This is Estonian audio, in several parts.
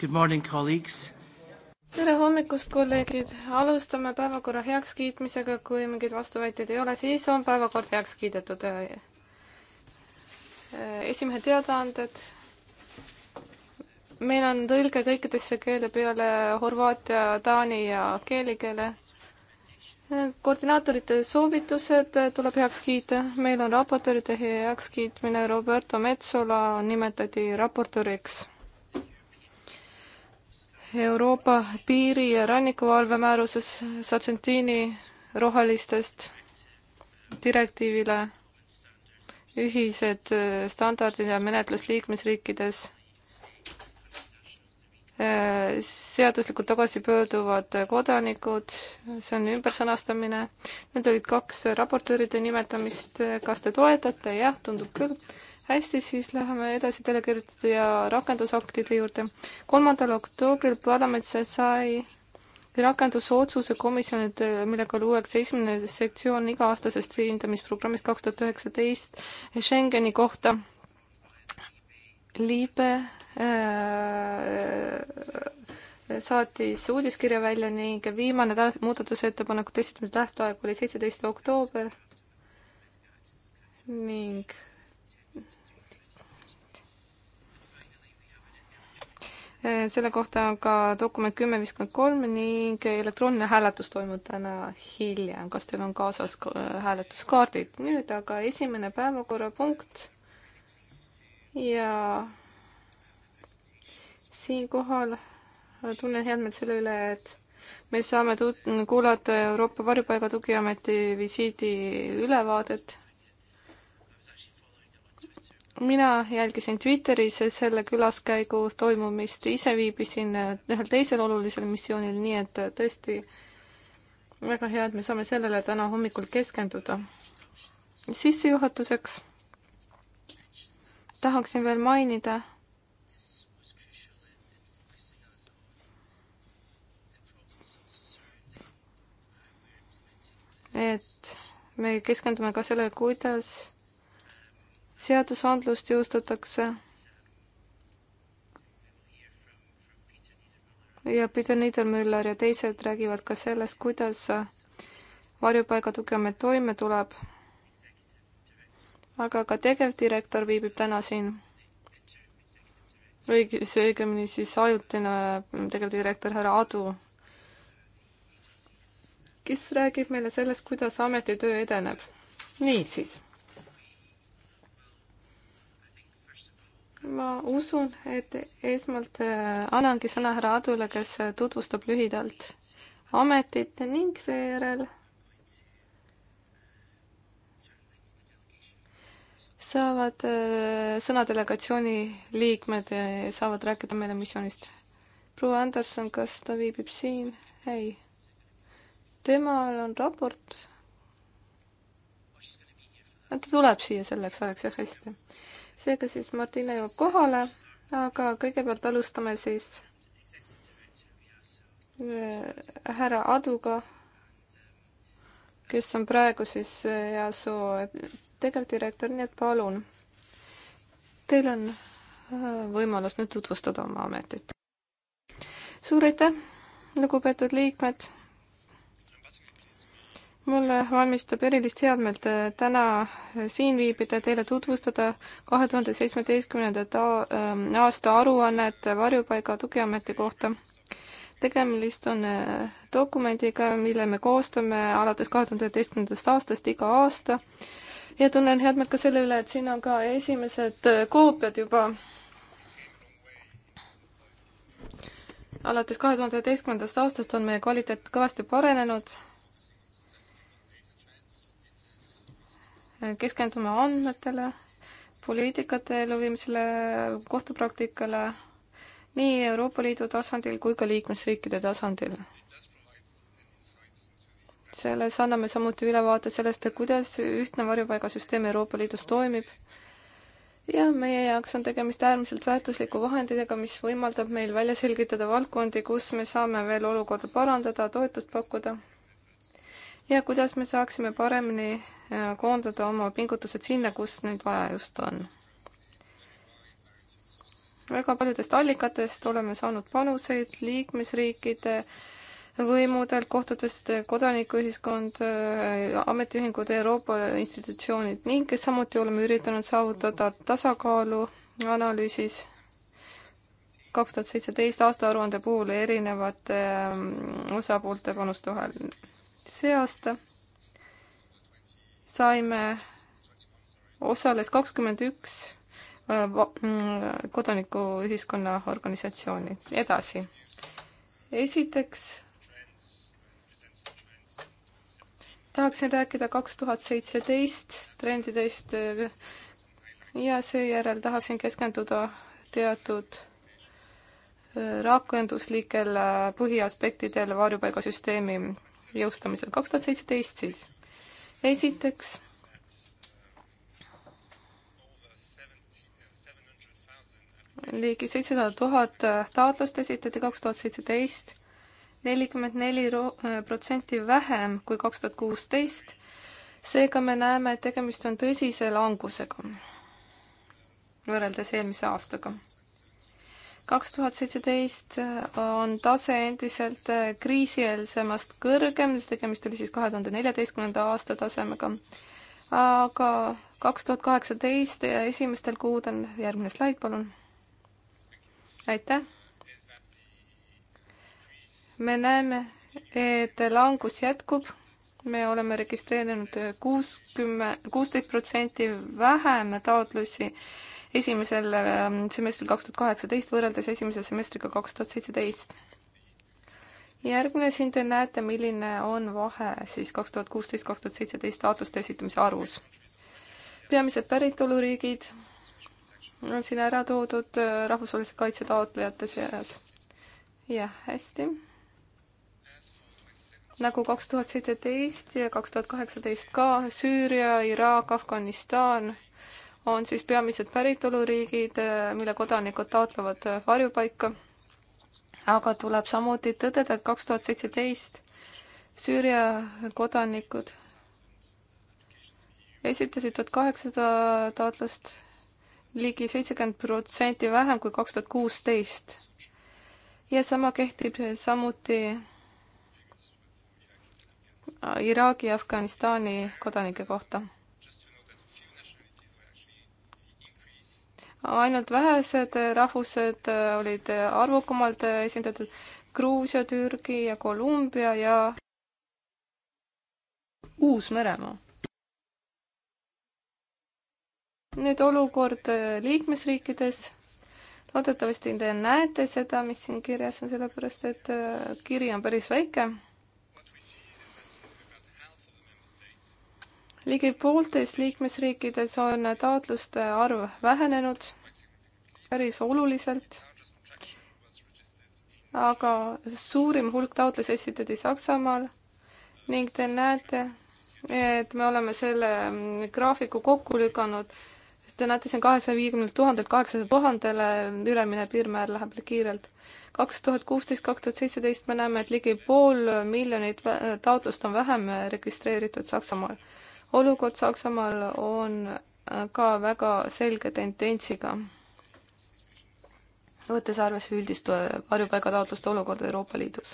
Good morning, colleagues. tere hommikust, kolleegid! alustame päevakorra heakskiitmisega, kui mingeid vastuväiteid ei ole, siis on päevakord heaks kiidetud. esimehe teadaanded. meil on tõlge kõikidesse keele peale horvaatia, taani ja keelikeele koordinaatorite soovitused tuleb heaks kiita, meil on raportööride heakskiitmine, Roberto Metsola nimetati raportööriks. Euroopa piiri- ja rannikuvalve määruses Sargentini rohelistest direktiivile ühised äh, standardid ja menetlus liikmesriikides äh, seaduslikult tagasi pöörduvad kodanikud, see on ümbersõnastamine. Need olid kaks raportööride nimetamist, kas te toetate? jah, tundub küll hästi, siis läheme edasi delegeeritud ja rakendusaktide juurde. kolmandal oktoobril parlament sai rakendusotsuse komisjonid, millega luuakse esimene sektsioon iga-aastasest hindamisprogrammist kaks tuhat üheksateist Schengeni kohta. liibe äh, saatis uudiskirja välja ning viimane täht-, muudatusettepanekute esitamise tähtaeg oli seitseteist oktoober ning Äh, selle kohta on ka dokument kümme viiskümmend kolm ning elektrooniline hääletus toimub täna hiljem. kas teil on kaasas äh, hääletuskaardid? nüüd aga esimene päevakorrapunkt ja siinkohal äh, tunnen heameelt selle üle, et me saame tut-, kuulata Euroopa Varjupaiga Tugiameti visiidi ülevaadet mina jälgisin Twitteris selle külaskäigu toimumist, ise viibisin ühel teisel olulisel missioonil, nii et tõesti väga hea, et me saame sellele täna hommikul keskenduda. sissejuhatuseks tahaksin veel mainida, et me keskendume ka sellele, kuidas seadusandlust jõustatakse. ja Peter Niedermüller ja teised räägivad ka sellest, kuidas varjupaiga tugevamalt toime tuleb. aga ka tegevdirektor viibib täna siin. õige, see õigemini siis ajutine tegevdirektor härra Adu, kes räägib meile sellest, kuidas ametitöö edeneb. niisiis ma usun, et esmalt äh, annangi sõna härra Adule, kes äh, tutvustab lühidalt ametit ning seejärel saavad äh, sõna delegatsiooni liikmed ja saavad rääkida meile missioonist. proua Anderson, kas ta viibib siin? ei. temal on raport. ta tuleb siia selleks ajaks, jah, hästi seega siis Martina jõuab kohale, aga kõigepealt alustame siis äh, härra Aduga, kes on praegu siis äh, EASO äh, tegevdirektor, nii et palun. Teil on võimalus nüüd tutvustada oma ametit. suur aitäh, lugupeetud liikmed mulle valmistab erilist headmeelt äh, täna äh, siin viibida, teile tutvustada kahe tuhande seitsmeteistkümnendat ähm, aasta aruannet varjupaiga tugiameti kohta. tegemist on äh, dokumendiga, mille me koostame alates kahe tuhande üheteistkümnendast aastast iga aasta ja tunnen headmeelt ka selle üle, et siin on ka esimesed koopiad juba alates kahe tuhande üheteistkümnendast aastast on meie kvaliteet kõvasti parenenud keskendume andmetele, poliitikate elluviimisele, kohtupraktikale nii Euroopa Liidu tasandil kui ka liikmesriikide tasandil. selles anname samuti ülevaate sellest, kuidas ühtne varjupaigasüsteem Euroopa Liidus toimib ja meie jaoks on tegemist äärmiselt väärtusliku vahenditega, mis võimaldab meil välja selgitada valdkondi, kus me saame veel olukorda parandada, toetust pakkuda ja kuidas me saaksime paremini äh, koondada oma pingutused sinna, kus neid vaja just on. väga paljudest allikatest oleme saanud panuseid liikmesriikide võimudelt, kohtutest, kodanikuühiskond, äh, ametiühingud, Euroopa institutsioonid ning samuti oleme üritanud saavutada tasakaalu analüüsis kaks tuhat seitseteist aastaaruande puhul erinevate ähm, osapoolte panuste vahel see aasta saime, osales kakskümmend üks äh, mm, kodanikuühiskonna organisatsiooni. edasi. esiteks tahaksin rääkida kaks tuhat seitseteist trendidest ja seejärel tahaksin keskenduda teatud äh, rakenduslikel põhiaspektidel varjupaigasüsteemi jõustamisel, kaks tuhat seitseteist siis. esiteks ligi seitsesada tuhat taotlust esitati kaks tuhat seitseteist, nelikümmend neli protsenti vähem kui kaks tuhat kuusteist. seega me näeme, et tegemist on tõsise langusega võrreldes eelmise aastaga kaks tuhat seitseteist äh, on tase endiselt äh, kriisieelsemast kõrgem, tegemist oli siis kahe tuhande neljateistkümnenda aasta tasemega. aga kaks tuhat kaheksateist ja esimestel kuudel, järgmine slaid, palun. aitäh. me näeme, et langus jätkub me oleme registreerinud kuuskümmend, kuusteist protsenti vähem taotlusi esimesel ähm, semestril kaks tuhat kaheksateist võrreldes esimese semestriga kaks tuhat seitseteist. järgmine siin te näete, milline on vahe siis kaks tuhat kuusteist, kaks tuhat seitseteist taotluste esitamise arvus. peamised päritoluriigid on siin ära toodud äh, rahvusvahelise kaitse taotlejate seas. jah, hästi. nagu kaks tuhat seitseteist ja kaks tuhat kaheksateist ka Süüria, Iraak, Afganistan on siis peamised päritoluriigid, äh, mille kodanikud taotlevad äh, varjupaika. aga tuleb samuti tõdeda, et kaks tuhat seitseteist Süüria kodanikud esitasid tuhat kaheksasada taotlust ligi seitsekümmend protsenti vähem kui kaks tuhat kuusteist. ja sama kehtib samuti äh, Iraagi ja Afganistani kodanike kohta ainult vähesed rahvused olid arvukamalt esindatud, Gruusia, Türgi ja Kolumbia ja Uus-Meremaa. nüüd olukord liikmesriikides loodetavasti te näete seda, mis siin kirjas on, sellepärast et äh, kiri on päris väike. ligi pooltes liikmesriikides on taotluste arv vähenenud päris oluliselt, aga suurim hulk taotlusi esitati Saksamaal ning te näete, et me oleme selle graafiku kokku lükanud. Te näete, see on kahesaja viiekümnelt tuhandelt kaheksasaja tuhandele, ülemine piirmäär läheb kiirelt. kaks tuhat kuusteist, kaks tuhat seitseteist me näeme, et ligi pool miljonit taotlust on vähem registreeritud Saksamaal olukord Saksamaal on äh, ka väga selge tendentsiga, võttes arvesse üldist äh, varjupaigataotluste olukorda Euroopa Liidus.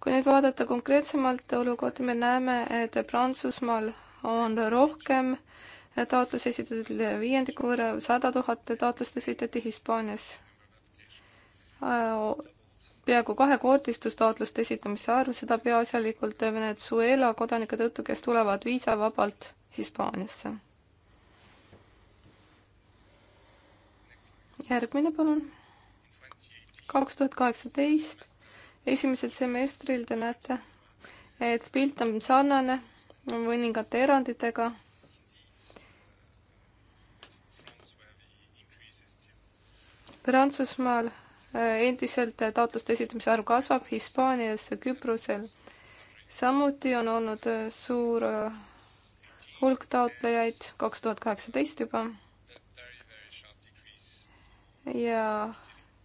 kui nüüd vaadata konkreetsemalt olukorda, me näeme, et Prantsusmaal on rohkem äh, taotlusi esitatud viiendiku võrra, sada tuhat taotlust esitati Hispaanias peaaegu kahekordistustaotluste esitamise arv, seda peaasjalikult Venezuela kodanike tõttu, kes tulevad viisavabalt Hispaaniasse. järgmine, palun. kaks tuhat kaheksateist, esimesel semestril te näete, et pilt on sarnane mõningate eranditega Prantsusmaal Äh, endiselt äh, taotluste esitamise arv kasvab Hispaanias, Küprosel. samuti on olnud äh, suur hulk taotlejaid, kaks tuhat kaheksateist juba. ja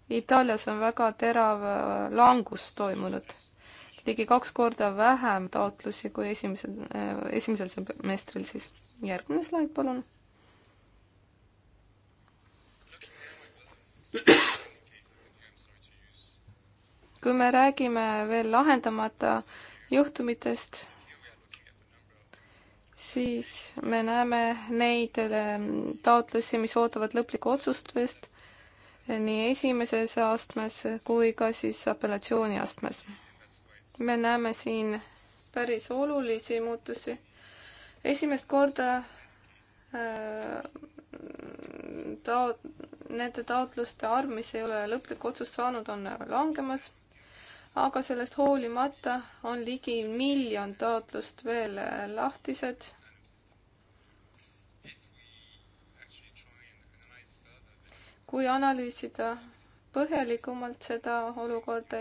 Itaalias on väga terav langus toimunud, ligi kaks korda vähem taotlusi kui esimesel, esimesel semestril siis. järgmine slaid, palun. kui me räägime veel lahendamata juhtumitest, siis me näeme neid eh, taotlusi, mis ootavad lõplikku otsustust eh, nii esimeses astmes kui ka siis apellatsiooniastmes. me näeme siin päris olulisi muutusi. esimest korda eh, taot-, nende taotluste arv, mis ei ole lõplikku otsust saanud, on langemas aga sellest hoolimata on ligi miljon taotlust veel äh, lahtised. kui analüüsida põhjalikumalt seda olukorda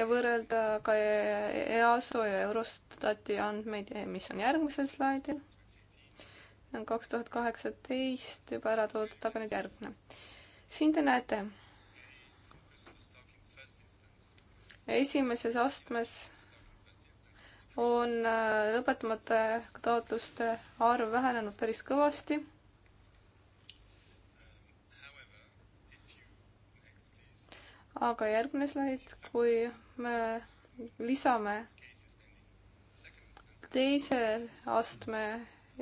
ja võrrelda ka EASO ja Eurostati andmeid, mis on järgmisel slaidil, on kaks tuhat kaheksateist juba ära toodud, aga nüüd järgmine. siin te näete esimeses astmes on äh, lõpetamata taotluste arv vähenenud päris kõvasti. aga järgmine slaid, kui me lisame teise astme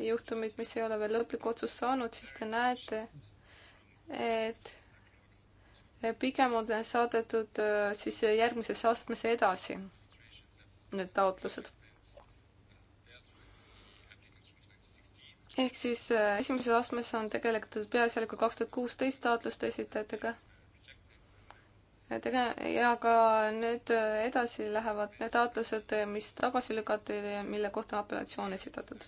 juhtumid, mis ei ole veel lõplikku otsust saanud, siis te näete, et pigem on saadetud äh, siis järgmisesse astmesse edasi need taotlused. ehk siis äh, esimeses astmes on tegeletud peaasjalikult kaks tuhat kuusteist taotluste esitajatega tege- ja ka nüüd äh, edasi lähevad need taotlused, äh, mis tagasi lükati, mille kohta on apellatsioon esitatud.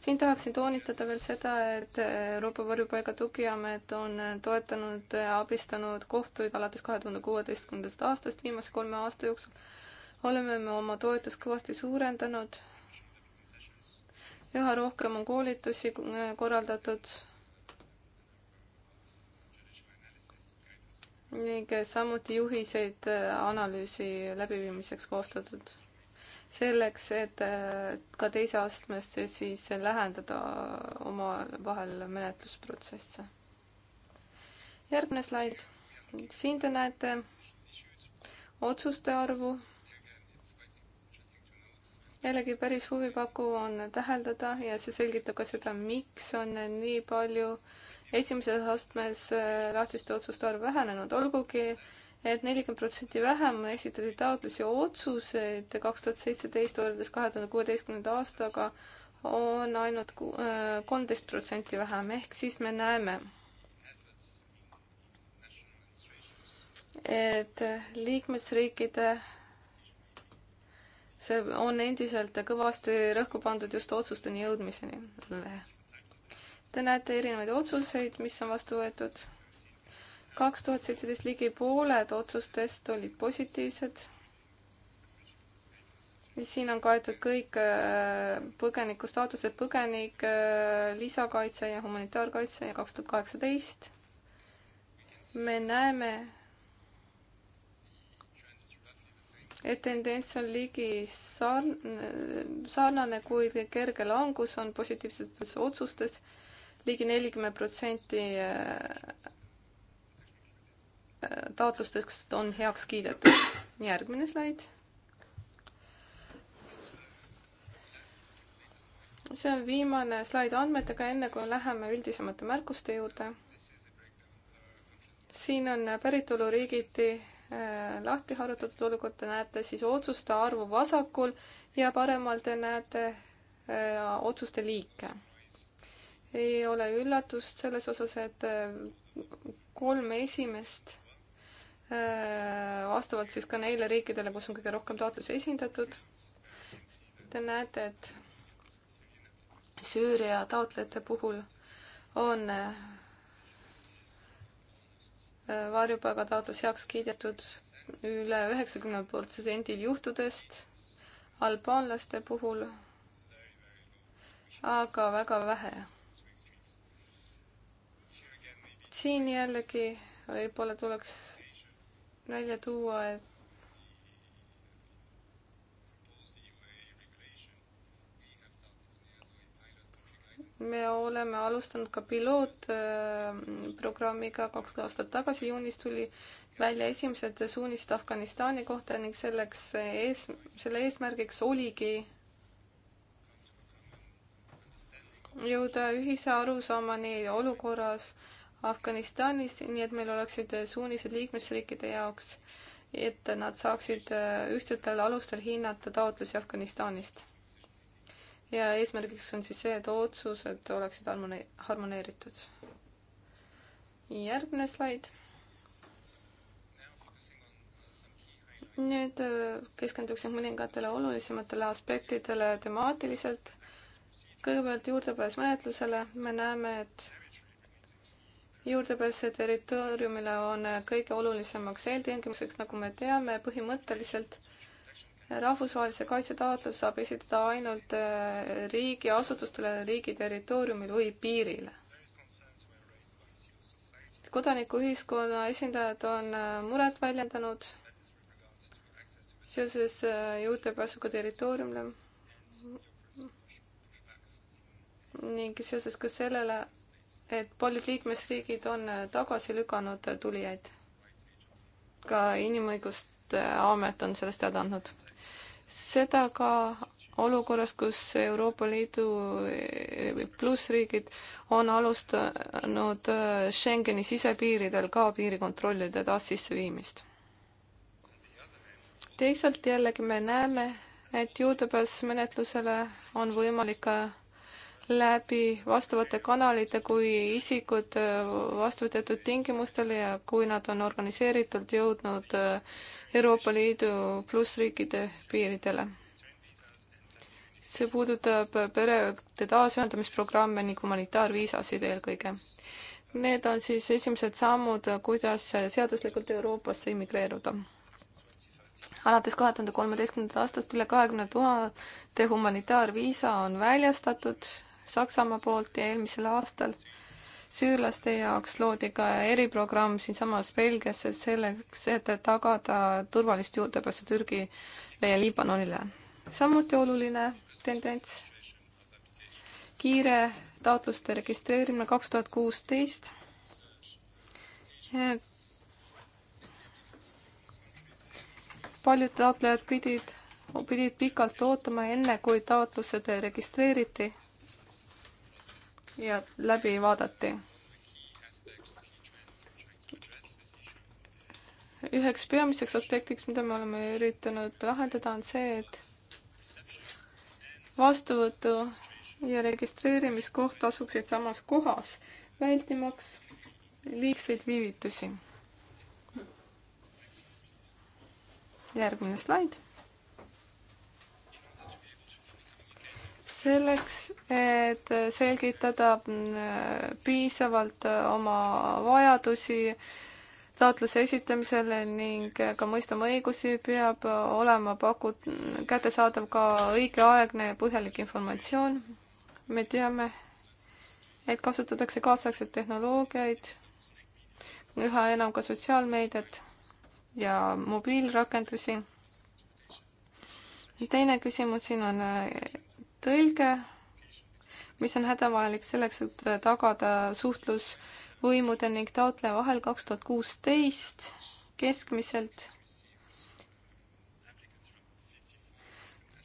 siin tahaksin toonitada veel seda, et äh, Euroopa Varjupaiga Tugiamet on toetanud ja abistanud kohtuid alates kahe tuhande kuueteistkümnendast aastast viimase kolme aasta jooksul. oleme me oma toetust kõvasti suurendanud. üha rohkem on koolitusi korraldatud ning samuti juhiseid äh, analüüsi läbiviimiseks koostatud. selleks, et äh, ka teise astmest siis lähendada omavahel menetlusprotsesse. järgmine slaid. siin te näete otsuste arvu. jällegi päris huvipakkuv on täheldada ja see selgitab ka seda, miks on nii palju äh, esimeses astmes äh, lahtiste otsuste arv vähenenud, olgugi et nelikümmend protsenti vähem esitati taotlusi ja otsuseid kaks tuhat seitseteist võrreldes kahe tuhande kuueteistkümnenda aastaga on ainult äh, kolmteist protsenti vähem, ehk siis me näeme, et liikmesriikide see on endiselt kõvasti rõhku pandud just otsusteni jõudmiseni Te näete erinevaid otsuseid, mis on vastu võetud. kaks tuhat seitseteist ligi pooled otsustest olid positiivsed. siin on kaetud kõik äh, põgeniku staatused, põgenik, äh, lisakaitse ja humanitaarkaitse ja kaks tuhat kaheksateist. me näeme, et tendents on ligi sarn-, äh, sarnane, kuid kerge langus on positiivsetes otsustes ligi nelikümmend protsenti äh, äh, taotlustest on heaks kiidetud. järgmine slaid. see on viimane slaid andmetega, enne kui läheme üldisemate märkuste juurde. siin on päritoluriigiti äh, lahti harjutatud olukord, te näete siis otsuste arvu vasakul ja paremal te näete otsuste liike ei ole üllatust selles osas, et äh, kolm esimest vastavalt äh, siis ka neile riikidele, kus on kõige rohkem taotlusi esindatud. Te näete, et Süüria taotlejate puhul on äh, varjupaigataotlus heaks kiidetud üle üheksakümne protsendil juhtudest, albaanlaste puhul aga väga vähe siin jällegi võib-olla tuleks välja tuua, et me oleme alustanud ka pilootprogrammiga kaks aastat tagasi, juunis tuli välja esimesed suunised Afganistani kohta ning selleks ees, selle eesmärgiks oligi jõuda ühise arusaamani olukorras, Afganistanis, nii et meil oleksid äh, suunised liikmesriikide jaoks, et nad saaksid äh, ühtsetel alustel hinnata taotlusi Afganistanist. ja eesmärgiks on siis see, et otsused oleksid harmone-, harmoneeritud. järgmine slaid. nüüd äh, keskenduksin mõningatele olulisematele aspektidele temaatiliselt. kõigepealt juurdepääs menetlusele, me näeme, et juurdepääs territooriumile on kõige olulisemaks eeltingimuseks, nagu me teame, põhimõtteliselt rahvusvahelise kaitse taotlus saab esitada ainult äh, riigiasutustele riigi territooriumil või piirile. kodanikuühiskonna esindajad on äh, muret väljendanud seoses äh, juurdepääsuga territooriumile ning seoses ka sellele, et paljud liikmesriigid on tagasi lükanud tulijaid. ka Inimõiguste Amet on sellest teada andnud. seda ka olukorras, kus Euroopa Liidu plussriigid on alustanud Schengeni sisepiiridel ka piirikontrollide taassisseviimist. teisalt jällegi me näeme, et juurdepääs menetlusele on võimalik ka läbi vastavate kanalite, kui isikud äh, vastu teatud tingimustele ja kui nad on organiseeritult jõudnud äh, Euroopa Liidu plussriikide piiridele. see puudutab perede taasühendamisprogramme ning humanitaarviisasid eelkõige. Need on siis esimesed sammud, kuidas seaduslikult Euroopasse immigreeruda alates kahe tuhande kolmeteistkümnendast aastast üle kahekümne tuhande humanitaarviisa on väljastatud Saksamaa poolt ja eelmisel aastal süürlaste jaoks loodi ka eriprogramm siinsamas Belgias selleks, et tagada turvalist juurdepääsu Türgile ja Liibanonile. samuti oluline tendents, kiire taotluste registreerimine kaks tuhat kuusteist. paljud taotlejad pidid, pidid pikalt ootama, enne kui taotlused registreeriti ja läbi vaadati. üheks peamiseks aspektiks, mida me oleme üritanud lahendada, on see, et vastuvõtu ja registreerimiskoht asuksid samas kohas, vältimaks liigseid viivitusi. järgmine slaid selleks, et selgitada mm, piisavalt äh, oma vajadusi taotluse esitamisel ning ka mõista oma õigusi, peab äh, olema pakut-, kättesaadav ka õigeaegne ja põhjalik informatsioon. me teame, et kasutatakse kaasaegseid tehnoloogiaid, üha enam ka sotsiaalmeediat ja mobiilrakendusi. teine küsimus siin on äh, tõlge, mis on hädavajalik selleks, et tagada suhtlus võimude ning taotleja vahel kaks tuhat kuusteist keskmiselt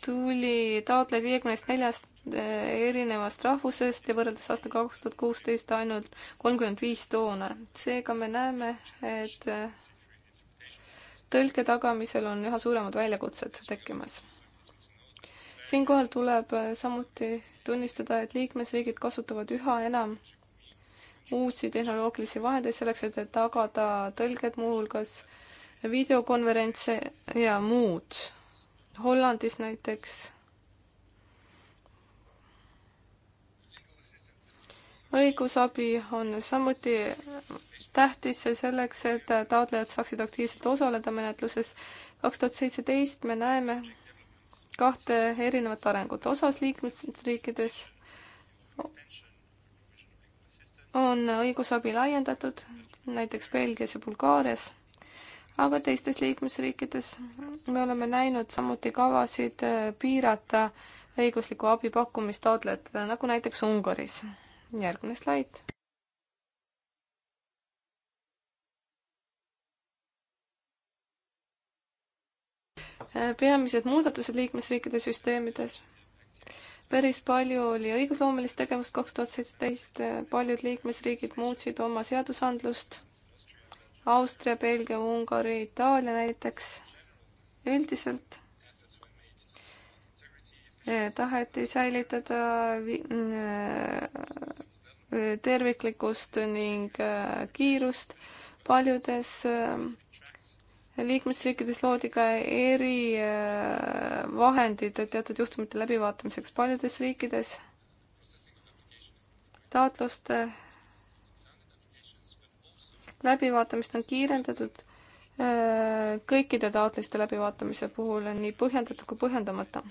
tuli taotlejaid viiekümnest neljast eh, erinevast rahvusest ja võrreldes aasta kaks tuhat kuusteist ainult kolmkümmend viis toona. seega me näeme, et eh, tõlke tagamisel on üha suuremad väljakutsed tekkimas siinkohal tuleb äh, samuti tunnistada, et liikmesriigid kasutavad üha enam uusi tehnoloogilisi vahendeid selleks, et tagada tõlged, muuhulgas videokonverentse ja muud. Hollandis näiteks õigusabi on samuti tähtis selleks, et taotlejad saaksid aktiivselt osaleda menetluses. kaks tuhat seitseteist me näeme, kahte erinevat arengut. osas liikmesriikides on õigusabi laiendatud, näiteks Belgias ja Bulgaarias, aga teistes liikmesriikides me oleme näinud samuti kavasid äh, piirata õigusliku abi pakkumist taotlejatele, nagu näiteks Ungaris. järgmine slaid Äh, peamised muudatused liikmesriikide süsteemides. päris palju oli õigusloomelist tegevust kaks tuhat seitseteist, äh, paljud liikmesriigid muutsid oma seadusandlust. Austria, Belgia, Ungari, Itaalia näiteks. üldiselt äh, taheti säilitada terviklikkust ning kiirust paljudes liikmesriikides loodi ka erivahendid äh, teatud juhtumite läbivaatamiseks paljudes riikides. taotluste läbivaatamist on kiirendatud äh, kõikide taotliste läbivaatamise puhul, nii põhjendatud kui põhjendamata.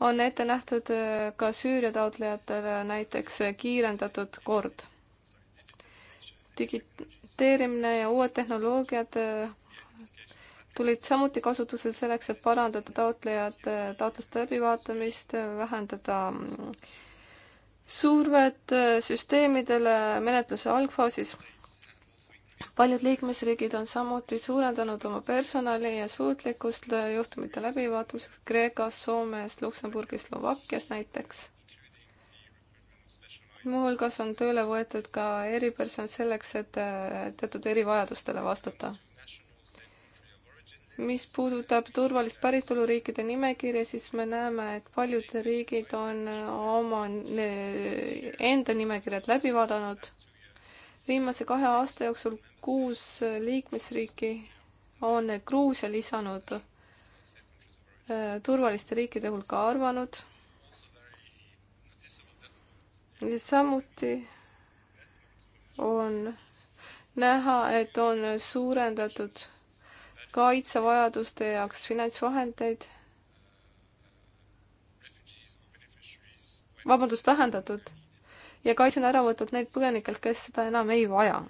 on ette nähtud äh, ka Süüria taotlejatele näiteks kiirendatud kord digiteerimine ja uued tehnoloogiad äh, tulid samuti kasutusel selleks, et parandada taotlejate taotluste läbivaatamist, vähendada mm, survet äh, süsteemidele menetluse algfaasis. paljud liikmesriigid on samuti suurendanud oma personali ja suutlikkust äh, juhtumite läbivaatamiseks Kreekas, Soomes, Luksemburgis, Slovakkias näiteks muuhulgas on tööle võetud ka eriperson selleks, et äh, teatud erivajadustele vastata. mis puudutab turvalist päritoluriikide nimekirja, siis me näeme, et paljud riigid on äh, oma äh, enda nimekirjad läbi vaadanud. viimase kahe aasta jooksul kuus liikmesriiki on Gruusia lisanud turvaliste riikide hulka arvanud samuti on näha, et on suurendatud kaitsevajaduste jaoks finantsvahendeid. vabandust, vähendatud ja kaitse on ära võtnud need põgenikelt, kes seda enam ei vaja.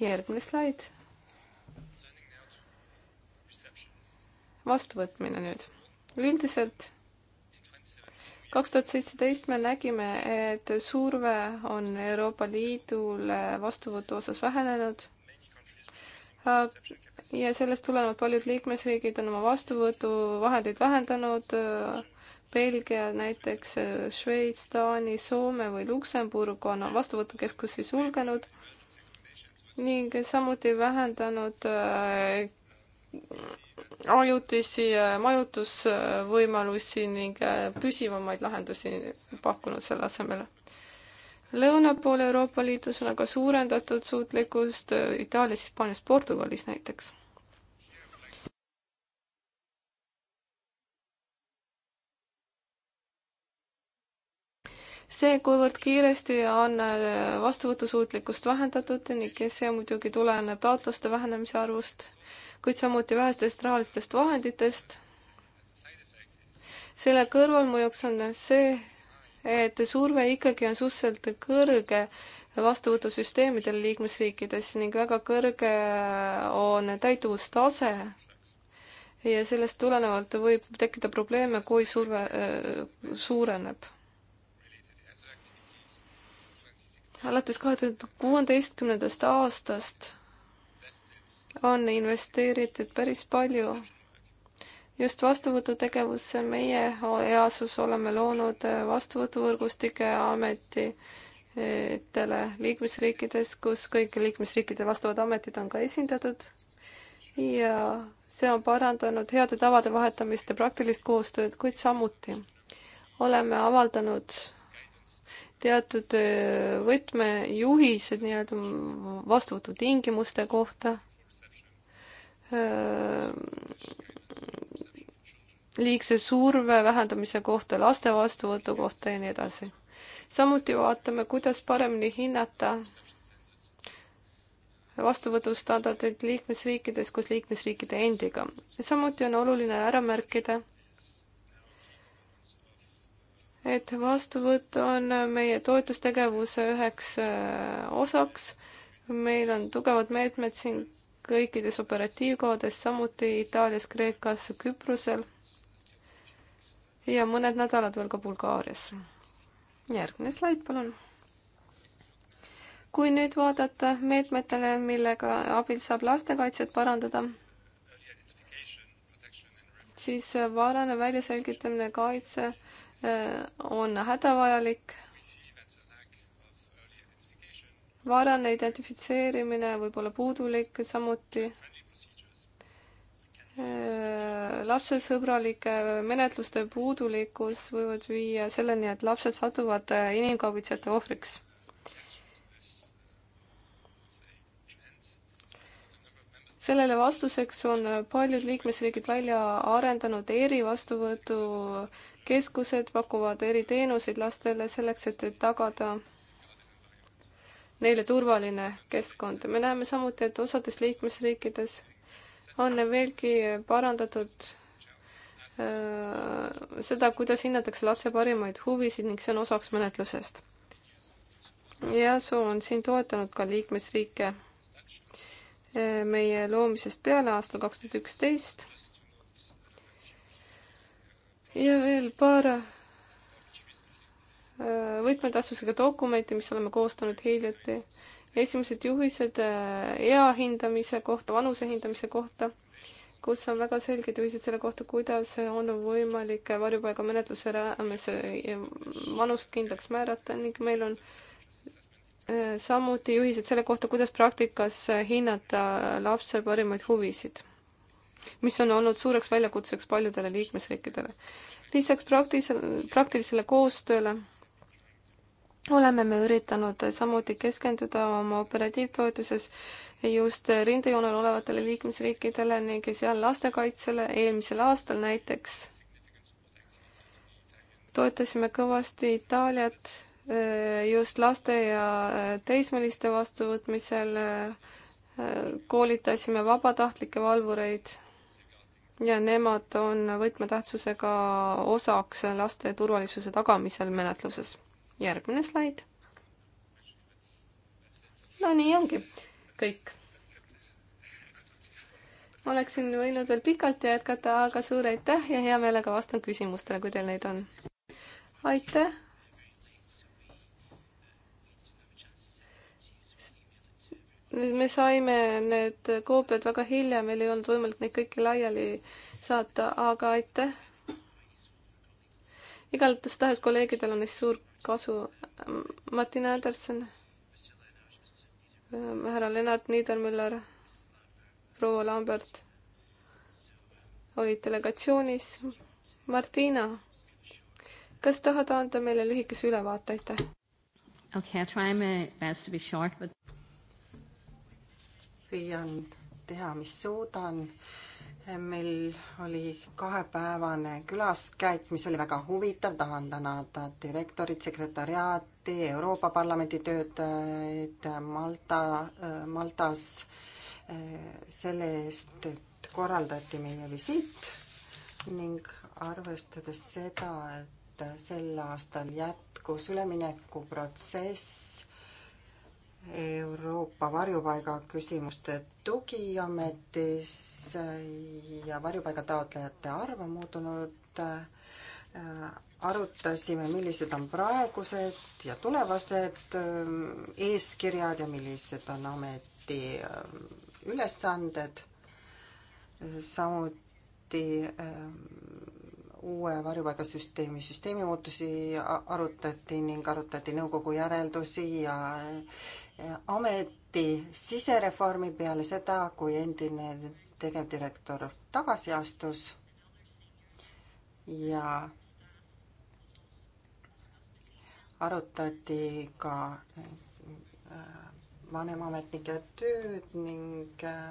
järgmine slaid. vastuvõtmine nüüd. üldiselt kaks tuhat seitseteist me nägime, et surve on Euroopa Liidule vastuvõtu osas vähenenud. Äh, ja sellest tulenevalt paljud liikmesriigid on oma vastuvõtuvahendeid vähendanud. Belgia näiteks, Šveits, Taani, Soome või Luksemburg on vastuvõtukeskusi sulgenud ning samuti vähendanud äh, ajutisi äh, majutusvõimalusi ning äh, püsivamaid lahendusi pakkunud selle asemele. Lõuna pool Euroopa Liidus on aga suurendatud suutlikkust äh, Itaalias, Hispaanias, Portugalis näiteks see, kuivõrd kiiresti on vastuvõtusuutlikkust vähendatud ning see muidugi tuleneb taotluste vähenemise arvust, kuid samuti vähestest rahalistest vahenditest. selle kõrvalmõjuks on see, et surve ikkagi on suhteliselt kõrge vastuvõtusüsteemidel liikmesriikides ning väga kõrge on täituvustase. ja sellest tulenevalt võib tekkida probleeme, kui surve äh, suureneb. alates kahe tuhande kuueteistkümnendast aastast on investeeritud päris palju just vastuvõtutegevusse. meie EAS-us oleme loonud vastuvõtuvõrgustike ametitele liikmesriikides, kus kõik liikmesriikide vastavad ametid on ka esindatud. ja see on parandanud heade tavade vahetamist ja praktilist koostööd, kuid samuti oleme avaldanud teatud võtmejuhised nii-öelda vastuvõtutingimuste kohta liigse surve vähendamise kohta, laste vastuvõtu kohta ja nii edasi. samuti vaatame, kuidas paremini hinnata vastuvõtustandardeid liikmesriikides koos liikmesriikide endiga. samuti on oluline ära märkida, et vastuvõtt on meie toetustegevuse üheks osaks. meil on tugevad meetmed siin kõikides operatiivkohades, samuti Itaalias, Kreekas, Küprosel ja mõned nädalad veel ka Bulgaarias. järgmine slaid, palun. kui nüüd vaadata meetmetele, millega abil saab lastekaitset parandada, siis varane väljaselgitamine, kaitse eh, on hädavajalik varane identifitseerimine võib olla puudulik, samuti äh, lapsesõbralike menetluste puudulikkus võivad viia selleni, et lapsed satuvad äh, inimkaubitsejate ohvriks. sellele vastuseks on paljud liikmesriigid välja arendanud erivastuvõtukeskused, pakuvad eriteenuseid lastele selleks, et tagada neile turvaline keskkond. me näeme samuti, et osades liikmesriikides on veelgi parandatud äh, seda, kuidas hinnatakse lapse parimaid huvisid ning see on osaks menetlusest. EASO on siin toetanud ka liikmesriike äh, meie loomisest peale aastal kaks tuhat üksteist. ja veel paar võtmetähtsusega dokumente, mis oleme koostanud hiljuti. esimesed juhised äh, ea hindamise kohta, vanuse hindamise kohta, kus on väga selged juhised selle kohta, kuidas on võimalik varjupaigamenetluse raames äh, vanust kindlaks määrata ning meil on äh, samuti juhised selle kohta, kuidas praktikas hinnata lapse parimaid huvisid, mis on olnud suureks väljakutseks paljudele liikmesriikidele lisaks praktilisele, praktilisele koostööle oleme me üritanud samuti keskenduda oma operatiivtoetuses just rindejoonel olevatele liikmesriikidele ning seal lastekaitsele. eelmisel aastal näiteks toetasime kõvasti Itaaliat eh, just laste ja eh, teismeliste vastuvõtmisel, eh, koolitasime vabatahtlikke valvureid ja nemad on võtmetähtsusega osaks laste turvalisuse tagamisel menetluses järgmine slaid. no nii ongi kõik. oleksin võinud veel pikalt jätkata, aga suur aitäh ja hea meelega vastan küsimustele, kui teil neid on. aitäh. me saime need koopiad väga hilja, meil ei olnud võimalik neid kõiki laiali saata, aga aitäh. igatahes kolleegidel on neist suur kasu. Martin Anderson, härra Lennart Niedermüller, proua Lambert olid delegatsioonis. Martina, kas tahad anda meile lühikese ülevaate, aitäh! okei okay,, I try my best to be short but. püüan teha, mis suudan meil oli kahepäevane külaskäik, mis oli väga huvitav, tahan tänada direktorit, sekretäriaati, Euroopa Parlamendi töötajaid Malta, Maltas eh, selle eest, et korraldati meie visiit ning arvestades seda, et sel aastal jätkus üleminekuprotsess Euroopa varjupaiga küsimuste tugiametis ja varjupaigataotlejate arv on muutunud. arutasime, millised on praegused ja tulevased ehm, eeskirjad ja millised on ameti ehm, ülesanded. samuti ehm, uue varjupaigasüsteemi süsteemimuutusi arutati ning arutati nõukogu järeldusi ja ameti sisereformi peale seda, kui endine tegevdirektor tagasi astus ja arutati ka äh, vanemametnike tööd ning äh,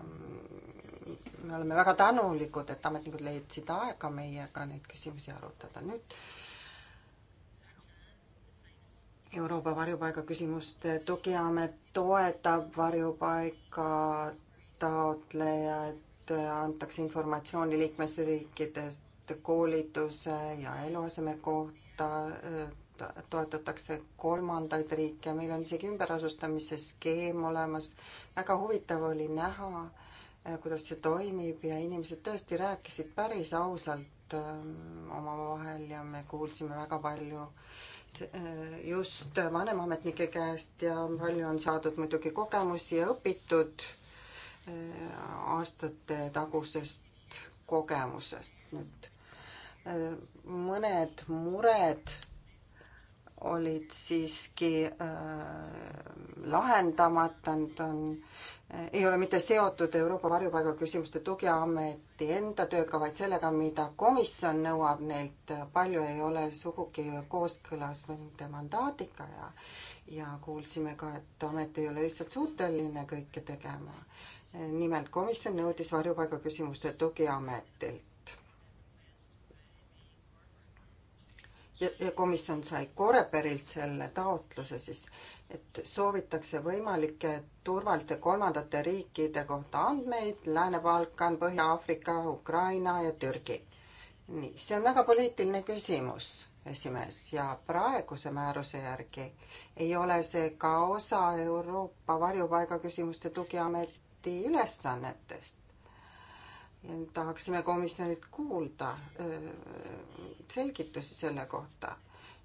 me oleme väga tänulikud, et ametnikud leidsid aega meiega neid küsimusi arutada. nüüd Euroopa varjupaigaküsimuste tugiamet toetab varjupaiga taotlejaid, antakse informatsiooni liikmesriikidest koolituse ja eluaseme kohta, toetatakse kolmandaid riike, meil on isegi ümberasustamise skeem olemas. väga huvitav oli näha, kuidas see toimib ja inimesed tõesti rääkisid päris ausalt ähm, omavahel ja me kuulsime väga palju äh, Äh, just vanemametnike käest ja palju on saadud muidugi kogemusi ja õpitud äh, aastate tagusest kogemusest nüüd. Äh, mõned mured olid siiski äh, lahendamata, nad on, äh, ei ole mitte seotud Euroopa varjupaigaküsimuste tugiameti enda tööga, vaid sellega, mida komisjon nõuab neilt, palju ei ole sugugi kooskõlas nende mandaadiga ja ja kuulsime ka, et amet ei ole lihtsalt suuteline kõike tegema. nimelt komisjon nõudis varjupaiga küsimuste tugiametilt komisjon sai Koreperilt selle taotluse siis, et soovitakse võimalike turvaliste kolmandate riikide kohta andmeid Lääne-Balkan, Põhja-Aafrika, Ukraina ja Türgi. nii, see on väga poliitiline küsimus, esimees, ja praeguse määruse järgi ei ole see ka osa Euroopa varjupaiga küsimuste tugiameti ülesannetest tahaksime komisjonilt kuulda selgitusi selle kohta.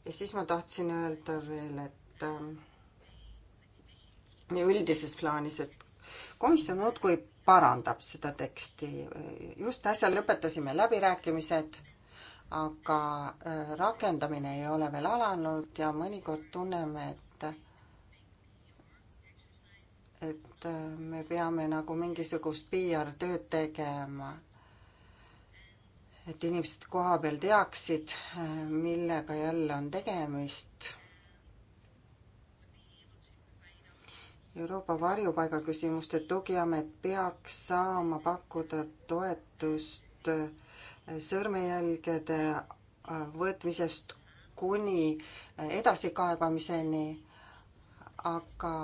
ja siis ma tahtsin öelda veel, et meie ähm, üldises plaanis, et komisjon muudkui parandab seda teksti. just äsja lõpetasime läbirääkimised, aga rakendamine ei ole veel alanud ja mõnikord tunneme, et et et äh, me peame nagu mingisugust PR-tööd tegema. et inimesed kohapeal teaksid, äh, millega jälle on tegemist. Euroopa varjupaigaküsimuste tugiamet peaks saama pakkuda toetust äh, sõrmejälgede võtmisest kuni edasikaebamiseni, aga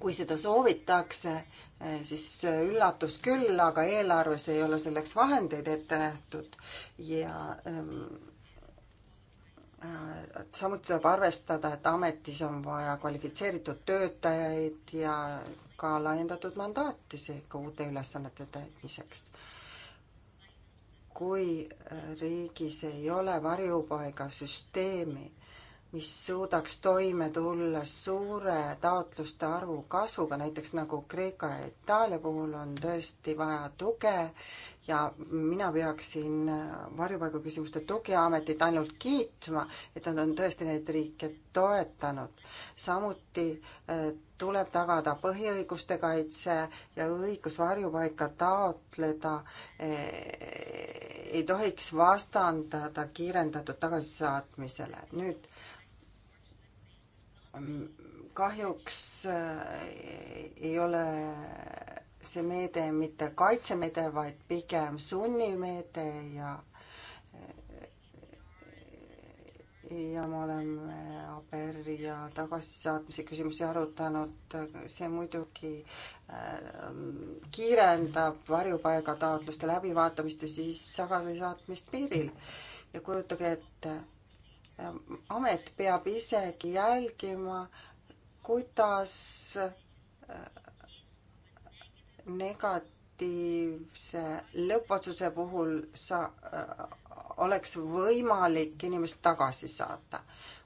kui seda soovitakse, eh, siis eh, üllatus küll, aga eelarves ei ole selleks vahendeid ette nähtud ja ähm, samuti tuleb arvestada, et ametis on vaja kvalifitseeritud töötajaid ja ka laiendatud mandaati seega uute ülesannete täitmiseks. kui riigis ei ole varjupaigasüsteemi, mis suudaks toime tulla suure taotluste arvu kasvuga, näiteks nagu Kreeka ja Itaalia puhul on tõesti vaja tuge ja mina peaksin varjupaigaküsimuste tugiametit ainult kiitma, et nad on tõesti neid riike toetanud. samuti äh, tuleb tagada põhiõiguste kaitse ja õigus varjupaika taotleda äh, ei tohiks vastandada kiirendatud tagasisaatmisele. nüüd kahjuks äh, ei ole see meede mitte kaitsemeede, vaid pigem sunnimeede ja ja me oleme ABR-i ja tagasisaatmise küsimusi arutanud, see muidugi äh, kiirendab varjupaigataotluste läbivaatamist ja siis tagasisaatmist piiril. ja kujutage ette et amet peab isegi jälgima, kuidas äh, negatiivse lõppotsuse puhul sa, äh, oleks võimalik inimest tagasi saata.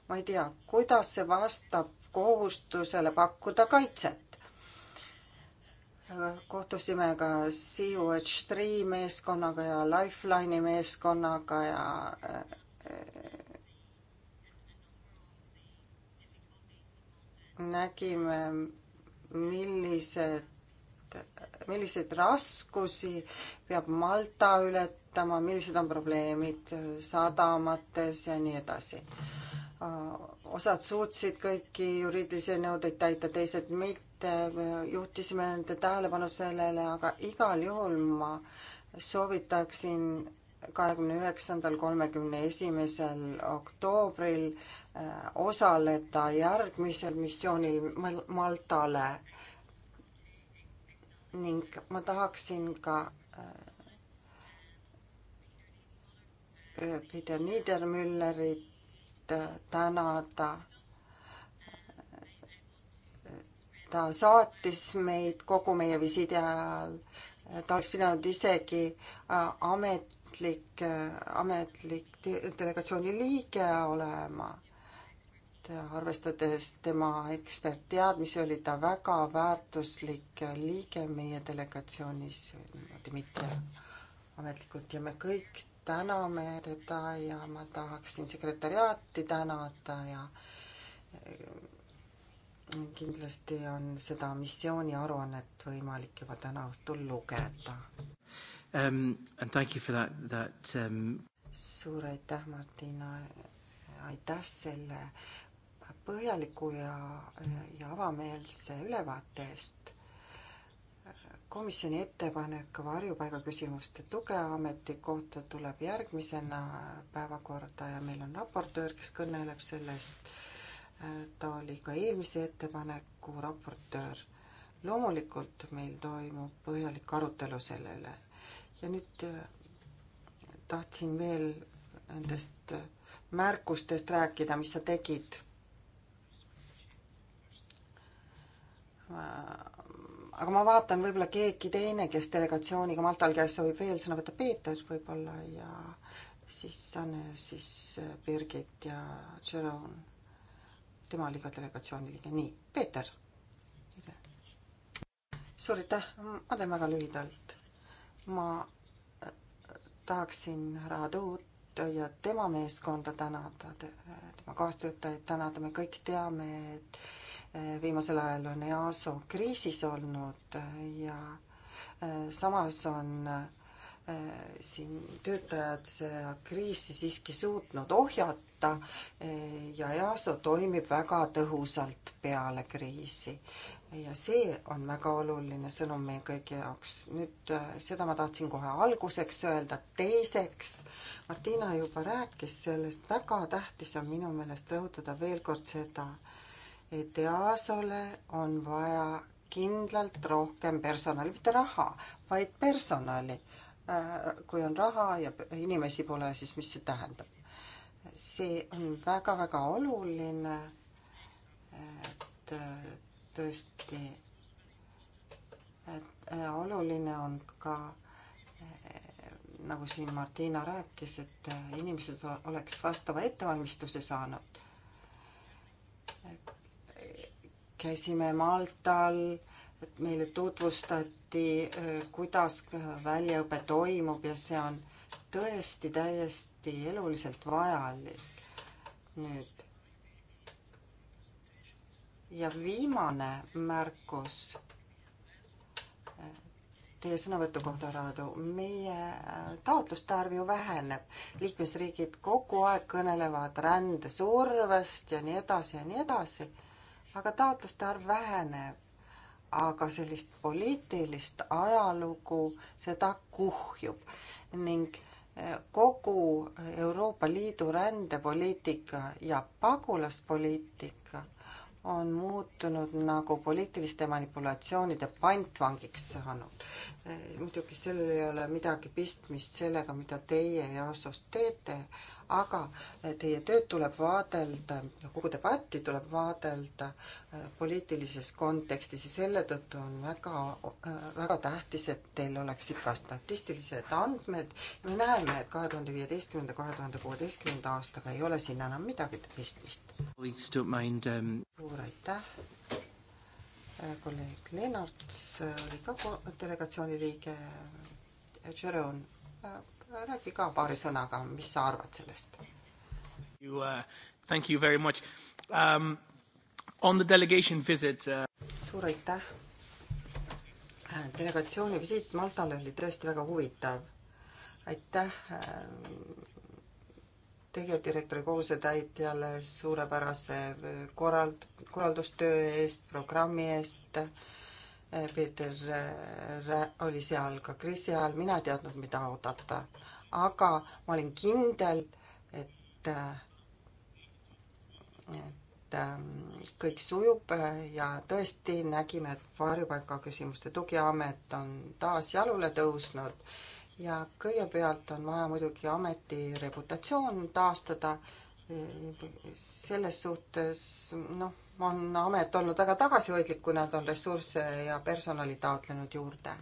ma ei tea, kuidas see vastab kohustusele pakkuda kaitset kohtusime ka CUH3 meeskonnaga ja Lifeline'i meeskonnaga ja äh, nägime, millised milliseid raskusi peab Malta ületama, millised on probleemid sadamates ja nii edasi. osad suutsid kõiki juriidilisi nõudeid täita, teised mitte, juhtisime nende tähelepanu sellele, aga igal juhul ma soovitaksin kahekümne üheksandal, kolmekümne esimesel oktoobril äh, osaleda järgmisel missioonil Maltale. ning ma tahaksin ka äh, Peter Niedermüllerit äh, tänada. ta saatis meid kogu meie visiidi ajal, ta oleks pidanud isegi amet ametlik, ametlik delegatsiooni liige olema. et arvestades tema ekspertteadmisi, oli ta väga väärtuslik liige meie delegatsioonis, niimoodi mitte ametlikult ja me kõik täname teda ja ma tahaksin sekretäriaati tänada ja eh, kindlasti on seda missiooni aruannet võimalik juba täna õhtul lugeda um,. And thank you for that, that um.... suur aitäh, Martina. aitäh selle põhjaliku ja, ja avameelse ülevaate eest komisjoni ettepanek varjupaigaküsimuste tugeameti kohta tuleb järgmisena päevakorda ja meil on raportöör, kes kõneleb sellest. ta oli ka eelmise ettepaneku raportöör. loomulikult meil toimub põhjalik arutelu sellele ja nüüd äh, tahtsin veel nendest äh, märkustest rääkida, mis sa tegid. aga ma vaatan, võib-olla keegi teine, kes delegatsiooniga Maltal käis, soovib veel sõna võtta, Peeter võib-olla ja siis Sanne, siis äh, Birgit ja Jerome. tema oli ka delegatsiooni liige, nii, Peeter. suur aitäh, ma teen väga lühidalt ma äh, tahaksin härra Tuut ja tema meeskonda tänada, tema kaastöötajaid tänada, me kõik teame, et äh, viimasel ajal on EASO kriisis olnud äh, ja samas on siin töötajad seda kriisi siiski suutnud ohjata ja EASO toimib väga tõhusalt peale kriisi ja see on väga oluline sõnum meie kõigi jaoks. nüüd äh, seda ma tahtsin kohe alguseks öelda, teiseks Martina juba rääkis sellest, väga tähtis on minu meelest rõhutada veel kord seda, et EASO-le on vaja kindlalt rohkem personali, mitte raha, vaid personali. Äh, kui on raha ja inimesi pole, siis mis see tähendab? see on väga-väga oluline, et äh, tõesti, et äh, oluline on ka äh, nagu siin Martina rääkis, et äh, inimesed oleks vastava ettevalmistuse saanud. käisime Maltal, et meile tutvustati, kuidas väljaõpe toimub ja see on tõesti täiesti eluliselt vajalik. nüüd ja viimane märkus teie sõnavõtu kohta, härra Aadu, meie äh, taotluste arv ju väheneb. liikmesriigid kogu aeg kõnelevad rändesurvest ja nii edasi ja nii edasi, aga taotluste arv väheneb. aga sellist poliitilist ajalugu, seda kuhjub ning äh, kogu Euroopa Liidu rändepoliitika ja pagulaspoliitika on muutunud nagu poliitiliste manipulatsioonide pantvangiks saanud. Eh, muidugi sellel ei ole midagi pistmist sellega, mida teie EASO-s teete, aga eh, teie tööd tuleb vaadelda, kogu debatti tuleb vaadelda eh, poliitilises kontekstis ja selle tõttu on väga, eh, väga tähtis, et teil oleksid ka statistilised andmed. me näeme, et kahe tuhande viieteistkümnenda, kahe tuhande kuueteistkümnenda aastaga ei ole siin enam midagi pistmist. Um, suur aitäh kolleeg Lennarts oli ka delegatsiooni liige, Jerome räägi ka paari sõnaga, mis sa arvad sellest? Uh, thank you very much um,. On the delegation visit uh.... suur aitäh. Äh, delegatsiooni visiit Maltale oli tõesti väga huvitav. aitäh äh, tegevdirektori kohusetäitjale suurepärase äh, korrald-, korraldustöö eest, programmi eest. Peeter oli seal ka kriisi ajal, mina ei teadnud, mida oodata aga ma olin kindel, et, et ähm, kõik sujub ja tõesti nägime, et varjupaigaküsimuste tugiamet on taas jalule tõusnud ja kõigepealt on vaja muidugi ameti reputatsioon taastada. selles suhtes noh, on amet olnud väga tagasihoidlik, kui nad on ressursse ja personali taotlenud juurde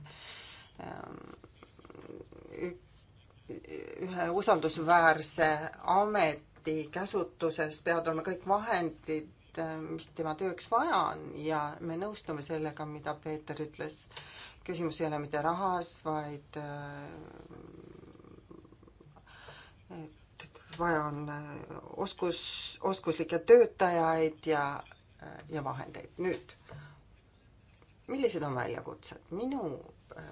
ühe usaldusväärse ameti käsutuses peavad olema kõik vahendid, mis tema tööks vaja on ja me nõustume sellega, mida Peeter ütles. küsimus ei ole mitte rahas, vaid et vaja on äh, oskus, oskuslikke töötajaid ja, äh, ja vahendeid. nüüd, millised on väljakutsed? minu äh,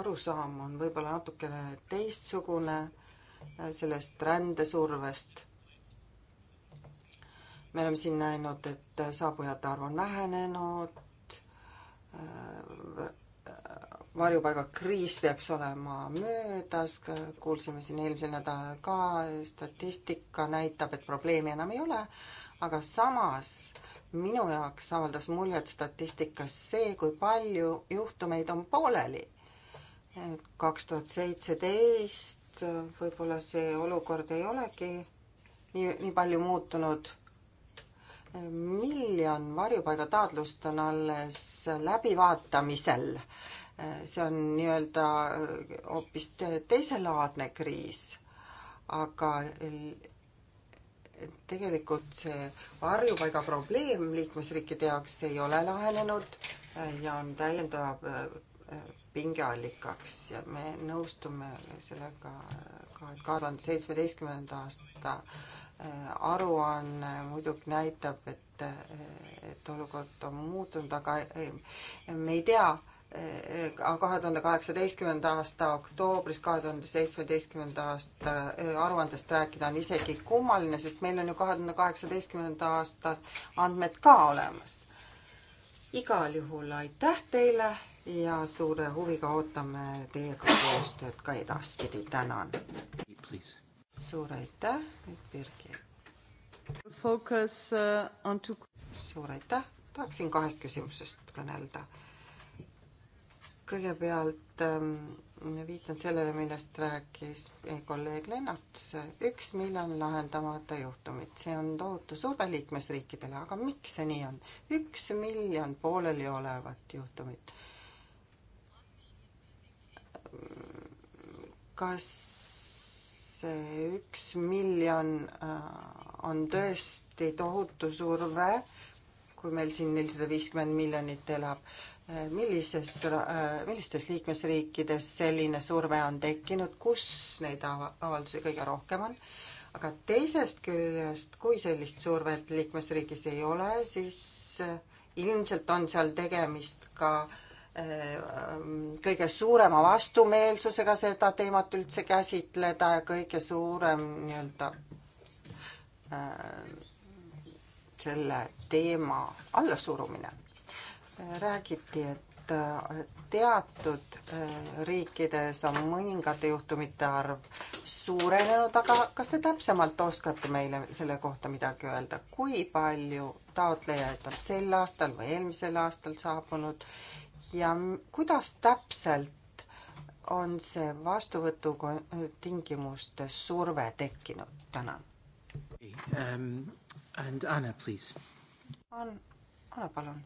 arusaam on võib-olla natukene teistsugune äh, sellest rändesurvest. me oleme siin näinud, et äh, saabujate arv on vähenenud, äh, varjupaigakriis peaks olema möödas, kuulsime siin eelmisel nädalal ka, statistika näitab, et probleemi enam ei ole, aga samas minu jaoks avaldas muljet statistikas see, kui palju juhtumeid on pooleli kaks tuhat seitseteist, võib-olla see olukord ei olegi nii, nii palju muutunud. miljon varjupaigataotlust on alles läbivaatamisel. see on nii-öelda hoopis teiselaadne kriis, aga tegelikult see varjupaiga probleem liikmesriikide jaoks ei ole lahenenud ja on täiendav pingeallikaks ja me nõustume sellega ka, et kahe tuhande seitsmeteistkümnenda aasta äh, aruanne muidugi näitab, et, äh, et olukord on muutunud, aga äh, me ei tea, kahe tuhande kaheksateistkümnenda aasta oktoobris, kahe tuhande seitsmeteistkümnenda aasta aruandest rääkida on isegi kummaline, sest meil on ju kahe tuhande kaheksateistkümnenda aasta andmed ka olemas. igal juhul aitäh teile ja suure huviga ootame teiega koostööd ka edaspidi, tänan. suur aitäh, Birgit. Focus uh, on two... suur aitäh, tahaksin kahest küsimusest kõnelda. kõigepealt ähm, viitan sellele, millest rääkis kolleeg Lennarts, üks miljon lahendamata juhtumit, see on tohutu surve liikmesriikidele, aga miks see nii on? üks miljon pooleliolevat juhtumit. kas see üks miljon äh, on tõesti tohutu surve, kui meil siin nelisada viiskümmend miljonit elab. Äh, millises, äh, millistes liikmesriikides selline surve on tekkinud, kus neid avaldusi kõige rohkem on? aga teisest küljest, kui sellist survet liikmesriigis ei ole, siis ilmselt on seal tegemist ka äh, kõige suurema vastumeelsusega seda teemat üldse käsitleda ja kõige suurem nii-öelda äh, selle teema allasurumine. räägiti, et äh, teatud äh, riikides on mõningate juhtumite arv suurenenud, aga kas te täpsemalt oskate meile selle kohta midagi öelda, kui palju taotlejaid on sel aastal või eelmisel aastal saabunud ja kuidas täpselt on see vastuvõtu tingimustes surve tekkinud? tänan um,. And Anna, please. Anna, Anna, palun.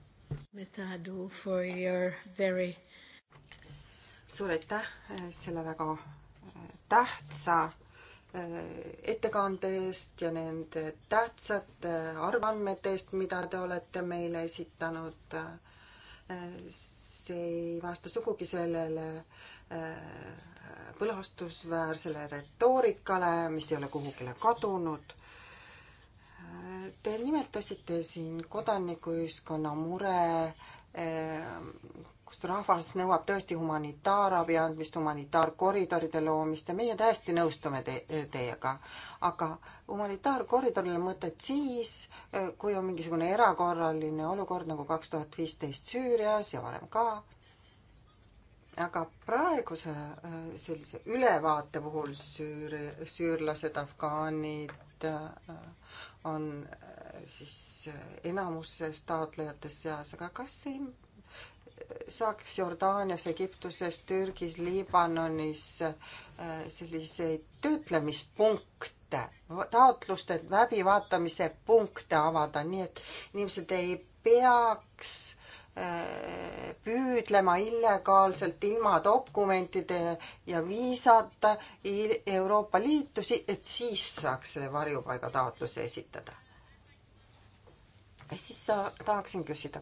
Mr Hadu for your very suur aitäh eh, selle väga eh, tähtsa eh, ettekande eest ja nende tähtsate arvandmete eest, mida te olete meile esitanud see ei vasta sugugi sellele äh, põlastusväärsele retoorikale, mis ei ole kuhugile kadunud. Te nimetasite siin kodanikuühiskonna mure äh, kus rahvas nõuab tõesti humanitaarabi andmist, humanitaarkoridoride loomist ja meie täiesti nõustume te teiega. aga humanitaarkoridoril on mõtet siis, kui on mingisugune erakorraline olukord nagu kaks tuhat viisteist Süürias ja varem ka. aga praeguse sellise ülevaate puhul süüri-, süürlased, afgaanid äh, on äh, siis äh, enamuses taotlejate seas, aga kas ei saaks Jordaanias, Egiptuses, Türgis, Liibanonis äh, selliseid töötlemispunkte, taotluste läbivaatamise punkte avada, nii et inimesed ei peaks äh, püüdlema illegaalselt ilma dokumentide ja viisata Euroopa Liitu, et siis saaks selle varjupaigataotluse esitada. ja siis sa, tahaksin küsida,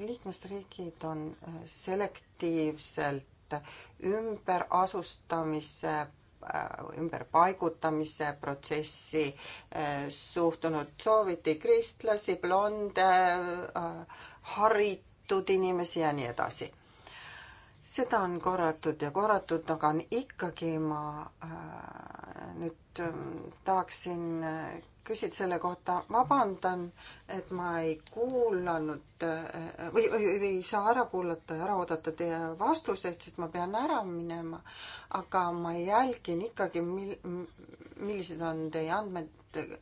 liikmesriigid on äh, selektiivselt ümberasustamise, äh, ümberpaigutamise protsessi äh, suhtunud, sooviti kristlasi, blonde, haritud inimesi ja nii edasi seda on korratud ja korratud, aga ikkagi ma äh, nüüd ähm, äh, tahaksin küsid selle kohta, vabandan, et ma ei kuulanud äh, või, või, või ei saa ära kuulata ja ära oodata teie vastuseid, sest ma pean ära minema, aga ma jälgin ikkagi, mil-, millised on teie andmed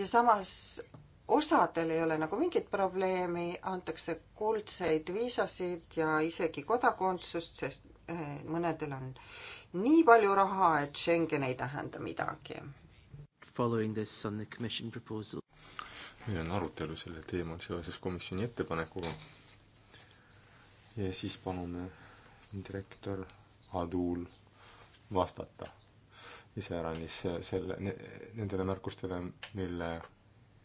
ja samas osadel ei ole nagu mingit probleemi, antakse kuldseid viisasid ja isegi kodakondsust, sest äh, mõnedel on nii palju raha, et Schengen ei tähenda midagi. meil on arutelu sellel teemal seoses komisjoni ettepanekuga. ja siis palume direktor Adul vastata iseäranis selle ne,, nendele märkustele, mille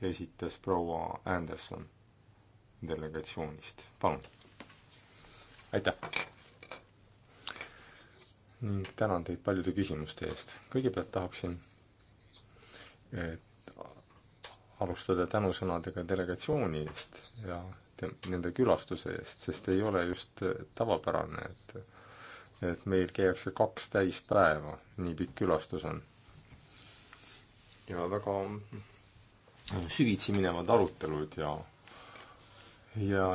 esitas proua Anderson delegatsioonist, palun. aitäh! ning tänan teid paljude küsimuste eest. kõigepealt tahaksin alustada tänusõnadega delegatsiooni eest ja te, nende külastuse eest, sest ei ole just äh, tavapärane, et et meil käiakse kaks täispäeva, nii pikk külastus on. ja väga süvitsi minevad arutelud ja ja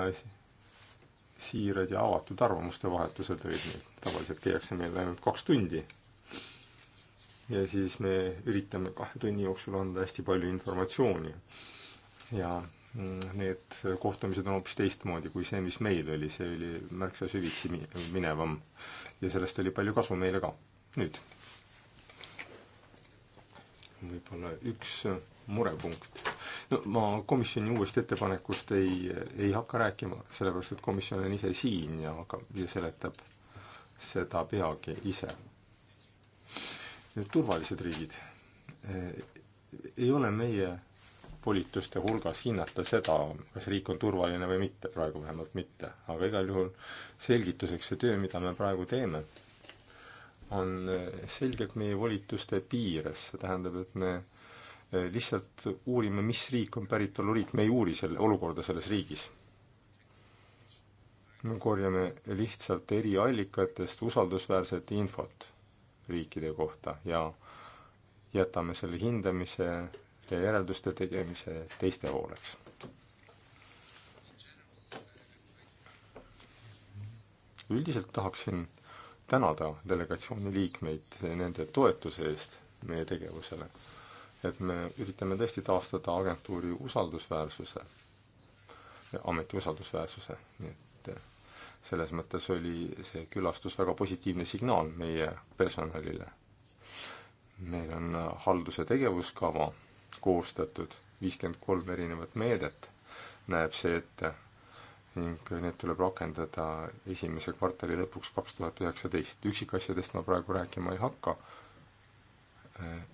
siirad ja avatud arvamuste vahetused olid meil. tavaliselt käiakse meil ainult kaks tundi. ja siis me üritame kahe tunni jooksul anda hästi palju informatsiooni. ja mm, need kohtumised on hoopis teistmoodi kui see, mis meil oli, see oli märksa süvitsi minevam. ja sellest oli palju kasu meile ka. nüüd. võib-olla üks murepunkt no ma komisjoni uuest ettepanekust ei, ei hakka rääkima, sellepärast et komisjon on ise siin ja hakkab ja seletab seda peagi ise. nüüd turvalised riigid. ei ole meie volituste hulgas hinnata seda, kas riik on turvaline või mitte, praegu vähemalt mitte, aga igal juhul selgituseks see töö, mida me praegu teeme, on selgelt meie volituste piires, see tähendab, et me äh, Eh, lihtsalt uurime, mis riik on päritoluriik, me ei uuri selle olukorda selles riigis. me korjame lihtsalt eri allikatest usaldusväärset infot riikide kohta ja jätame selle hindamise ja järelduste tegemise teiste hooleks. üldiselt tahaksin tänada delegatsiooni liikmeid nende toetuse eest meie tegevusele et me üritame tõesti taastada agentuuri usaldusväärsuse, ameti usaldusväärsuse, nii et eh, selles mõttes oli see külastus väga positiivne signaal meie personalile. meil on eh, halduse tegevuskava koostatud, viiskümmend kolm erinevat meedet näeb see ette ning need tuleb rakendada esimese kvartali lõpuks kaks tuhat üheksateist. üksikasjadest ma praegu rääkima ei hakka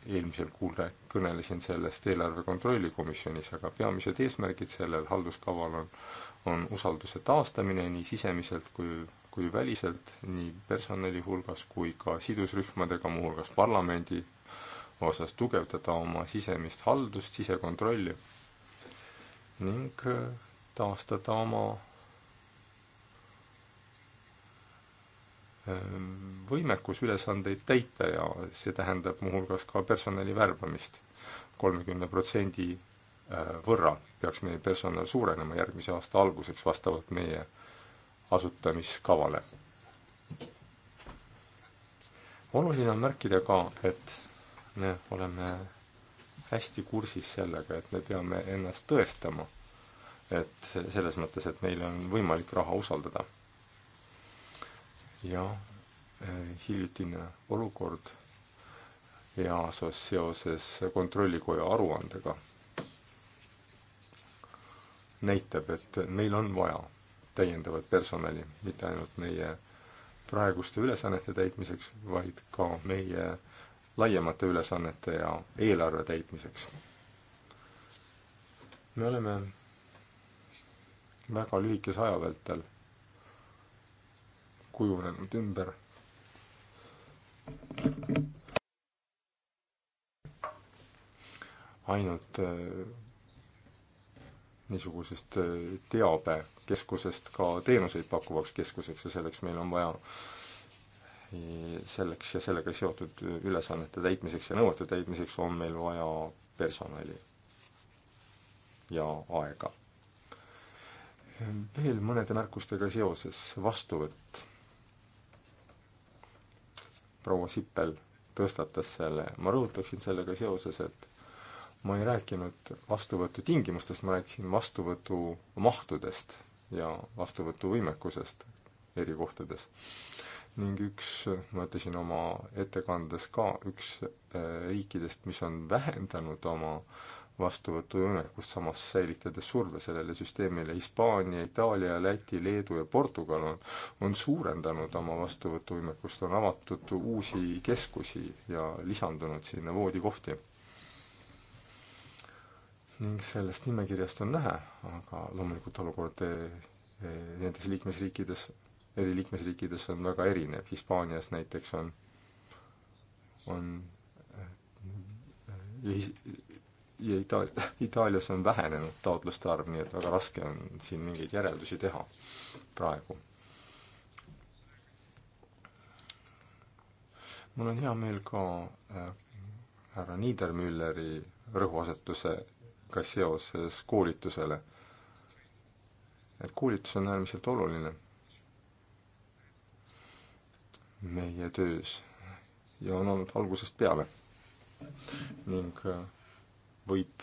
eelmisel kuul kõnelesin sellest eelarve kontrolli komisjonis, aga peamised eesmärgid sellel halduskaval on, on usalduse taastamine nii sisemiselt kui, kui väliselt, nii personali hulgas kui ka sidusrühmadega, muuhulgas parlamendi osas, tugevdada oma sisemist haldust, sisekontrolli ning äh, taastada oma Ähm, võimekus ülesandeid täita ja see tähendab muuhulgas ka personali värbamist. kolmekümne protsendi äh, võrra peaks meie personal suurenema järgmise aasta alguseks vastavalt meie asutamiskavale. oluline on märkida ka, et me oleme hästi kursis sellega, et me peame ennast tõestama. et selles mõttes, et meil on võimalik raha usaldada ja eh, hiljutine olukord EASO-s seoses kontrollikoja aruandega näitab, et meil on vaja täiendavat personali, mitte ainult meie praeguste ülesannete täitmiseks, vaid ka meie laiemate ülesannete ja eelarve täitmiseks. me oleme väga lühikese aja vältel kujunenud ümber. ainult äh, niisugusest äh, teabekeskusest ka teenuseid pakkuvaks keskuseks ja selleks meil on vaja äh, selleks ja sellega seotud ülesannete täitmiseks ja nõuete täitmiseks on meil vaja personali ja aega. veel mõnede märkustega seoses vastuvõtt proua Sippel tõstatas selle, ma rõhutaksin sellega seoses, et ma ei rääkinud vastuvõtu tingimustest, ma rääkisin vastuvõtu mahtudest ja vastuvõtuvõimekusest eri kohtades. ning üks, ma ütlesin oma ettekandes ka, üks äh, riikidest, mis on vähendanud oma äh, vastuvõtuvõimekust, samas säilitades surve sellele süsteemile. Hispaania, Itaalia, Läti, Leedu ja Portugal on, on suurendanud oma vastuvõtuvõimekust, on avatud uusi keskusi ja lisandunud sinna voodikohti. ning sellest nimekirjast on nähe, aga loomulikult olukord eh, nendes liikmesriikides, eri liikmesriikides on väga erinev, Hispaanias näiteks on, on eh, ja ja Itaal-, Itaalias on vähenenud taotluste arv, nii et väga raske on siin mingeid järeldusi teha praegu. mul on hea meel ka äh, härra Niedermülleri rõhuasetusega seoses koolitusele. et koolitus on äärmiselt oluline meie töös ja on olnud algusest peale ning äh, võib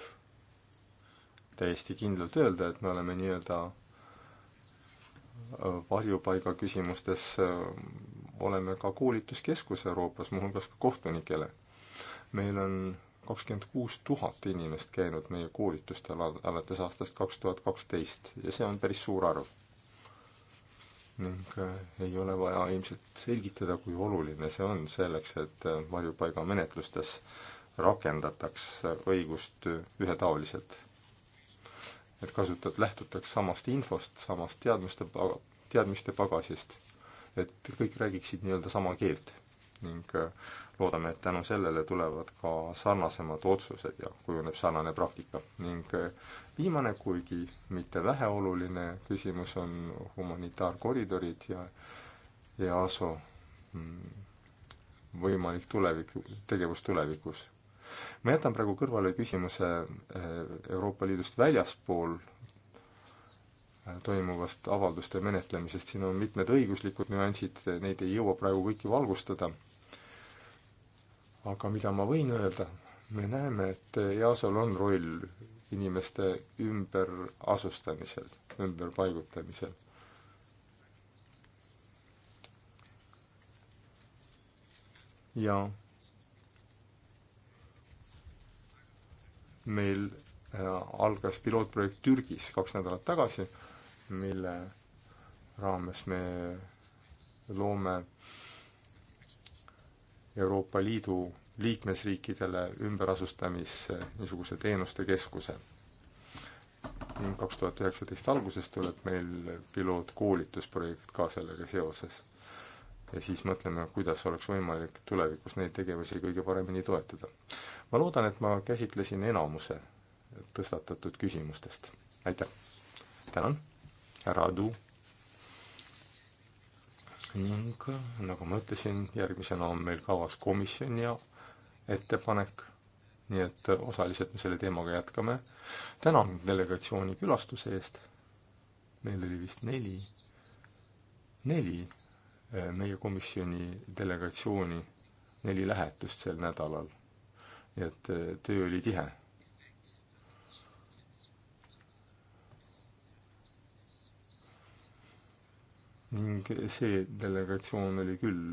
täiesti kindlalt öelda, et me oleme nii-öelda äh, varjupaiga küsimustes, äh, oleme ka koolituskeskus Euroopas, muuhulgas ka kohtunikele. meil on kakskümmend kuus tuhat inimest käinud meie koolitustel alates aastast kaks tuhat kaksteist ja see on päris suur arv. ning äh, ei ole vaja ilmselt selgitada, kui oluline see on selleks, et varjupaigamenetlustes äh, rakendataks õigust ühetaoliselt. et kasutad, lähtutaks samast infost, samast teadmiste, teadmiste pagasist, et kõik räägiksid nii-öelda sama keelt ning äh, loodame, et tänu sellele tulevad ka sarnasemad otsused ja kujuneb sarnane praktika. ning äh, viimane, kuigi mitte väheoluline küsimus on humanitaarkoridorid ja EASO mm, võimalik tulevik, tegevus tulevikus ma jätan praegu kõrvale küsimuse eh, Euroopa Liidust väljaspool eh, toimuvast avalduste menetlemisest, siin on mitmed õiguslikud nüansid, neid ei jõua praegu kõiki valgustada. aga mida ma võin öelda, me näeme, et EASO-l on roll inimeste ümberasustamisel, ümberpaigutamisel. ja meil äh, algas pilootprojekt Türgis kaks nädalat tagasi, mille raames me loome Euroopa Liidu liikmesriikidele ümberasustamis niisuguse teenuste keskuse. ning kaks tuhat üheksateist alguses tuleb meil pilootkoolitusprojekt ka sellega seoses ja siis mõtleme, kuidas oleks võimalik tulevikus neid tegevusi kõige paremini toetada. ma loodan, et ma käsitlesin enamuse tõstatatud küsimustest. aitäh! tänan, härra Adu! ning nagu ma ütlesin, järgmisena on meil kavas komisjoni ettepanek, nii et osaliselt me selle teemaga jätkame. tänan delegatsiooni külastuse eest, meil oli vist neli, neli Eh, meie komisjoni delegatsiooni neli lähetust sel nädalal. nii et eh, töö oli tihe. ning see delegatsioon oli küll,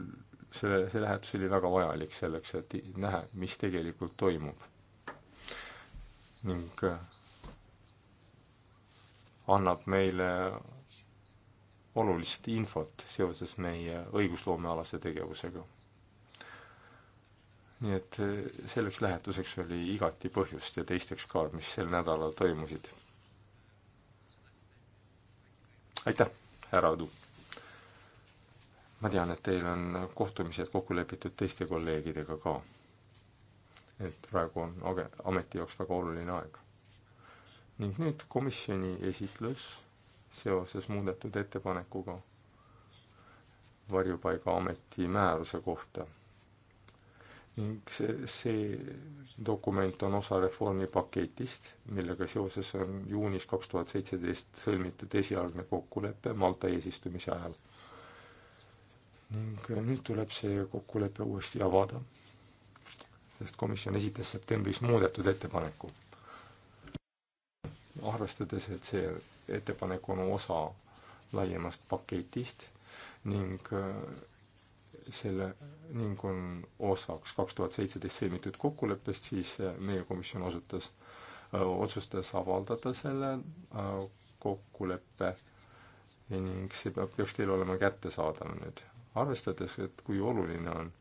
selle, see lähetus oli väga vajalik selleks, et näha, mis tegelikult toimub. ning eh, annab meile olulist infot seoses meie õigusloomealase tegevusega. nii et eh, selleks lähetuseks oli igati põhjust ja teisteks ka, mis sel nädalal toimusid. aitäh, härra Adu! ma tean, et teil on kohtumised kokku lepitud teiste kolleegidega ka. et praegu on age-, ameti jaoks väga oluline aeg. ning nüüd komisjoni esitlus seoses muudetud ettepanekuga varjupaigaameti määruse kohta. ning see, see dokument on osa reformipaketist, millega seoses on juunis kaks tuhat seitseteist sõlmitud esialgne kokkulepe Malta eesistumise ajal. ning nüüd tuleb see kokkulepe uuesti avada, sest komisjon esitas septembris muudetud ettepaneku. arvestades, et see ettepanek on osa laiemast paketist ning äh, selle ning on osaks kaks tuhat seitseteist sõlmitud kokkuleppest, siis äh, meie komisjon osutas, äh, otsustas avaldada selle kokkuleppe ning see peab, peaks teil olema kättesaadav nüüd. arvestades, et kui oluline on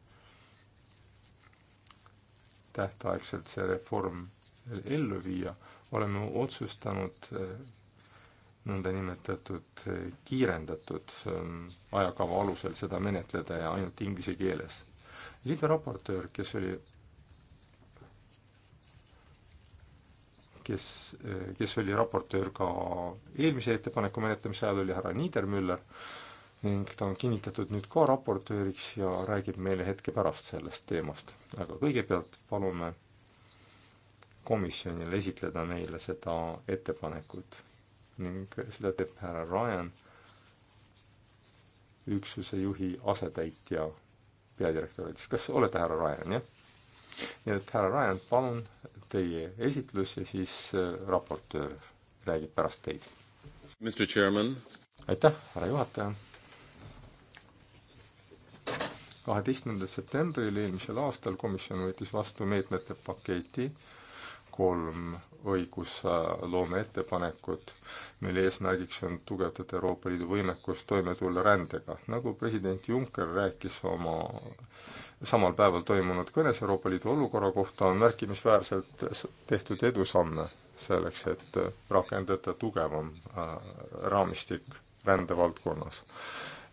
tähtaegselt see reform ellu viia, oleme otsustanud nõndanimetatud kiirendatud ähm, ajakava alusel seda menetleda ja ainult inglise keeles. liidu raportöör, kes oli, kes, äh, kes oli raportöör ka eelmise ettepaneku menetlemise ajal, oli härra Niedermüller ning ta on kinnitatud nüüd ka raportööriks ja räägib meile hetke pärast sellest teemast. aga kõigepealt palume komisjonil esitleda meile seda ettepanekut ning seda teeb härra Ryan, üksuse juhi asetäitja peadirektoraadis. kas olete härra Ryan, jah? nii et härra Ryan, palun teie esitlus ja siis äh, raportöör räägib pärast teid. aitäh, härra juhataja. kaheteistkümnendal septembril eelmisel aastal komisjon võttis vastu meetmete paketi kolm õigusloome äh, ettepanekut, mille eesmärgiks on tugevdada Euroopa Liidu võimekust toime tulla rändega. nagu president Juncker rääkis oma samal päeval toimunud kõnes Euroopa Liidu olukorra kohta, on märkimisväärselt tehtud edusamme selleks, et rakendada tugevam äh, raamistik rändevaldkonnas.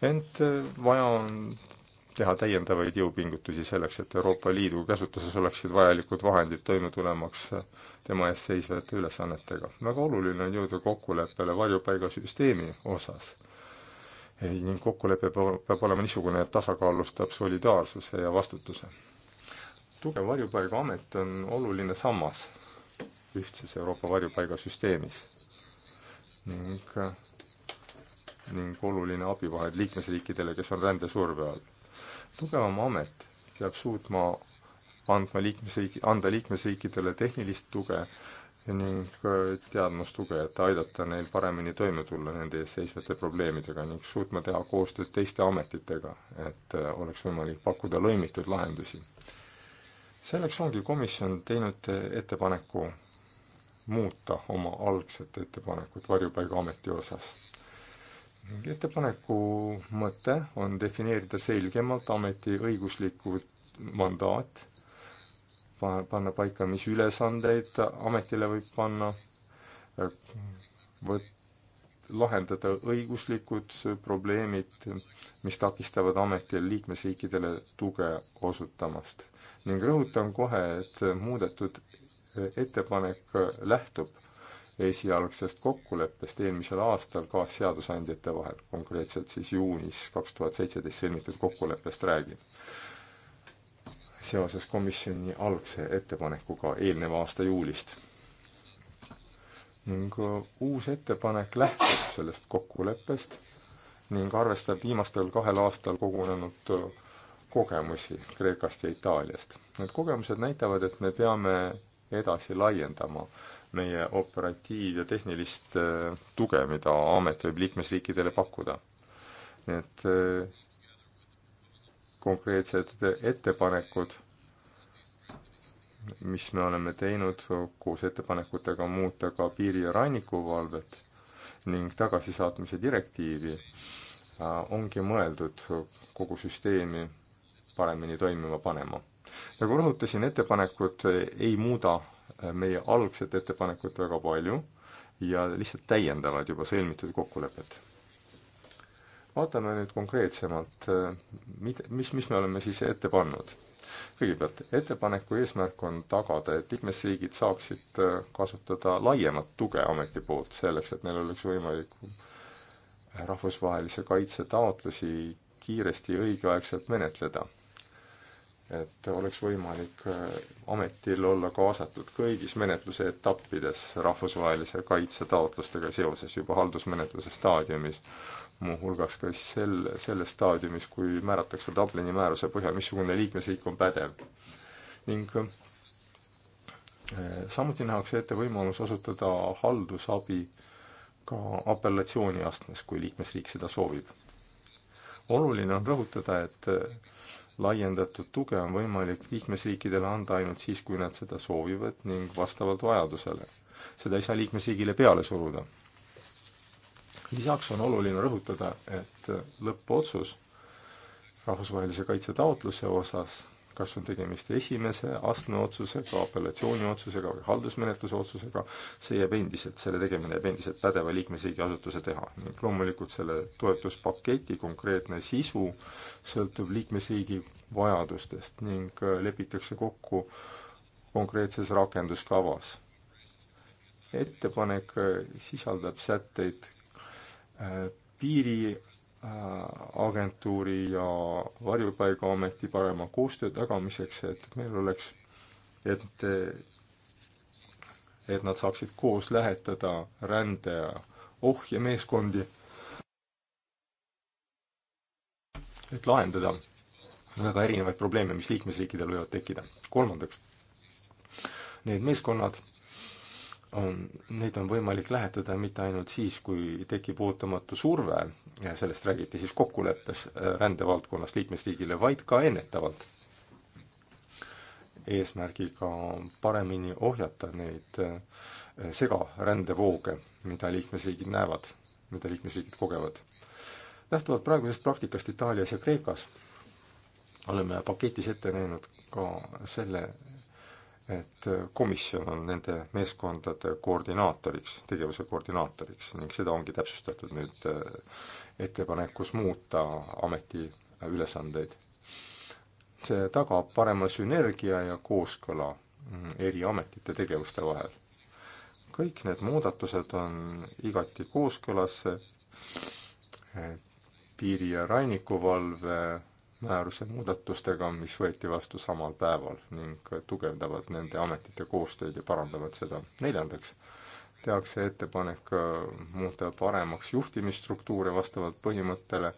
ent äh, vaja on teha täiendavaid jõupingutusi selleks, et Euroopa Liidu käsutuses oleksid vajalikud vahendid toime tulemaks tema ees seisvate ülesannetega. väga oluline on jõuda kokkuleppele varjupaigasüsteemi osas ning kokkulepe peab olema niisugune, et tasakaalustab solidaarsuse ja vastutuse. tugev varjupaigaamet on oluline sammas ühtses Euroopa varjupaigasüsteemis ning, ning oluline abivahend liikmesriikidele, kes on rändesurve all tugevam amet peab suutma andma liikmesriigi, anda liikmesriikidele tehnilist tuge ning äh, teadmustuge, et aidata neil paremini toime tulla nende ees seisvate probleemidega ning suutma teha koostööd teiste ametitega, et äh, oleks võimalik pakkuda lõimitud lahendusi. selleks ongi komisjon teinud äh, ettepaneku muuta oma algset ettepanekut Varjupaigaameti osas ettepaneku mõte on defineerida selgemalt ameti õiguslikku mandaat, panna paika, mis ülesandeid ametile võib panna, võt-, lahendada õiguslikud probleemid, mis takistavad ametil liikmesriikidele tuge osutamast. ning rõhutan kohe, et muudetud ettepanek lähtub esialgsest kokkuleppest eelmisel aastal kaasseadusandjate vahel, konkreetselt siis juunis kaks tuhat seitseteist sõlmitud kokkuleppest räägin. seoses komisjoni algse ettepanekuga eelneva aasta juulist. ning äh, uus ettepanek lähtub sellest kokkuleppest ning arvestab viimastel kahel aastal kogunenud äh, kogemusi Kreekast ja Itaaliast. Need kogemused näitavad, et me peame edasi laiendama äh, meie operatiiv- ja tehnilist äh, tuge, mida amet võib liikmesriikidele pakkuda. nii et äh, konkreetsed ettepanekud, mis me oleme teinud koos ettepanekutega muuta ka piiri- ja rannikuvalvet ning tagasisaatmise direktiivi, äh, ongi mõeldud kogu süsteemi paremini toimima panema. nagu rõhutasin, ettepanekud ei muuda meie algset ettepanekut väga palju ja lihtsalt täiendavad juba sõlmitud kokkulepet. vaatame nüüd konkreetsemalt, äh, mida, mis, mis me oleme siis ette pannud. kõigepealt, ettepaneku eesmärk on tagada, et liikmesriigid saaksid äh, kasutada laiemat tuge ameti poolt selleks, et neil oleks võimalik äh, rahvusvahelise kaitse taotlusi kiiresti ja õigeaegselt menetleda et oleks võimalik ametil äh, olla kaasatud kõigis menetluse etappides rahvusvahelise kaitse taotlustega seoses juba haldusmenetluse staadiumis, muuhulgas ka sel, selles staadiumis, kui määratakse Dublini määruse põhjal, missugune liikmesriik on pädev. ning äh, samuti nähakse ette võimalus osutada haldusabi ka apellatsiooniastmes, kui liikmesriik seda soovib. oluline on rõhutada, et laiendatud tuge on võimalik liikmesriikidele anda ainult siis, kui nad seda soovivad ning vastavalt vajadusele. seda ei saa liikmesriigile peale suruda. lisaks on oluline rõhutada, et lõppotsus rahvusvahelise kaitse taotluse osas kas on tegemist esimese astme otsusega, apellatsiooniotsusega või haldusmenetluse otsusega, see jääb endiselt, selle tegemine jääb endiselt pädeva liikmesriigi asutuse teha. ning loomulikult selle toetuspaketi konkreetne sisu sõltub liikmesriigi vajadustest ning äh, lepitakse kokku konkreetses rakenduskavas. ettepanek äh, sisaldab sätteid äh, piiri Äh, agentuuri ja varjupaigaameti parema koostöö tagamiseks, et meil oleks, et, et nad saaksid koos lähetada rände ohjemeeskondi, et lahendada väga erinevaid probleeme, mis liikmesriikidel võivad tekkida. kolmandaks, need meeskonnad on, neid on võimalik lähetada mitte ainult siis, kui tekib ootamatu surve, ja sellest räägiti siis kokkuleppes äh, rändevaldkonnas liikmesriigile, vaid ka ennetavalt. eesmärgiga paremini ohjata neid äh, segarändevooge, mida liikmesriigid näevad, mida liikmesriigid kogevad. lähtuvalt praegusest praktikast Itaalias ja Kreekas oleme paketis ette näinud ka selle, et äh, komisjon on nende meeskondade koordinaatoriks, tegevuse koordinaatoriks ning seda ongi täpsustatud nüüd äh, ettepanekus muuta ameti ülesandeid. see tagab parema sünergia ja kooskõla mm, eri ametite tegevuste vahel. kõik need muudatused on igati kooskõlas äh, piiri- ja rannikuvalve määruse muudatustega, mis võeti vastu samal päeval ning tugevdavad nende ametite koostööd ja parandavad seda. neljandaks, tehakse ettepanek äh, muuta paremaks juhtimisstruktuure vastavalt põhimõttele,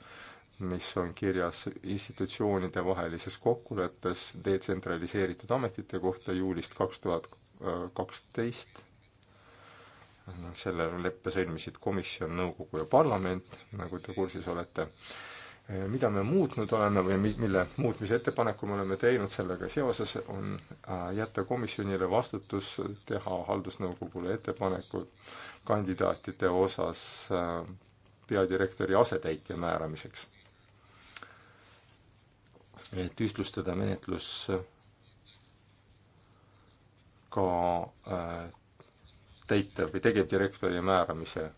mis on kirjas institutsioonide vahelises kokkuleppes detsentraliseeritud ametite kohta juulist kaks tuhat äh, kaksteist noh, selle leppe sõlmisid komisjon, nõukogu ja parlament, nagu te kursis olete, Eh, mida me muutnud oleme või mi-, mille muutmise ettepaneku me oleme teinud sellega seoses, on äh, jätta komisjonile vastutus teha haldusnõukogule ettepanekud kandidaatide osas äh, peadirektori asetäitja määramiseks. et ühtlustada menetlus ka äh, täitev- või tegevdirektori määramise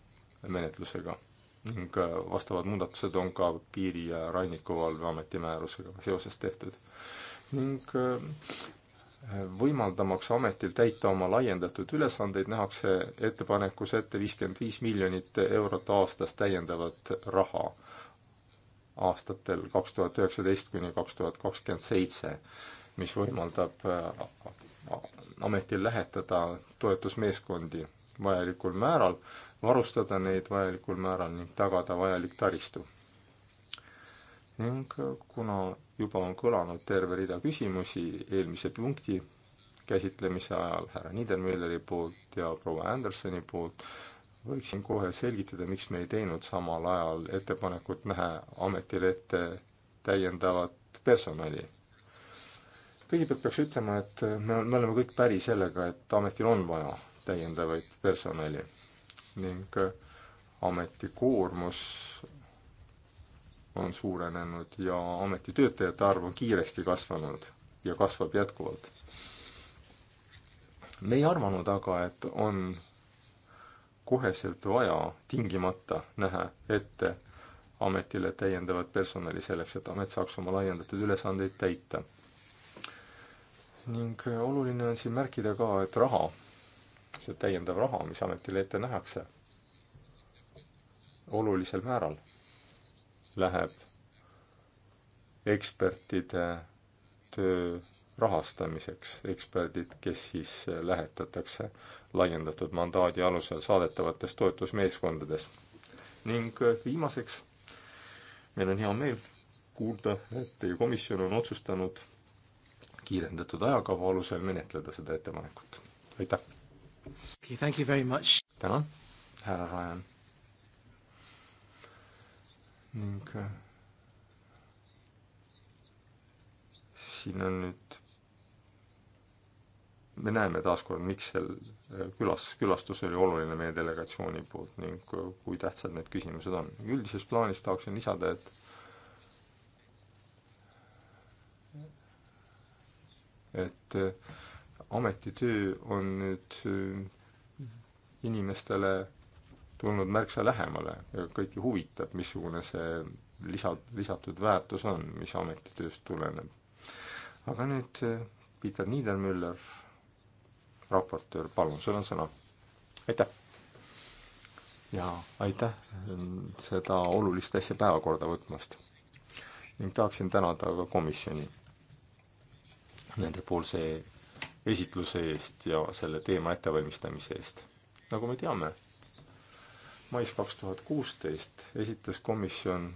menetlusega ning vastavad muudatused on ka Piiri- ja Rannikuvalveameti määrusega seoses tehtud. ning äh, võimaldamaks ametil täita oma laiendatud ülesandeid, nähakse ettepanekus ette viiskümmend viis miljonit eurot aastas täiendavat raha aastatel kaks tuhat üheksateist kuni kaks tuhat kakskümmend seitse, mis võimaldab äh, ametil lähetada toetusmeeskondi vajalikul määral varustada neid vajalikul määral ning tagada vajalik taristu. ning kuna juba on kõlanud terve rida küsimusi eelmise punkti käsitlemise ajal härra Niedermülleri poolt ja proua Andersoni poolt, võiksin kohe selgitada, miks me ei teinud samal ajal ettepanekut näha ametile ette täiendavat personali. kõigepealt peaks ütlema, et me, me oleme kõik päri sellega, et ametil on vaja täiendavaid personali ning äh, ameti koormus on suurenenud ja ametitöötajate arv on kiiresti kasvanud ja kasvab jätkuvalt. me ei arvanud aga, et on koheselt vaja tingimata näha ette ametile täiendavat personali selleks, et amet saaks oma laiendatud ülesandeid täita. ning äh, oluline on siin märkida ka, et raha see täiendav raha, mis ametile ette nähakse, olulisel määral läheb ekspertide töö rahastamiseks, eksperdid, kes siis lähetatakse laiendatud mandaadi alusel saadetavates toetusmeeskondades. ning viimaseks, meil on hea meel kuulda, et teie komisjon on otsustanud kiirendatud ajakava alusel menetleda seda ettepanekut. aitäh! okay,. tänan, härra Ryan. ning äh, siin on nüüd, me näeme taaskord, miks seal äh, külas, külastus oli oluline meie delegatsiooni poolt ning äh, kui tähtsad need küsimused on. üldises plaanis tahaksin lisada, et et ametitöö on nüüd äh, inimestele tulnud märksa lähemale ja kõiki huvitab, missugune see lisa, lisatud väärtus on, mis ametitööst tuleneb. aga nüüd äh, Peter Niedermüller, raportöör, palun, sul on sõna. aitäh! ja aitäh äh, seda olulist asja päevakorda võtmast! ning tahaksin tänada ka komisjoni nendepoolse esitluse eest ja selle teema ettevalmistamise eest. nagu me teame, mais kaks tuhat kuusteist esitas komisjon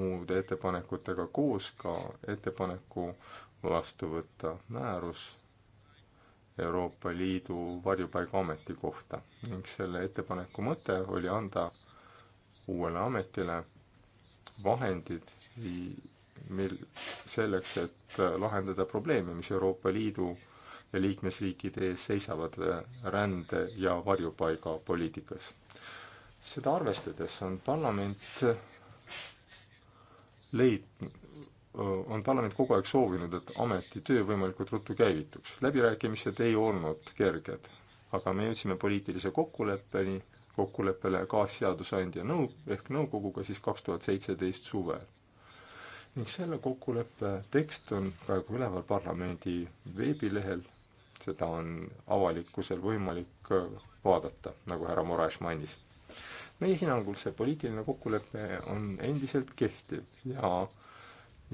muude ettepanekutega koos ka ettepaneku vastu võtta määrus Euroopa Liidu varjupaigaameti kohta ning selle ettepaneku mõte oli anda uuele ametile vahendid, mil selleks, et lahendada probleeme, mis Euroopa Liidu äh, liikmesriikide ees seisavad äh, rände- ja varjupaigapoliitikas. seda arvestades on parlament leid-, äh, on parlament kogu aeg soovinud, et ameti töö võimalikult ruttu käivituks. läbirääkimised ei olnud kerged, aga me jõudsime poliitilise kokkuleppeni, kokkuleppele kaasseadusandja nõu-, ehk nõukoguga siis kaks tuhat seitseteist suvel ning selle kokkuleppe tekst on praegu üleval parlamendi veebilehel, seda on avalikkusel võimalik vaadata, nagu härra Moraes mainis. meie hinnangul see poliitiline kokkulepe on endiselt kehtiv ja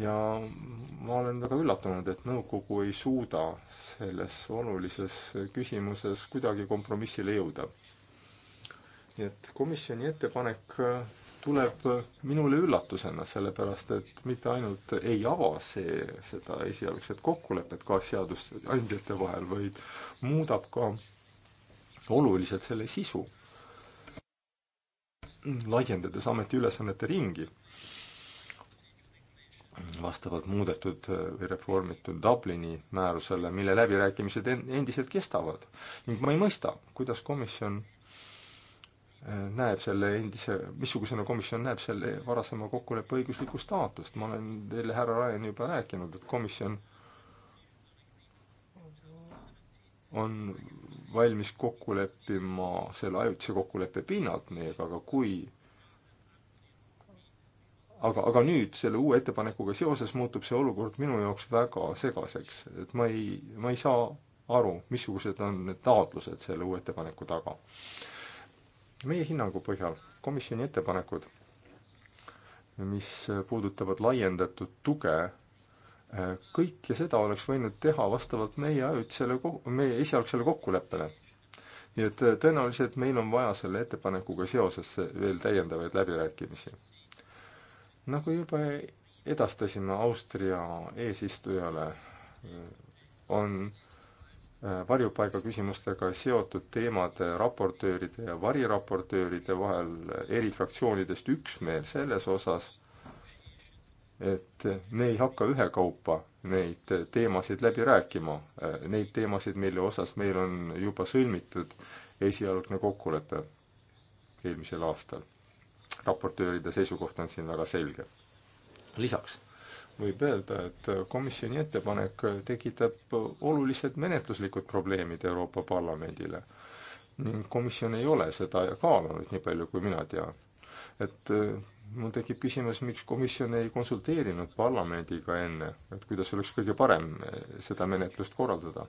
ja ma olen väga üllatunud, et nõukogu ei suuda selles olulises küsimuses kuidagi kompromissile jõuda. nii et komisjoni ettepanek tuleb minule üllatusena, sellepärast et mitte ainult ei ava see seda esialgset kokkulepet kaasseadusandjate vahel, vaid muudab ka oluliselt selle sisu, laiendades ameti ülesannete ringi vastavalt muudetud või reformitud Dublini määrusele, mille läbirääkimised endiselt kestavad. ning ma ei mõista, kuidas komisjon näeb selle endise, missugusena komisjon näeb selle varasema kokkuleppe õiguslikku staatust, ma olen teile, härra Ryan, juba rääkinud, et komisjon on valmis kokku leppima selle ajutise kokkuleppe pinnalt meiega, aga kui aga, aga nüüd selle uue ettepanekuga seoses muutub see olukord minu jaoks väga segaseks, et ma ei, ma ei saa aru, missugused on need taotlused selle uue ettepaneku taga meie hinnangu põhjal komisjoni ettepanekud, mis puudutavad laiendatud tuge, eh, kõike seda oleks võinud teha vastavalt meie ajutisele, meie esialgsele kokkuleppele. nii et eh, tõenäoliselt meil on vaja selle ettepanekuga seoses veel täiendavaid läbirääkimisi. nagu juba edastasime Austria eesistujale, eh, on Äh, varjupaiga küsimustega seotud teemade raportööride ja variraportööride vahel eri fraktsioonidest üksmeel selles osas, et me ei hakka ühekaupa neid teemasid läbi rääkima, neid teemasid, mille osas meil on juba sõlmitud esialgne kokkulepe eelmisel aastal. raportööride seisukoht on siin väga selge. lisaks võib öelda, et komisjoni ettepanek tekitab olulised menetluslikud probleemid Euroopa Parlamendile. ning komisjon ei ole seda kaalunud, nii palju kui mina tean. et äh, mul tekib küsimus, miks komisjon ei konsulteerinud parlamendiga enne, et kuidas oleks kõige parem äh, seda menetlust korraldada?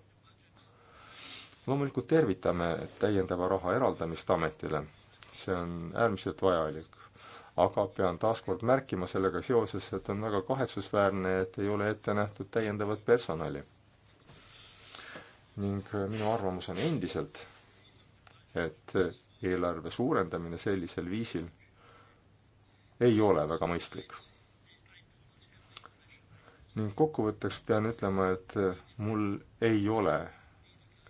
loomulikult tervitame täiendava raha eraldamist ametile, see on äärmiselt vajalik aga pean taaskord märkima sellega seoses, et on väga kahetsusväärne, et ei ole ette nähtud täiendavat personali. ning äh, minu arvamus on endiselt, et eelarve suurendamine sellisel viisil ei ole väga mõistlik. ning kokkuvõtteks pean ütlema, et äh, mul ei ole,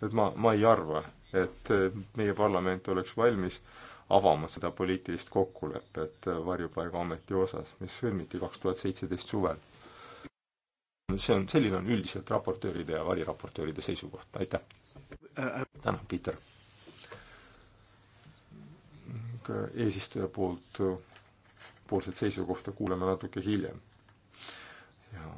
et ma, ma ei arva, et äh, meie parlament oleks valmis äh, avama seda poliitilist kokkulepet Varjupaigaameti osas, mis sõlmiti kaks tuhat seitseteist suvel. see on, selline on üldiselt raportööride ja variraportööride seisukoht, aitäh! tänan, Piiter! eesistuja poolt, poolset seisukohta kuuleme natuke hiljem. ja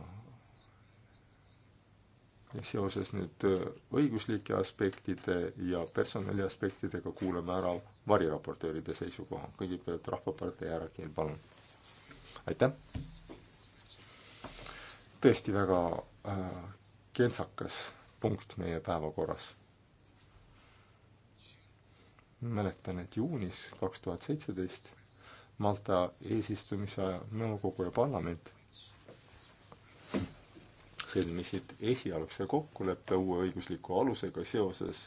seoses nüüd äh, õiguslike aspektide ja personali aspektidega kuulame ära variraportööride seisukoha. kõigepealt Rahvapartei härra Kiil, palun. aitäh! tõesti väga äh, kentsakas punkt meie päevakorras. mäletan, et juunis kaks tuhat seitseteist Malta eesistumise ajal nõukogu ja parlament sõlmisid esialgse kokkuleppe uue õigusliku alusega seoses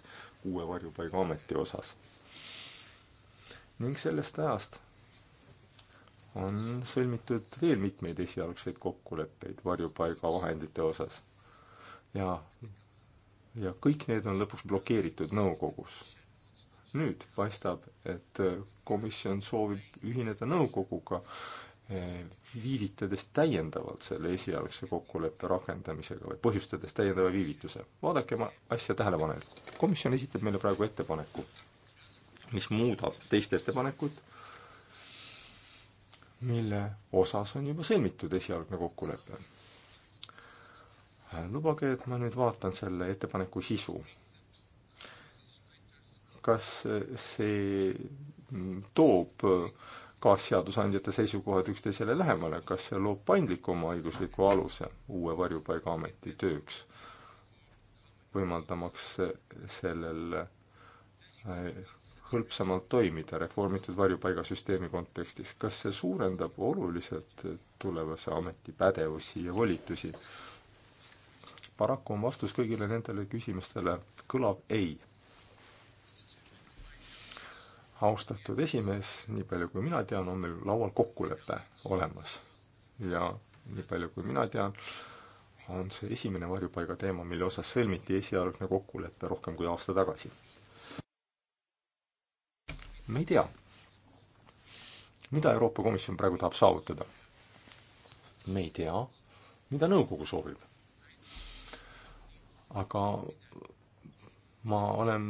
uue varjupaigaameti osas. ning sellest ajast on sõlmitud veel mitmeid esialgseid kokkuleppeid varjupaigavahendite osas. ja, ja kõik need on lõpuks blokeeritud nõukogus. nüüd paistab, et komisjon soovib ühineda nõukoguga äh, viivitades täiendavalt selle esialgse kokkuleppe rakendamisega või põhjustades täiendava viivituse. vaadake ma asja tähelepanelikult. komisjon esitab meile praegu ettepaneku, mis muudab teist ettepanekut, mille osas on juba sõlmitud esialgne kokkulepe. lubage, et ma nüüd vaatan selle ettepaneku sisu. kas see toob kaasseadusandjate seisukohad üksteisele lähemale, kas see loob paindlikuma õigusliku aluse uue varjupaigaameti tööks, võimaldamaks sellel äh, hõlpsamalt toimida reformitud varjupaigasüsteemi kontekstis, kas see suurendab oluliselt tulevase ameti pädevusi ja volitusi? paraku on vastus kõigile nendele küsimustele kõlav ei austatud esimees, nii palju kui mina tean, on meil laual kokkulepe olemas. ja nii palju kui mina tean, on see esimene varjupaiga teema, mille osas sõlmiti esialgne kokkulepe rohkem kui aasta tagasi. me ei tea, mida Euroopa Komisjon praegu tahab saavutada. me ei tea, mida nõukogu soovib. aga ma olen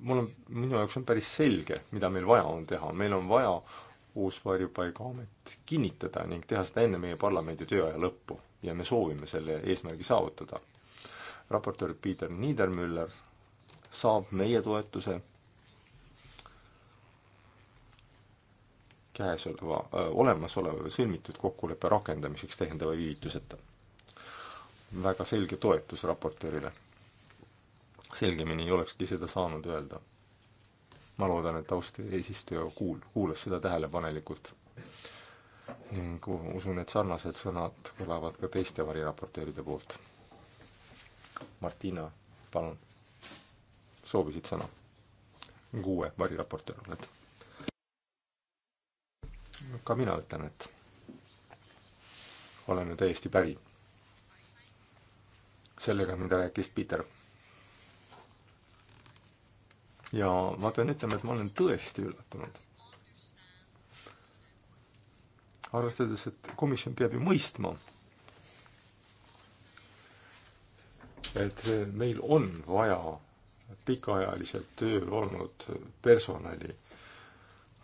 mul on, minu jaoks on päris selge, mida meil vaja on teha, meil on vaja uus varjupaigaamet kinnitada ning teha seda enne meie parlamendi tööaja lõppu ja me soovime selle eesmärgi saavutada. raportöör Peter Niedermüller saab meie toetuse käesoleva, äh, olemasoleva või sõlmitud kokkuleppe rakendamiseks täiendava viivituseta. väga selge toetus raportöörile selgemini ei olekski seda saanud öelda. ma loodan, et austaja eesistuja kuul-, kuulas seda tähelepanelikult ning usun, et sarnased sõnad kõlavad ka teiste variraportööride poolt. Martina, palun, soovisid sõna? kuue variraportöör oled. ka mina ütlen, et olen ju täiesti päri sellega, mida rääkis Peter ja ma pean ütlema, et ma olen tõesti üllatunud. arvestades, et komisjon peab ju mõistma, et meil on vaja pikaajaliselt tööl olnud personali,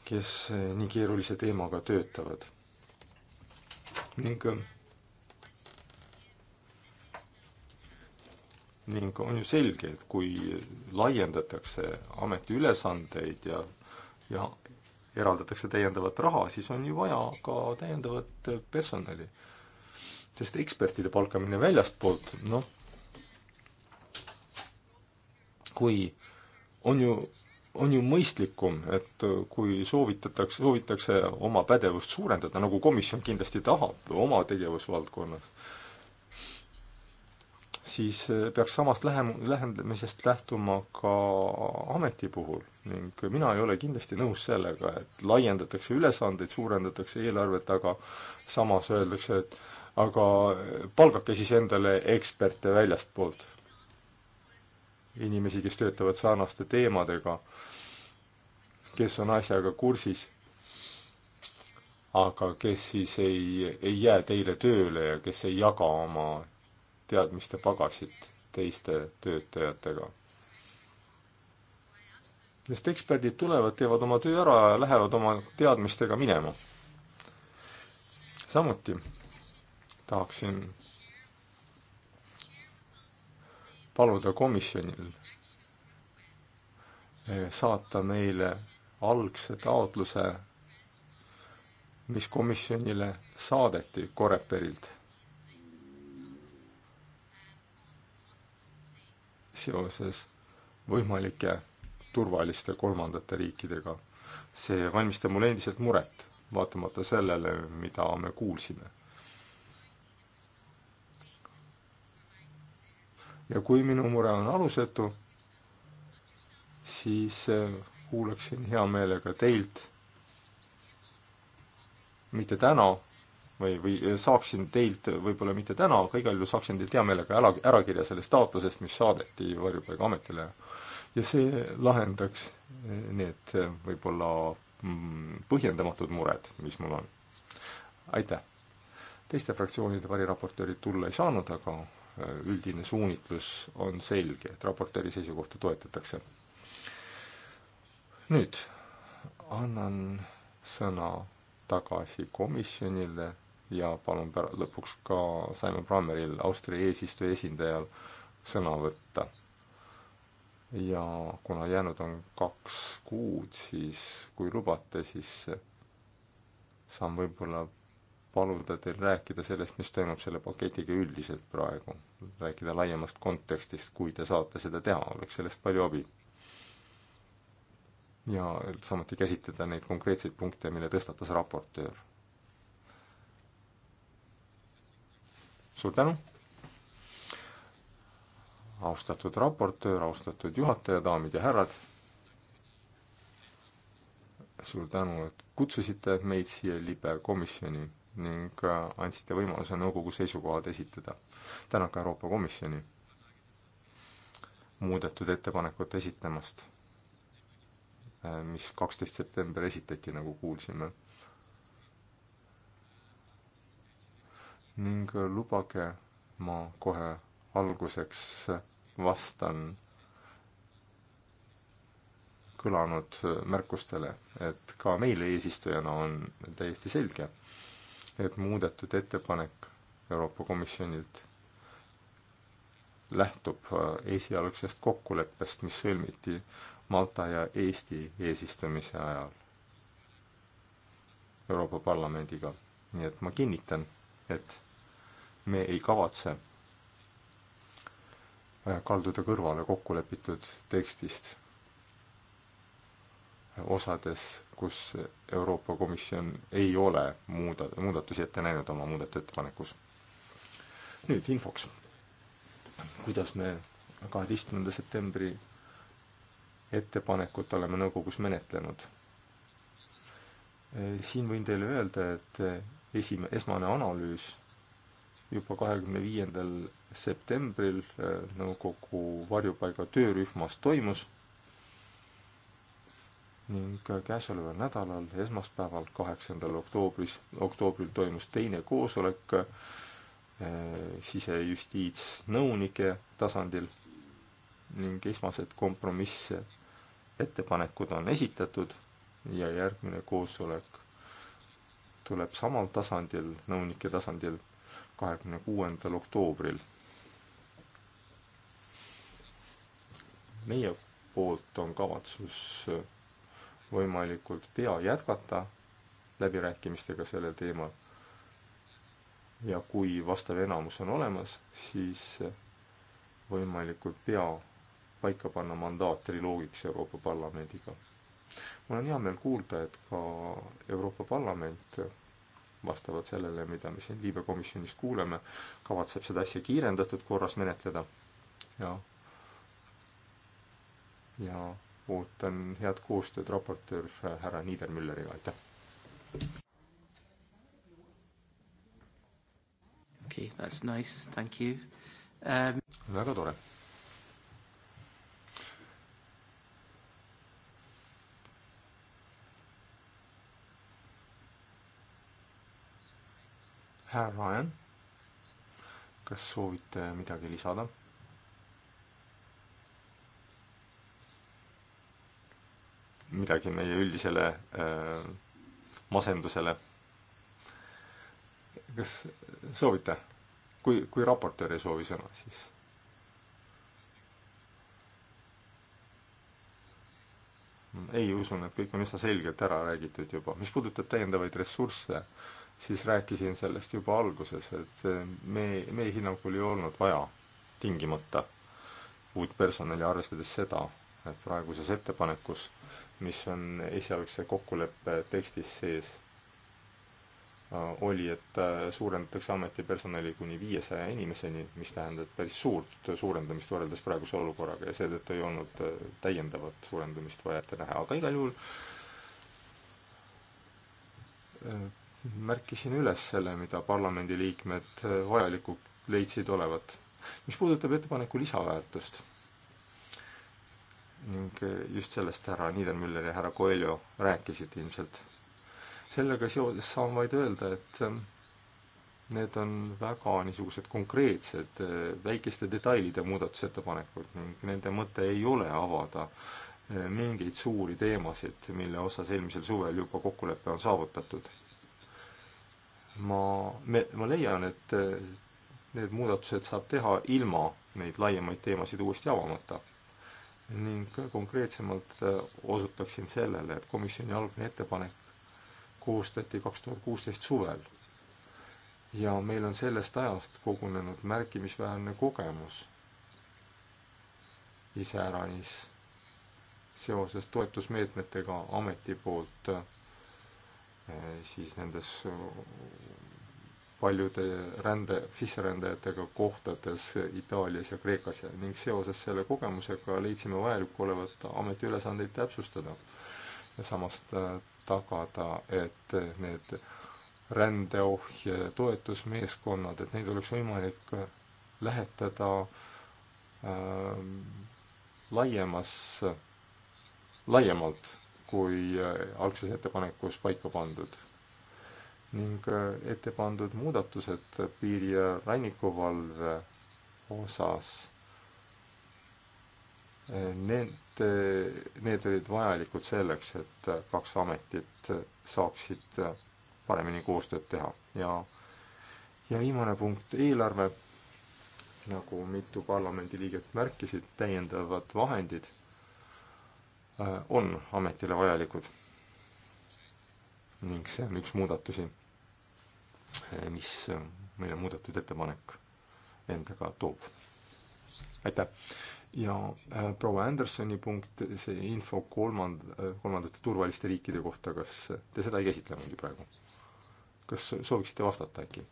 kes nii keerulise teemaga töötavad. ning ning on ju selge, et kui laiendatakse ameti ülesandeid ja, ja eraldatakse täiendavat raha, siis on ju vaja ka täiendavat personali. sest ekspertide palkamine väljastpoolt, noh, kui on ju, on ju mõistlikum, et kui soovitatakse, soovitakse oma pädevust suurendada, nagu komisjon kindlasti tahab oma tegevusvaldkonnas siis eh, peaks samast lähem-, lähendamisest lähtuma ka ameti puhul ning mina ei ole kindlasti nõus sellega, et laiendatakse ülesandeid, suurendatakse eelarvet, aga samas öeldakse, et aga palgake siis endale eksperte väljastpoolt. inimesi, kes töötavad sarnaste teemadega, kes on asjaga kursis aga kes siis ei, ei jää teile tööle ja kes ei jaga oma teadmiste pagasit teiste töötajatega. sest eksperdid tulevad, teevad oma töö ära ja lähevad oma teadmistega minema. samuti tahaksin paluda komisjonil eh, saata meile algse taotluse, mis komisjonile saadeti Coreperilt seoses võimalike turvaliste kolmandate riikidega. see valmistab mulle endiselt muret, vaatamata sellele, mida me kuulsime. ja kui minu mure on alusetu, siis eh, kuulaksin hea meelega teilt, mitte täna, või, või saaksin teilt, võib-olla mitte täna, aga igal juhul saaksin teilt hea meelega ära, ärakirja sellest taotlusest, mis saadeti Varjupaigaametile. ja see lahendaks need võib-olla mm, põhjendamatud mured, mis mul on. aitäh! teiste fraktsioonide variraportöörid tulla ei saanud, aga äh, üldine suunitlus on selge, et raportööri seisukohta toetatakse. nüüd annan sõna tagasi komisjonile ja palun pär-, lõpuks ka Simon Brammeril, Austria eesistuja esindajal, sõna võtta. ja kuna jäänud on kaks kuud, siis kui lubate, siis saan võib-olla paluda teil rääkida sellest, mis toimub selle paketiga üldiselt praegu, rääkida laiemast kontekstist, kui te saate seda teha, oleks sellest palju abi. ja samuti käsitleda neid konkreetseid punkte, mille tõstatas raportöör suur tänu! austatud raportöör, austatud juhataja, daamid ja härrad, suur tänu, et kutsusite meid siia libe komisjoni ning äh, andsite võimaluse nõukogu seisukohad esitada. tänan ka Euroopa Komisjoni muudetud ettepanekut esitamast, äh, mis kaksteist september esitati, nagu kuulsime ning lubage, ma kohe alguseks vastan kõlanud märkustele, et ka meile eesistujana on täiesti selge, et muudetud ettepanek Euroopa Komisjonilt lähtub esialgsest kokkuleppest, mis sõlmiti Malta ja Eesti eesistumise ajal Euroopa Parlamendiga. nii et ma kinnitan, et me ei kavatse äh, kalduda kõrvale kokkulepitud tekstist äh, osades, kus Euroopa Komisjon ei ole muuda, muudatusi ette näinud oma muudatusettepanekus. nüüd infoks. kuidas me kaheteistkümnenda septembri ettepanekut oleme nõukogus menetlenud? Äh, siin võin teile öelda, et esim-, esmane analüüs juba kahekümne viiendal septembril äh, nõukogu varjupaiga töörühmas toimus ning äh, käesoleval nädalal, esmaspäeval, kaheksandal oktoobris, oktoobril toimus teine koosolek äh, sisejustiitsnõunike tasandil ning esmased kompromissettepanekud on esitatud ja järgmine koosolek tuleb samal tasandil, nõunike tasandil kahekümne kuuendal oktoobril. meie poolt on kavatsus võimalikult pea jätkata läbirääkimistega sellel teemal. ja kui vastav enamus on olemas, siis võimalikult pea paika panna mandaat triloogiks Euroopa Parlamendiga. mul on hea meel kuulda, et ka Euroopa Parlament vastavalt sellele, mida me siin Liibe komisjonis kuuleme, kavatseb seda asja kiirendatud korras menetleda ja, ja ootan head koostööd raportöör härra Niedermülleriga, aitäh! okei okay,, that's nice, thank you um.... väga tore härra Ryan, kas soovite midagi lisada? midagi meie üldisele äh, masendusele. kas soovite? kui, kui raportöör ei soovi sõna, siis. ei, usun, et kõik on üsna selgelt ära räägitud juba. mis puudutab täiendavaid ressursse äh,, siis rääkisin sellest juba alguses, et eh, me, meie hinnangul ei olnud vaja tingimata uut personali, arvestades seda, et praeguses ettepanekus, mis on esialgse kokkuleppe tekstis sees, oli, et eh, suurendatakse ametipersonali kuni viiesaja inimeseni, mis tähendab päris suurt suurendamist võrreldes praeguse olukorraga ja seetõttu ei olnud eh, täiendavat suurendamist vaja ette näha, aga igal juhul märkisin üles selle, mida parlamendiliikmed äh, vajaliku leidsid olevat. mis puudutab ettepaneku lisaväärtust ning äh, just sellest härra Niedermüller ja härra Coelho rääkisid ilmselt. sellega seoses saan vaid öelda, et ähm, need on väga niisugused konkreetsed äh, väikeste detailide muudatusettepanekud ning nende mõte ei ole avada mingeid suuri teemasid, mille osas eelmisel suvel juba kokkulepe on saavutatud ma, me, ma leian, et äh, need muudatused saab teha ilma neid laiemaid teemasid uuesti avamata. ning konkreetsemalt äh, osutaksin sellele, et komisjoni algne ettepanek koostati kaks tuhat kuusteist suvel. ja meil on sellest ajast kogunenud märkimisväärne kogemus iseäranis seoses toetusmeetmetega ameti poolt äh, Äh, siis nendes äh, paljude rände, sisserändajatega kohtades Itaalias ja Kreekas ja ning seoses selle kogemusega leidsime vajaliku olevat ametiülesandeid täpsustada ja samas äh, tagada, et need rändeohje toetusmeeskonnad, et neid oleks võimalik lähetada äh, laiemas, laiemalt kui äh, algses ettepanekus paika pandud ning äh, ette pandud muudatused piiri- ja rannikuvalve osas, äh, need, need olid vajalikud selleks, et kaks ametit saaksid paremini koostööd teha ja, ja viimane punkt, eelarve, nagu mitu parlamendiliiget märkisid, täiendavad vahendid Äh, on ametile vajalikud. ning see on üks muudatusi, äh, mis äh, meile muudetud ettepanek endaga toob. aitäh! ja äh, proua Andersoni punkt, see info kolmand-, kolmandate turvaliste riikide kohta, kas te seda ei käsitlenud ju praegu? kas sooviksite vastata äkki?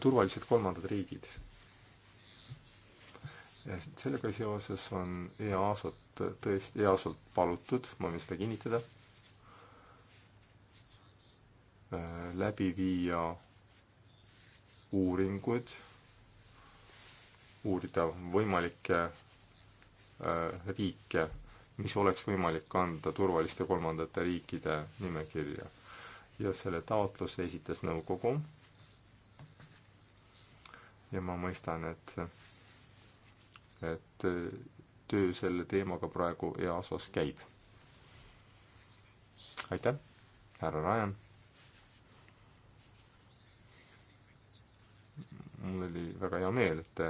turvalised kolmandad riigid. sellega seoses on EASO-t tõesti, EASO-lt palutud, ma võin seda kinnitada, äh, läbi viia uuringuid, uurida võimalikke äh, riike, mis oleks võimalik kanda turvaliste kolmandate riikide nimekirja. ja selle taotluse esitas nõukogu ja ma mõistan, et, et äh, töö selle teemaga praegu EASO-s käib. aitäh, härra Rajan. mul oli väga hea meel, et te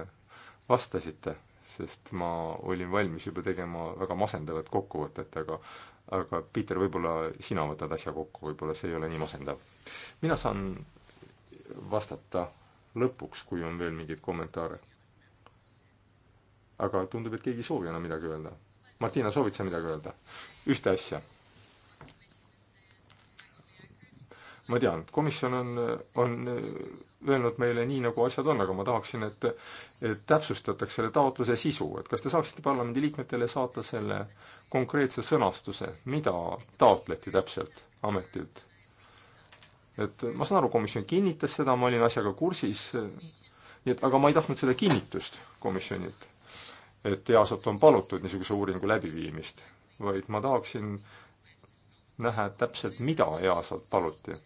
vastasite, sest ma olin valmis juba tegema väga masendavat kokkuvõtet, aga aga Piiter, võib-olla sina võtad asja kokku, võib-olla see ei ole nii masendav. mina saan vastata lõpuks, kui on veel mingeid kommentaare. aga tundub, et keegi ei soovi enam midagi öelda. Martina, soovid sa midagi öelda? ühte asja. ma tean, komisjon on, on öelnud meile nii, nagu asjad on, aga ma tahaksin, et, et täpsustataks selle taotluse sisu, et kas te saaksite parlamendiliikmetele saata selle konkreetse sõnastuse, mida taotleti täpselt ametilt et ma saan aru, komisjon kinnitas seda, ma olin asjaga kursis, nii et aga ma ei tahtnud seda kinnitust komisjonilt, et EASA-t on palutud niisuguse uuringu läbiviimist, vaid ma tahaksin näha, et täpselt mida EASA-lt paluti.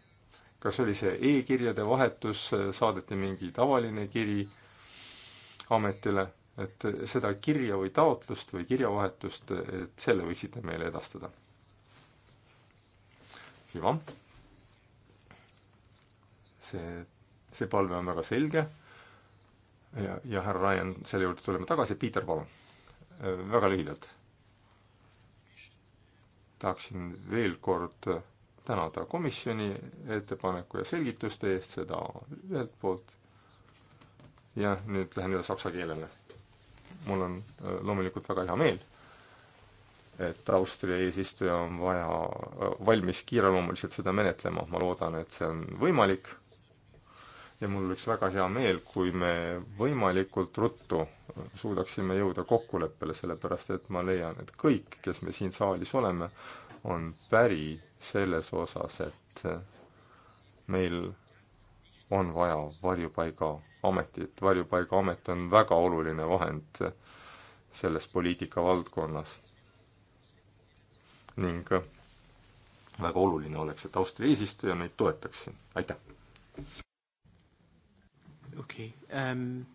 kas oli see e-kirjade vahetus, saadeti mingi tavaline kiri ametile, et seda kirja või taotlust või kirjavahetust, et selle võiksite meile edastada. hüva see, see palve on väga selge ja, ja härra Ryan, selle juurde tuleme tagasi, Piiter, palun, väga lühidalt. tahaksin veel kord tänada komisjoni ettepaneku ja selgituste eest, seda ühelt poolt, ja nüüd lähen üle saksa keelele. mul on äh, loomulikult väga hea meel et Austria eesistuja on vaja, äh, valmis kiireloomuliselt seda menetlema, ma loodan, et see on võimalik ja mul oleks väga hea meel, kui me võimalikult ruttu suudaksime jõuda kokkuleppele, sellepärast et ma leian, et kõik, kes me siin saalis oleme, on päri selles osas, et meil on vaja varjupaigaametit, varjupaigaamet on väga oluline vahend selles poliitikavaldkonnas. ning väga oluline oleks, et Austria eesistuja meid toetaks siin, aitäh! Okay. Um,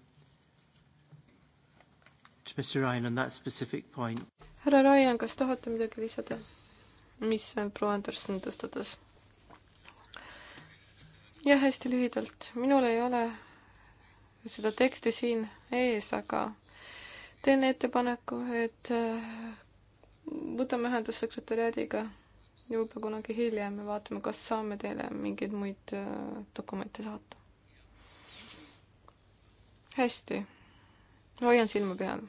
to Mr Ryan on that specific point. härra Ryan, kas tahate midagi lisada, mis proua Anderson tõstatas? jah, hästi lühidalt, minul ei ole seda teksti siin ees, aga teen ettepaneku, et äh, võtame ühendust sekretäriaadiga juba kunagi hiljem ja vaatame, kas saame teile mingeid muid äh, dokumente saata hästi, hoian silma peal.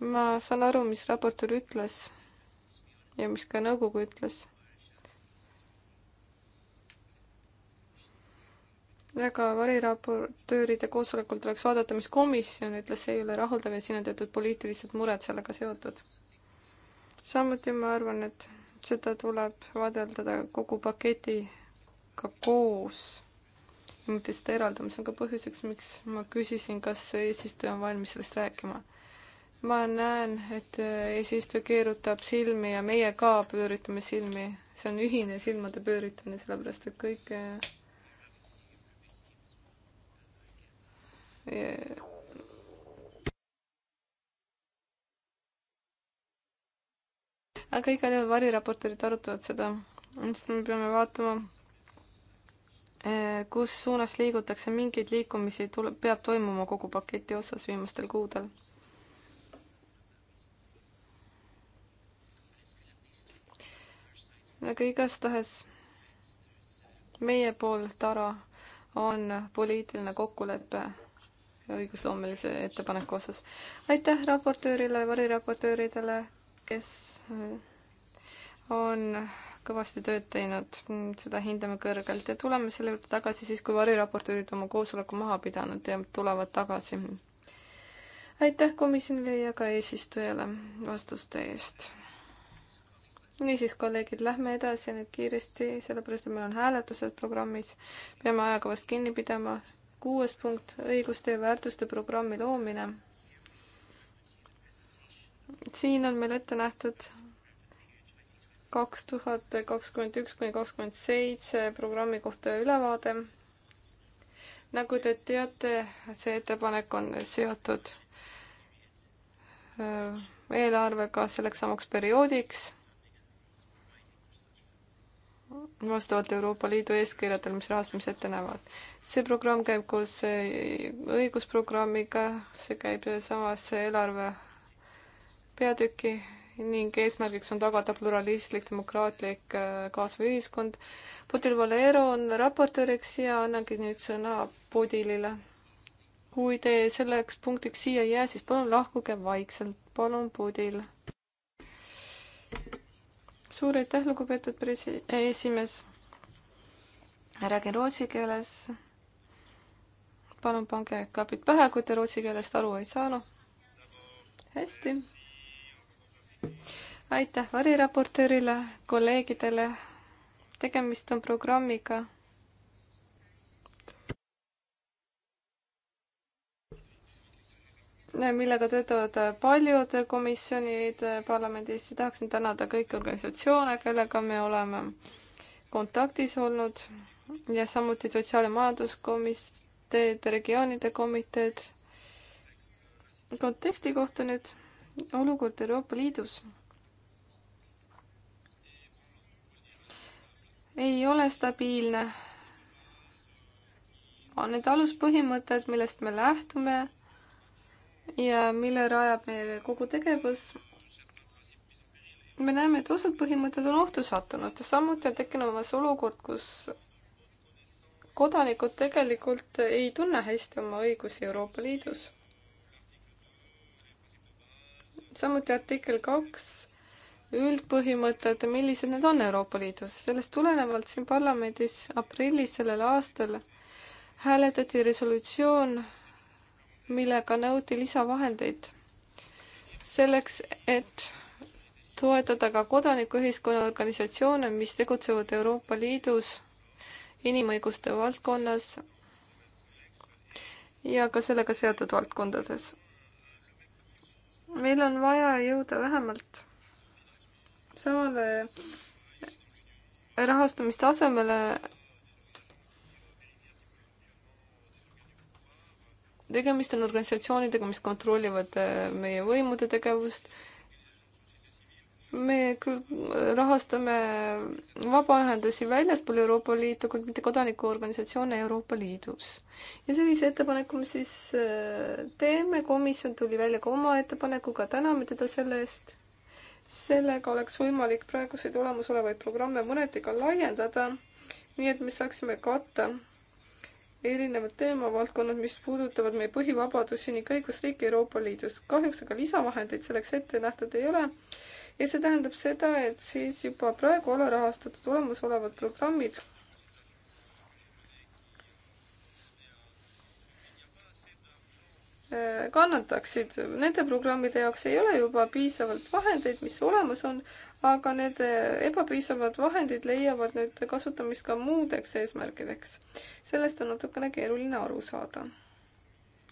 ma saan aru, mis raportöör ütles ja mis ka nõukogu ütles. väga variraportööride koosolekul tuleks vaadata, mis komisjon ütles, see ei ole rahuldav ja siin on teatud poliitilised mured sellega seotud. samuti ma arvan, et seda tuleb vaadelda kogu paketiga koos, mitte seda eraldama, see on ka põhjuseks, miks ma küsisin, kas eesistuja on valmis sellest rääkima. ma näen, et eesistuja keerutab silmi ja meie ka pööritame silmi, see on ühine silmade pööritamine, sellepärast et kõik ja eh, aga igal juhul variraportorid arutavad seda, sest me peame vaatama, eh, kus suunas liigutakse, mingeid liikumisi tuleb, peab toimuma kogu paketi osas viimastel kuudel. aga igastahes meie pool tara on poliitiline kokkulepe õigusloomelise ettepaneku osas. aitäh raportöörile, variraportööridele kes äh, on kõvasti tööd teinud, seda hindame kõrgelt ja tuleme selle juurde tagasi siis, kui variraportöörid oma koosoleku maha pidanud ja tulevad tagasi. aitäh komisjonile ja ka eesistujale vastuste eest. niisiis, kolleegid, lähme edasi nüüd kiiresti, sellepärast et meil on hääletused programmis, peame ajakavast kinni pidama. kuues punkt, õiguste ja väärtuste programmi loomine siin on meil ette nähtud kaks tuhat kakskümmend üks kuni kakskümmend seitse programmi kohta ülevaade. nagu te teate, see ettepanek on seotud äh, eelarvega selleks samaks perioodiks vastavalt Euroopa Liidu eeskirjadele, mis rahastamise ette näevad. see programm käib koos äh, õigusprogrammiga, see käib samas eelarve peatüki ning eesmärgiks on tagada pluralistlik, demokraatlik äh, kaasav ühiskond. Budil Valero on raportööriks ja annangi nüüd sõna Budilile. kui te selleks punktiks siia ei jää, siis palun lahkuge vaikselt, palun Budil. suur aitäh, lugupeetud presi-, eh, esimees. räägin rootsi keeles. palun pange klapid pähe, kui te rootsi keelest aru ei saanud. hästi aitäh variraportöörile, kolleegidele. tegemist on programmiga millega töötavad paljud komisjonid parlamendis ja tahaksin tänada kõiki organisatsioone, kellega me oleme kontaktis olnud ja samuti Sotsiaal- ja Majanduskomiteed, regioonide komiteed. konteksti kohta nüüd olukord Euroopa Liidus ei ole stabiilne. on need aluspõhimõtted, millest me lähtume ja mille rajab meie kogu tegevus. me näeme, et osad põhimõtted on ohtu sattunud, samuti on tekkinud olukord, kus kodanikud tegelikult ei tunne hästi oma õigusi Euroopa Liidus samuti artikkel kaks, üldpõhimõtted, millised need on Euroopa Liidus. sellest tulenevalt siin parlamendis aprillis sellel aastal hääletati resolutsioon, millega nõuti lisavahendeid selleks, et toetada ka kodanikuühiskonna organisatsioone, mis tegutsevad Euroopa Liidus inimõiguste valdkonnas ja ka sellega seotud valdkondades meil on vaja jõuda vähemalt samale rahastamistasemele tegemist on organisatsioonidega, mis kontrollivad äh, meie võimude tegevust me küll rahastame vabaühendusi väljaspool Euroopa Liitu, kuid mitte kodanikuorganisatsioone Euroopa Liidus. ja sellise ettepaneku me siis äh, teeme, komisjon tuli välja ka oma ettepanekuga, täname teda selle eest. sellega oleks võimalik praeguseid olemasolevaid programme mõneti ka laiendada, nii et me saaksime katta erinevad teemavaldkonnad, mis puudutavad meie põhivabadusi ning õigusriiki Euroopa Liidus. kahjuks aga lisavahendeid selleks ette nähtud ei ole ja see tähendab seda, et siis juba praegu alarahastatud olemasolevad programmid äh, kannataksid. Nende programmide jaoks ei ole juba piisavalt vahendeid, mis olemas on, aga need äh, ebapiisavad vahendid leiavad nüüd kasutamist ka muudeks eesmärkideks. sellest on natukene keeruline aru saada.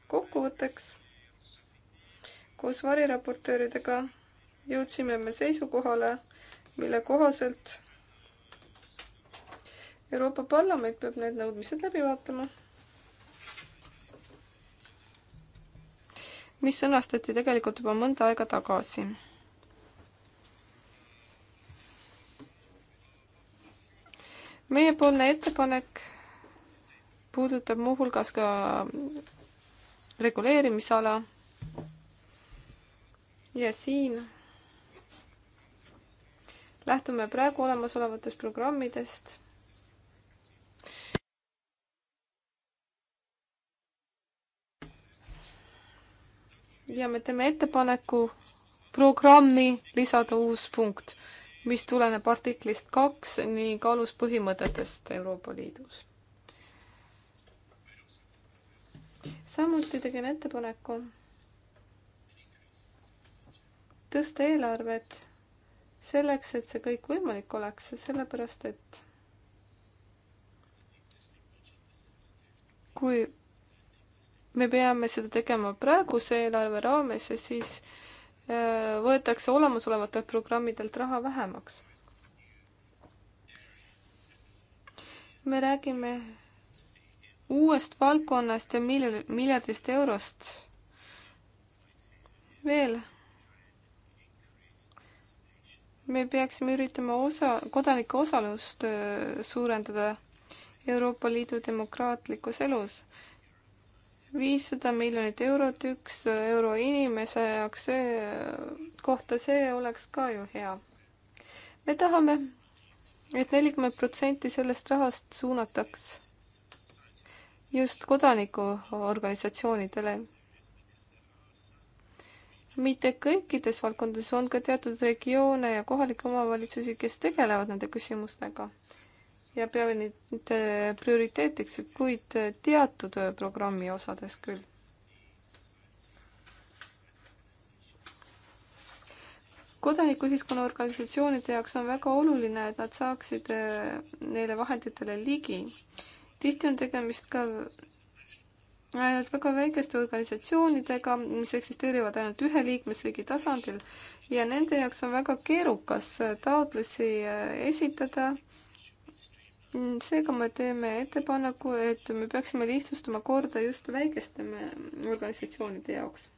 kokkuvõtteks koos variraportööridega jõudsime me seisukohale, mille kohaselt Euroopa Parlament peab need nõudmised läbi vaatama. mis sõnastati tegelikult juba mõnda aega tagasi. meiepoolne ettepanek puudutab muuhulgas ka reguleerimisala ja siin lähtume praegu olemasolevatest programmidest. ja me teeme ettepaneku programmi lisada uus punkt, mis tuleneb artiklist kaks ning aluspõhimõtetest Euroopa Liidus. samuti tegin ettepaneku tõsta eelarvet selleks, et see kõik võimalik oleks, sellepärast et kui me peame seda tegema praeguse eelarve raames ja siis äh, võetakse olemasolevatelt programmidelt raha vähemaks. me räägime uuest valdkonnast ja miljardist eurost veel me peaksime üritama osa, kodanike osalust äh, suurendada Euroopa Liidu demokraatlikus elus. viissada miljonit eurot, üks äh, euro inimese jaoks, see, äh, kohta see oleks ka ju hea. me tahame et, et nelikümmend protsenti sellest rahast suunataks just kodanikuorganisatsioonidele mitte kõikides valdkondades, on ka teatud regioone ja kohalikke omavalitsusi, kes tegelevad nende küsimustega ja peavad neid äh, prioriteetiks, kuid äh, teatud äh, programmi osades küll. kodanikuühiskonna organisatsioonide jaoks on väga oluline, et nad saaksid neile vahenditele ligi. tihti on tegemist ka ainult väga väikeste organisatsioonidega, mis eksisteerivad ainult ühe liikmesriigi tasandil ja nende jaoks on väga keerukas äh, taotlusi äh, esitada. Mm, seega me teeme ettepaneku, et me peaksime lihtsustama korda just väikeste organisatsioonide jaoks.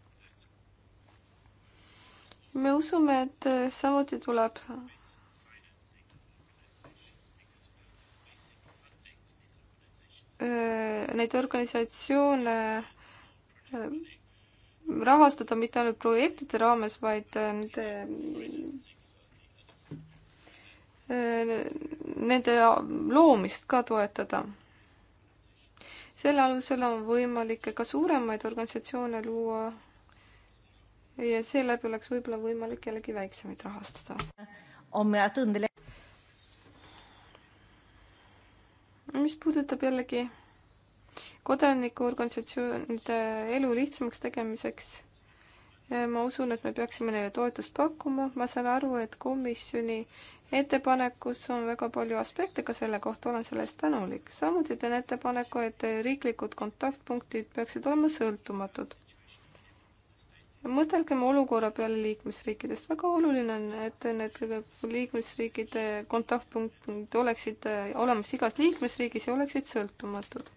me usume, et äh, samuti tuleb neid organisatsioone rahastada mitte ainult projektide raames, vaid nende, nende loomist ka toetada. selle alusel on võimalik ka suuremaid organisatsioone luua ja seeläbi oleks võib-olla võimalik jällegi väiksemaid rahastada. mis puudutab jällegi kodanikuorganisatsioonide elu lihtsamaks tegemiseks, eh, ma usun, et me peaksime neile toetust pakkuma, ma saan aru, et komisjoni ettepanekus on väga palju aspekte ka selle kohta, olen selle eest tänulik. samuti teen ettepaneku, et riiklikud kontaktpunktid peaksid olema sõltumatud mõtelgem olukorra peale liikmesriikidest, väga oluline on, et need liikmesriikide kontaktpunktid oleksid olemas igas liikmesriigis ja oleksid sõltumatud.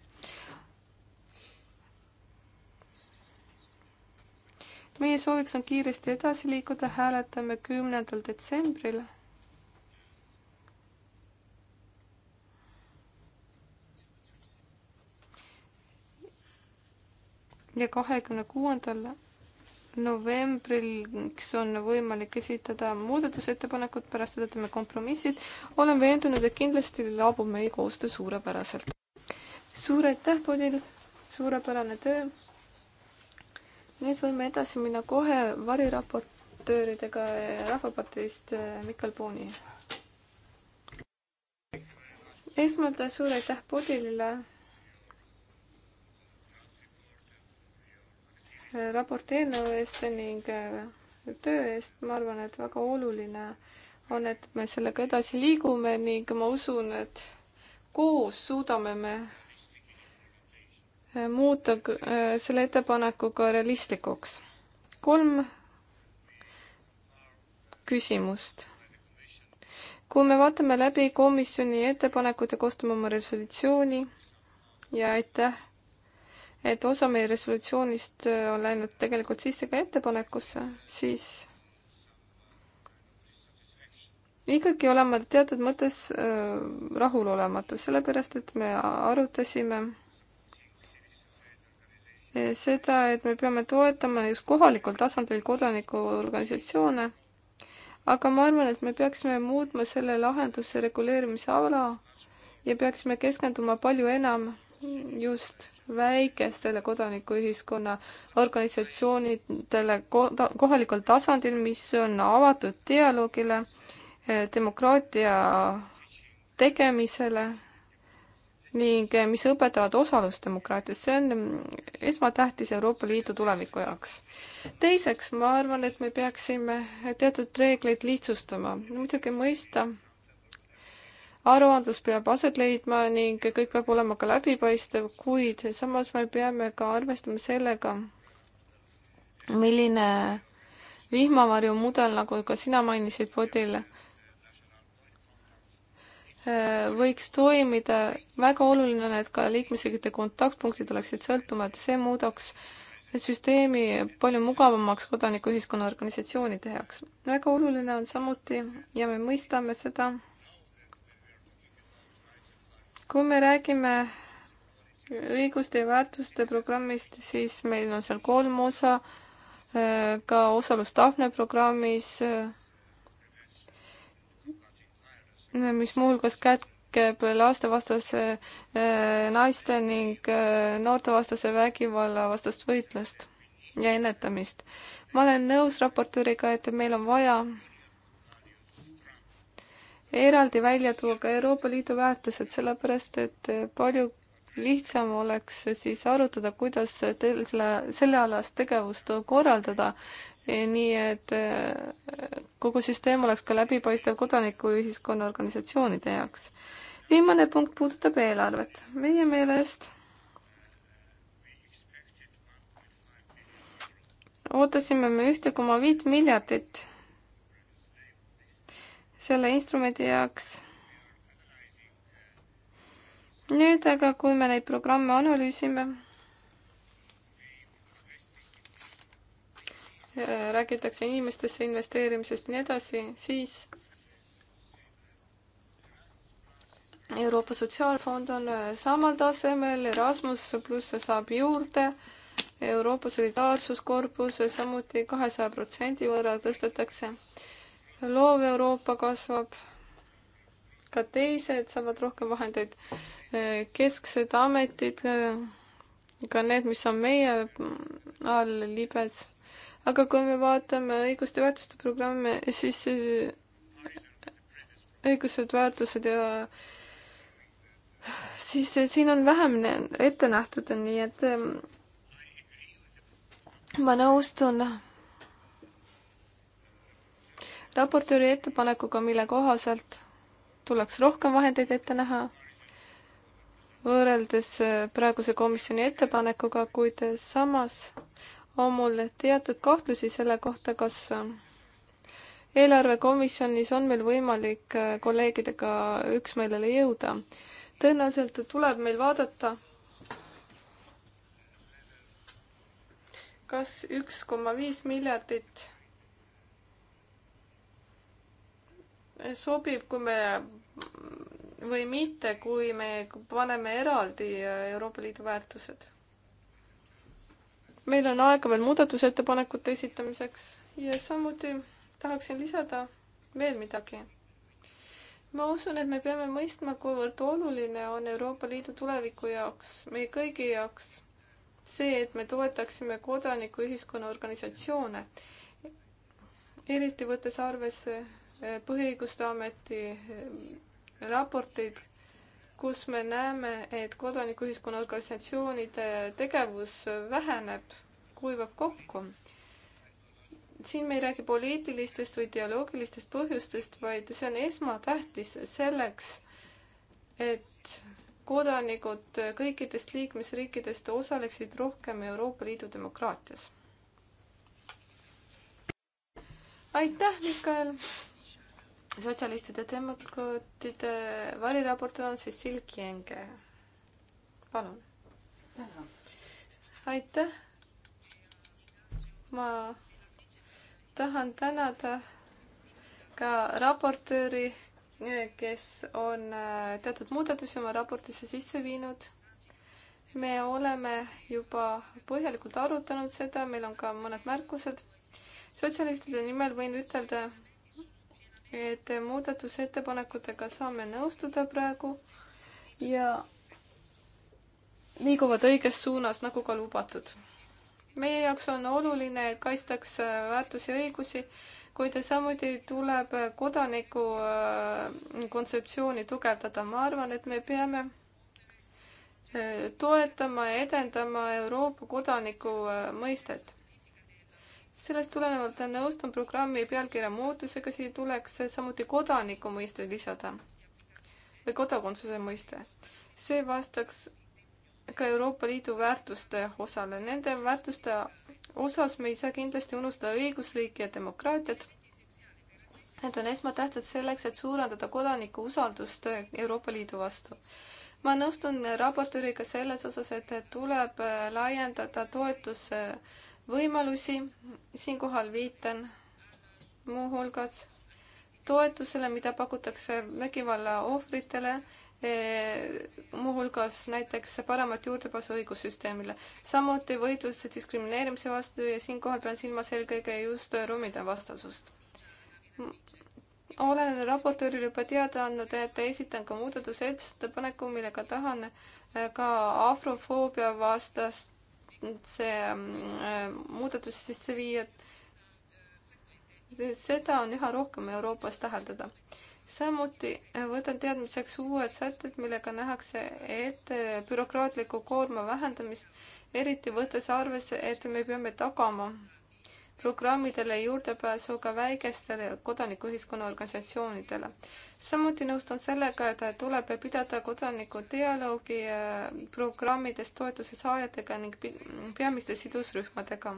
meie sooviks on kiiresti edasi liikuda, hääletame kümnendal detsembril. ja kahekümne kuuendal novembriks on võimalik esitada muudatusettepanekud, pärast seda teeme kompromissid. olen veendunud, et kindlasti laabub meie koostöö suurepäraselt. suur aitäh, Bodil, suurepärane töö. nüüd võime edasi minna kohe variraportööridega Rahvaparteist eh, Mikkel Puuni. esmalt suur aitäh Bodilile raporti eelnõu eest ning äh, töö eest, ma arvan, et väga oluline on, et me sellega edasi liigume ning ma usun, et koos suudame me äh, muuta äh, selle ettepaneku ka realistlikuks. kolm küsimust. kui me vaatame läbi komisjoni ettepanekud ja koostame oma resolutsiooni ja aitäh et osa meie resolutsioonist äh, on läinud tegelikult sisse ka ettepanekusse, siis ikkagi olen ma teatud mõttes äh, rahulolematu, sellepärast et me arutasime äh, seda, et me peame toetama just kohalikul tasandil kodanikuorganisatsioone, aga ma arvan, et me peaksime muutma selle lahenduse reguleerimise ala ja peaksime keskenduma palju enam just väikestele kodanikuühiskonna organisatsioonidele kohalikul tasandil, mis on avatud dialoogile, eh, demokraatia tegemisele ning eh, mis õpetavad osalusdemokraatiast, see on mm, esmatähtis Euroopa Liidu tuleviku jaoks. teiseks, ma arvan, et me peaksime teatud reegleid lihtsustama, muidugi mõista aruandlus peab aset leidma ning kõik peab olema ka läbipaistev, kuid samas me peame ka arvestama sellega, milline vihmavarju mudel, nagu ka sina mainisid, Bodil, äh, võiks toimida, väga oluline on, et ka liikmesriikide kontaktpunktid oleksid sõltumatud, see muudaks süsteemi palju mugavamaks kodanikuühiskonna organisatsioonide jaoks. väga oluline on samuti ja me mõistame seda, kui me räägime õiguste ja väärtuste programmist, siis meil on seal kolm osa, äh, ka osalus Tafne programmis, äh, mis muuhulgas kätkeb lastevastase äh, naiste ning noortevastase vägivalla vastast võitlust ja ennetamist. ma olen nõus raportööriga, et meil on vaja eraldi välja tuua ka Euroopa Liidu väärtused, sellepärast et eh, palju lihtsam oleks siis arutada, kuidas teil selle, sellealast tegevust korraldada, nii et eh, kogu süsteem oleks ka läbipaistev kodanikuühiskonna organisatsioonide jaoks. viimane punkt puudutab eelarvet. meie meelest ootasime me ühte koma viit miljardit selle instrumendi jaoks. nüüd aga, kui me neid programme analüüsime, räägitakse inimestesse investeerimisest ja nii edasi, siis Euroopa Sotsiaalfond on samal tasemel, Erasmus pluss saab juurde Euroopa Solidaarsuskorpus samuti kahesaja protsendi võrra tõstetakse loov Euroopa kasvab, ka teised saavad rohkem vahendeid, kesksed ametid, ka need, mis on meie all libes. aga kui me vaatame õiguste väärtuste programme, siis eh, õigused, väärtused ja siis eh, siin on vähem ette nähtud, nii et eh, ma nõustun raportööri ettepanekuga, mille kohaselt tuleks rohkem vahendeid ette näha võrreldes äh, praeguse komisjoni ettepanekuga, kuid äh, samas on mul teatud kahtlusi selle kohta, kas äh, eelarvekomisjonis on meil võimalik kolleegidega üksmeelele jõuda. tõenäoliselt tuleb meil vaadata, kas üks koma viis miljardit sobib, kui me või mitte, kui me paneme eraldi Euroopa Liidu väärtused. meil on aega veel muudatusettepanekute esitamiseks ja samuti tahaksin lisada veel midagi. ma usun, et me peame mõistma, kuivõrd oluline on Euroopa Liidu tuleviku jaoks, meie kõigi jaoks see, et me toetaksime kodanikuühiskonna organisatsioone, eriti võttes arvesse põhiõiguste ameti eh, raporteid, kus me näeme, et kodanikuühiskonna organisatsioonide tegevus väheneb, kuivab kokku. siin me ei räägi poliitilistest või dialoogilistest põhjustest, vaid see on esmatähtis selleks, et kodanikud kõikidest liikmesriikidest osaleksid rohkem Euroopa Liidu demokraatias. aitäh, Mikael! sotsialistide demokraatide variraportor on Cecil Kienge. palun. aitäh. ma tahan tänada ka raportööri, kes on äh, teatud muudatusi oma raportisse sisse viinud. me oleme juba põhjalikult arutanud seda, meil on ka mõned märkused. sotsialistide nimel võin ütelda, et muudatusettepanekutega saame nõustuda praegu ja liiguvad õiges suunas, nagu ka lubatud. meie jaoks on oluline, et kaitstaks äh, väärtusi ja õigusi, kuid samuti tuleb kodaniku äh, kontseptsiooni tugevdada. ma arvan, et me peame äh, toetama ja edendama Euroopa kodaniku mõistet sellest tulenevalt nõustun programmi pealkirja muutusega, siia tuleks samuti kodaniku mõiste lisada või kodakondsuse mõiste. see vastaks ka Euroopa Liidu väärtuste osale. Nende väärtuste osas me ei saa kindlasti unustada õigusriiki ja demokraatiat. Need on esmatähtsad selleks, et suurendada kodaniku usaldust Euroopa Liidu vastu. ma nõustun raportööriga selles osas, et tuleb laiendada toetus võimalusi. siinkohal viitan muuhulgas toetusele, mida pakutakse vägivalla ohvritele eh, muuhulgas näiteks paremat juurdepääsu õigussüsteemile. samuti võitlus diskrimineerimise vastu ja siinkohal pean silmas eelkõige just ruumide vastasust. olen raportööril juba teada andnud, et esitan ka muudatusettepaneku, millega tahan eh, ka afrofoobia vastast see mm, äh, muudatus sisse viia. seda on üha rohkem Euroopas täheldada. samuti äh, võtan teadmiseks uued sätted, millega nähakse ette bürokraatliku koorma vähendamist, eriti võttes arvesse, et me peame tagama programmidele juurdepääsuga väikestele kodanikuühiskonna organisatsioonidele. samuti nõustun sellega, et tuleb pidada kodaniku dialoogi äh, programmidest toetuse saajatega ning peamiste sidusrühmadega.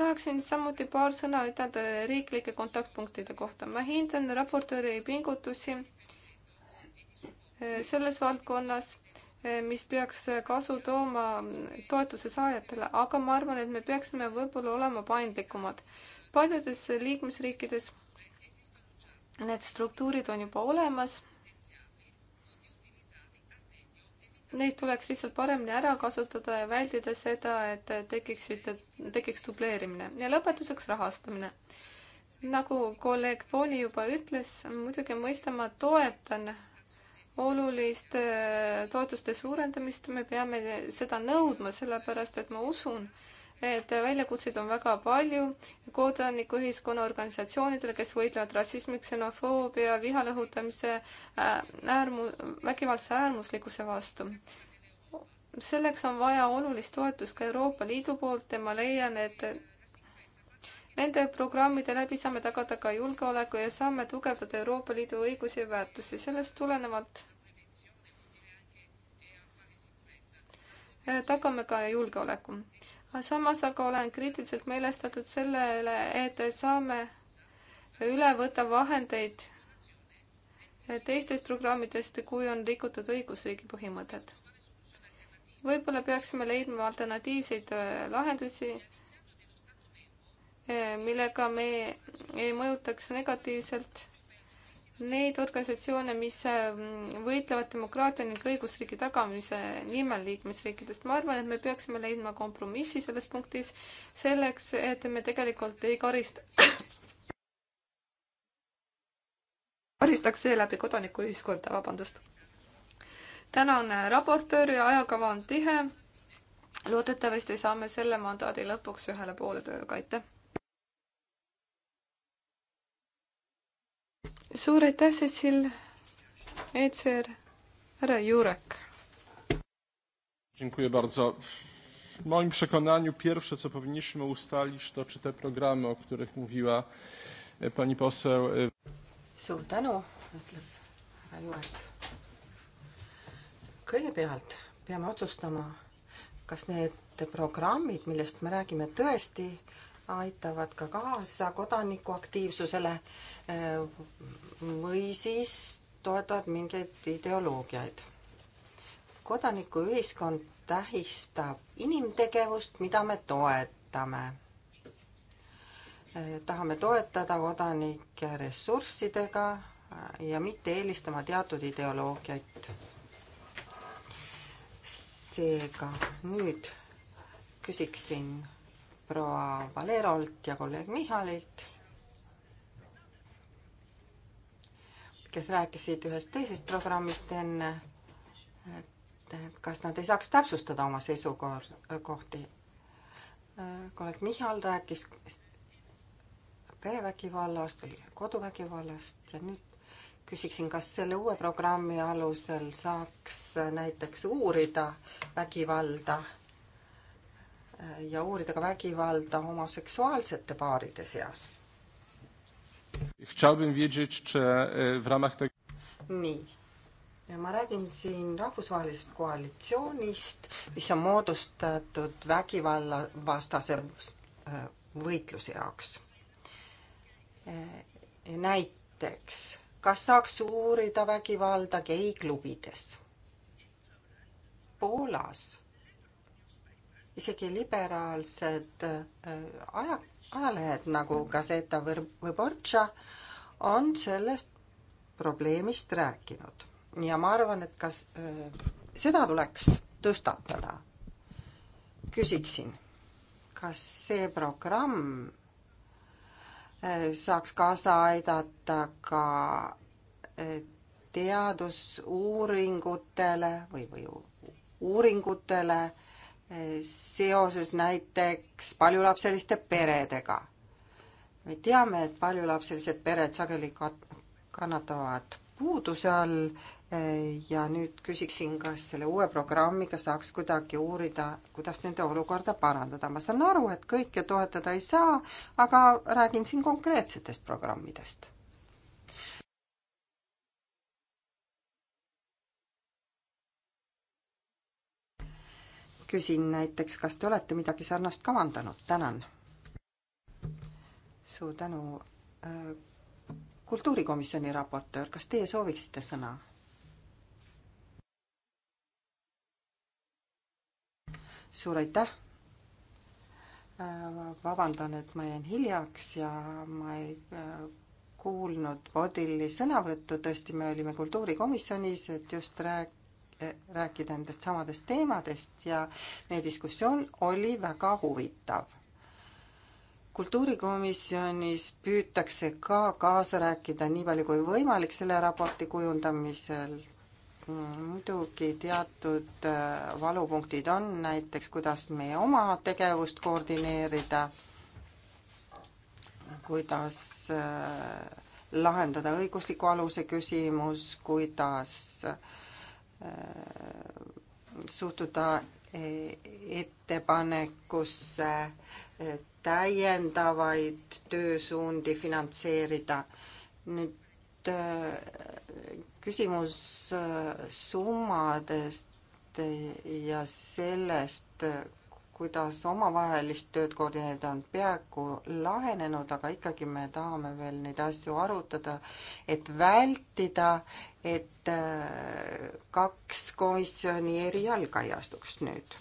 tahaksin samuti paar sõna ütelda riiklike kontaktpunktide kohta. ma hindan raportööri pingutusi äh, selles valdkonnas Eh, mis peaks eh, kasu tooma mm, toetuse saajatele, aga ma arvan, et me peaksime võib-olla olema paindlikumad. paljudes liikmesriikides need struktuurid on juba olemas. Neid tuleks lihtsalt paremini ära kasutada ja vältida seda, et eh, tekiksid, tekiks dubleerimine ja lõpetuseks rahastamine nagu kolleeg Pooli juba ütles, muidugi mõista ma toetan olulist äh, toetuste suurendamist, me peame seda nõudma, sellepärast et ma usun, et väljakutseid on väga palju kodanikuühiskonna organisatsioonidele, kes võitlevad rassismi, ksenofoobia, viha lõhutamise, äh, äärmu-, vägivaldse äärmuslikkuse vastu. selleks on vaja olulist toetust ka Euroopa Liidu poolt ja ma leian, et Nende programmide läbi saame tagada ka julgeoleku ja saame tugevdada Euroopa Liidu õigusi ja väärtusi. sellest tulenevalt äh, tagame ka julgeoleku. samas aga olen kriitiliselt meelestatud sellele, et saame üle võtta vahendeid äh, teistest programmidest, kui on rikutud õigusriigi põhimõtet. võib-olla peaksime leidma alternatiivseid äh, lahendusi Eh, millega me ei mõjutaks negatiivselt neid organisatsioone, mis eh, võitlevad demokraatia ning õigusriigi tagamise nimel liikmesriikidest. ma arvan, et me peaksime leidma kompromissi selles punktis selleks, et me tegelikult ei karista karistaks seeläbi kodanikuühiskonda, vabandust. tänan eh, raportööri, ajakava on tihe. loodetavasti saame selle mandaadi lõpuks ühele poole tööga, aitäh! suur aitäh, Cecil, ECR, härra Jurek. Dziękuję bardzo. W moim przekonaniu pierwsze, co powinniśmy ustalić, to czy te programy, o których mówiła e, pani poseł. E, suur tänu, ütleb härra Jurek. kõigepealt peame otsustama, kas need programmid, millest me räägime, tõesti aitavad ka kaasa kodanikuaktiivsusele eh, või siis toetavad mingeid ideoloogiaid. kodanikuühiskond tähistab inimtegevust, mida me toetame. Eh, tahame toetada kodanikke ressurssidega eh, ja mitte eelistama teatud ideoloogiat. seega nüüd küsiksin proua Valerolt ja kolleeg Michalilt, kes rääkisid ühest teisest programmist enne, et kas nad ei saaks täpsustada oma seisukohti. kolleeg Michal rääkis perevägivallast või koduvägivallast ja nüüd küsiksin, kas selle uue programmi alusel saaks näiteks uurida vägivalda ja uurida ka vägivalda homoseksuaalsete paaride seas. E, nii, ma räägin siin rahvusvahelisest koalitsioonist, mis on moodustatud vägivallavastase e, võitluse jaoks. E, näiteks, kas saaks uurida vägivalda geiklubides? Poolas isegi liberaalsed äh, aja, ajalehed nagu Gazeta Wyborcza on sellest probleemist rääkinud ja ma arvan, et kas äh, seda tuleks tõstatada. küsiksin, kas see programm äh, saaks kaasa aidata ka äh, teadusuuringutele või, või uuringutele äh, seoses näiteks paljulapseliste peredega. me teame, et paljulapselised pered sageli kat-, kannatavad puuduse all eh, ja nüüd küsiksin, kas selle uue programmiga saaks kuidagi uurida, kuidas nende olukorda parandada. ma saan aru, et kõike toetada ei saa, aga räägin siin konkreetsetest programmidest küsin näiteks, kas te olete midagi sarnast kavandanud, tänan. suur tänu. Äh, kultuurikomisjoni raportöör, kas teie sooviksite sõna? suur aitäh. Äh, vabandan, et ma jäin hiljaks ja ma ei äh, kuulnud Vodili sõnavõttu, tõesti, me olime kultuurikomisjonis, et just rääk-, rääkida nendest samadest teemadest ja meie diskussioon oli väga huvitav. kultuurikomisjonis püütakse ka kaasa rääkida nii palju kui võimalik selle raporti kujundamisel muidugi teatud äh, valupunktid on näiteks, kuidas meie oma tegevust koordineerida, kuidas äh, lahendada õigusliku aluse küsimus, kuidas äh, suhtuda e, ettepanekusse e, täiendavaid töösuundi finantseerida. nüüd e, küsimus summadest ja sellest, kuidas omavahelist tööd koordineerida, on peaaegu lahenenud, aga ikkagi me tahame veel neid asju arutada, et vältida, et äh, kaks komisjoni eri jalga ei astuks nüüd.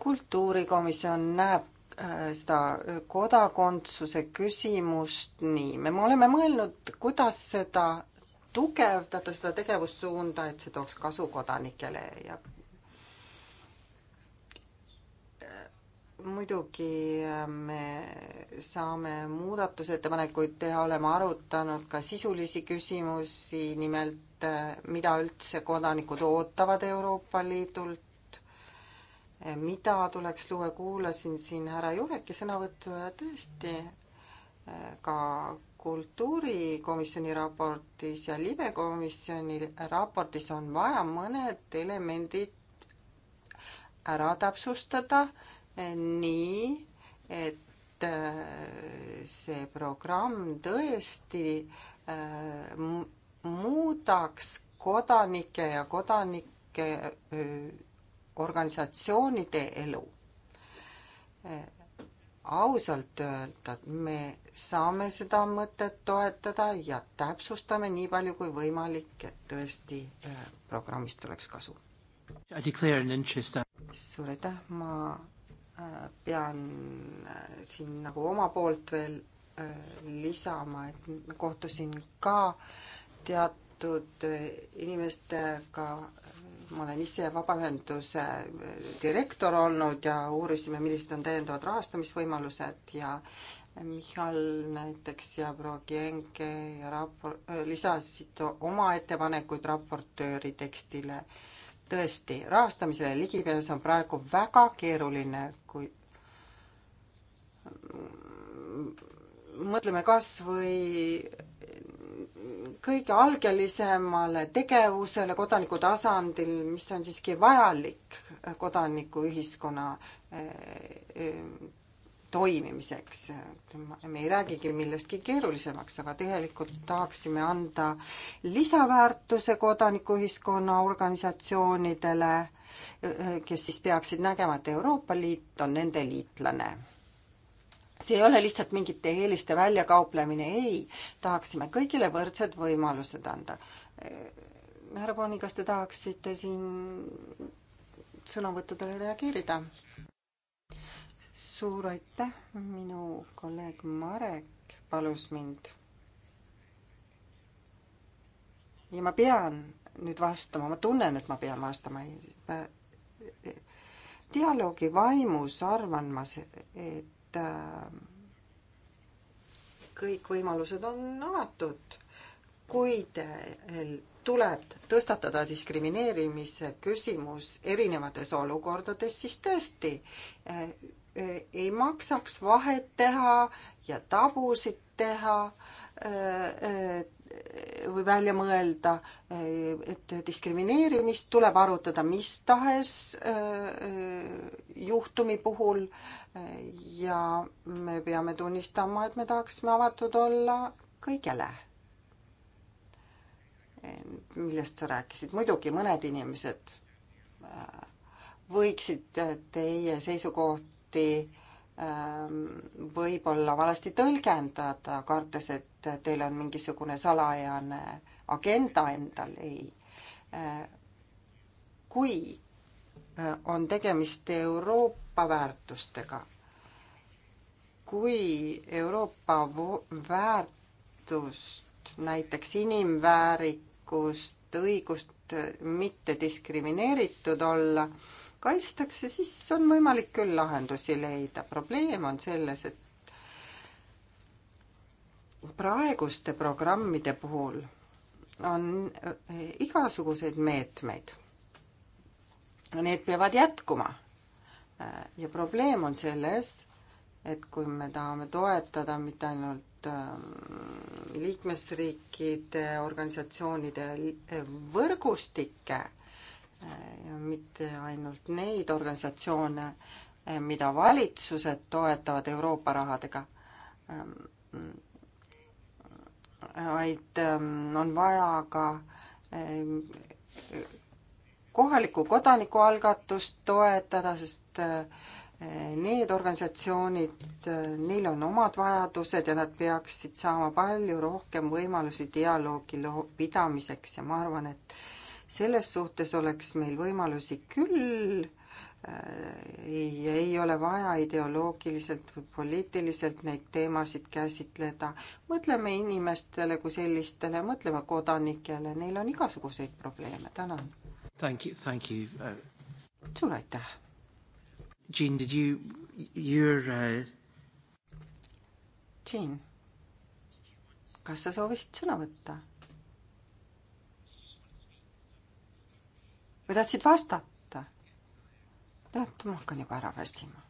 kultuurikomisjon näeb äh, seda kodakondsuse küsimust nii, me oleme mõelnud, kuidas seda tugevdada seda tegevussuunda, et see tooks kasu kodanikele ja muidugi ähm, me saame muudatusettepanekuid teha, oleme arutanud ka sisulisi küsimusi, nimelt äh, mida üldse kodanikud ootavad Euroopa Liidult, äh, mida tuleks luua, kuulasin siin härra Jureki sõnavõttu ja tõesti äh, ka kultuurikomisjoni raportis ja libekomisjoni raportis on vaja mõned elemendid ära täpsustada nii, et äh, see programm tõesti äh, muudaks kodanike ja kodanike organisatsioonide elu. Äh, ausalt öelda, me saame seda mõtet toetada ja täpsustame nii palju kui võimalik, et tõesti programmist oleks kasu. suur aitäh, ma pean äh, siin nagu oma poolt veel äh, lisama, et kohtusin ka teatud äh, inimestega, ma olen ise vabaühenduse direktor olnud ja uurisime, millised on täiendavad rahastamisvõimalused ja Michal näiteks ja proua Kienke ja rapor-, lisasid oma ettepanekuid raportööri tekstile äh, tõesti, rahastamisele ligipääs on praegu väga keeruline, kui mõtleme kas või kõige algelisemale tegevusele kodaniku tasandil, mis on siiski vajalik kodanikuühiskonna toimimiseks. me ei räägigi millestki keerulisemaks, aga tegelikult tahaksime anda lisaväärtuse kodanikuühiskonna organisatsioonidele, kes siis peaksid nägema, et Euroopa Liit on nende liitlane. see ei ole lihtsalt mingite eeliste väljakauplemine, ei, tahaksime kõigile võrdsed võimalused anda. härra Pooni, kas te tahaksite siin sõnavõttudele reageerida? suur aitäh, minu kolleeg Marek palus mind. ja ma pean nüüd vastama, ma tunnen, et ma pean vastama. dialoogi vaimus arvan ma, et äh, kõik võimalused on avatud, kui teil äh, tuleb tõstatada diskrimineerimise küsimus erinevates olukordades, siis tõesti äh, ei maksaks vahet teha ja tabusid teha või välja mõelda, et diskrimineerimist tuleb arutada mis tahes juhtumi puhul ja me peame tunnistama, et me tahaksime avatud olla kõigele. E, millest sa rääkisid, muidugi mõned inimesed võiksid teie seisukohta raporti ähm, võib-olla valesti tõlgendada, kartes, et teil on mingisugune salajane agenda endal, ei. Äh, kui äh, on tegemist Euroopa väärtustega, kui Euroopa väärtust, näiteks inimväärikust, õigust mitte diskrimineeritud olla, kaitstakse, siis on võimalik küll lahendusi leida. probleem on selles, et praeguste programmide puhul on eh, igasuguseid meetmeid. Need peavad jätkuma. ja probleem on selles, et kui me tahame toetada mitte ainult ehm, liikmesriikide organisatsioonide võrgustikke, ja mitte ainult neid organisatsioone, eh, mida valitsused toetavad Euroopa rahadega, ähm, vaid ähm, on vaja ka ähm, kohalikku kodanikualgatust toetada, sest äh, need organisatsioonid, äh, neil on omad vajadused ja nad peaksid saama palju rohkem võimalusi dialoogi pidamiseks ja ma arvan, et selles suhtes oleks meil võimalusi küll äh, ei, ei ole vaja ideoloogiliselt või poliitiliselt neid teemasid käsitleda. mõtleme inimestele kui sellistele, mõtleme kodanikele, neil on igasuguseid probleeme, tänan. Thank you, thank you uh.... suur aitäh. Jean, did you, your uh.... Jean, kas sa soovisid sõna võtta? või tahtsid vastata? tead, ma hakkan juba ära väsima.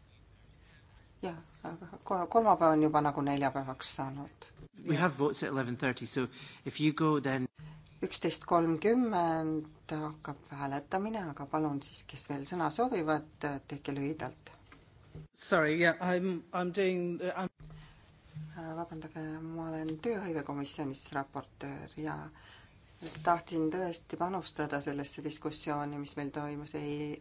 jah, aga kolmapäev on juba nagu neljapäevaks saanud. We have votes at eleven thirty, so if you go then üksteist kolmkümmend hakkab hääletamine, aga palun siis, kes veel sõna soovivad, tehke lühidalt. Sorry, yeah, I am, I am doing I am äh, vabandage, ma olen tööhõivekomisjonis raportöör ja äh, tahtsin tõesti panustada sellesse diskussiooni, mis meil toimus, ei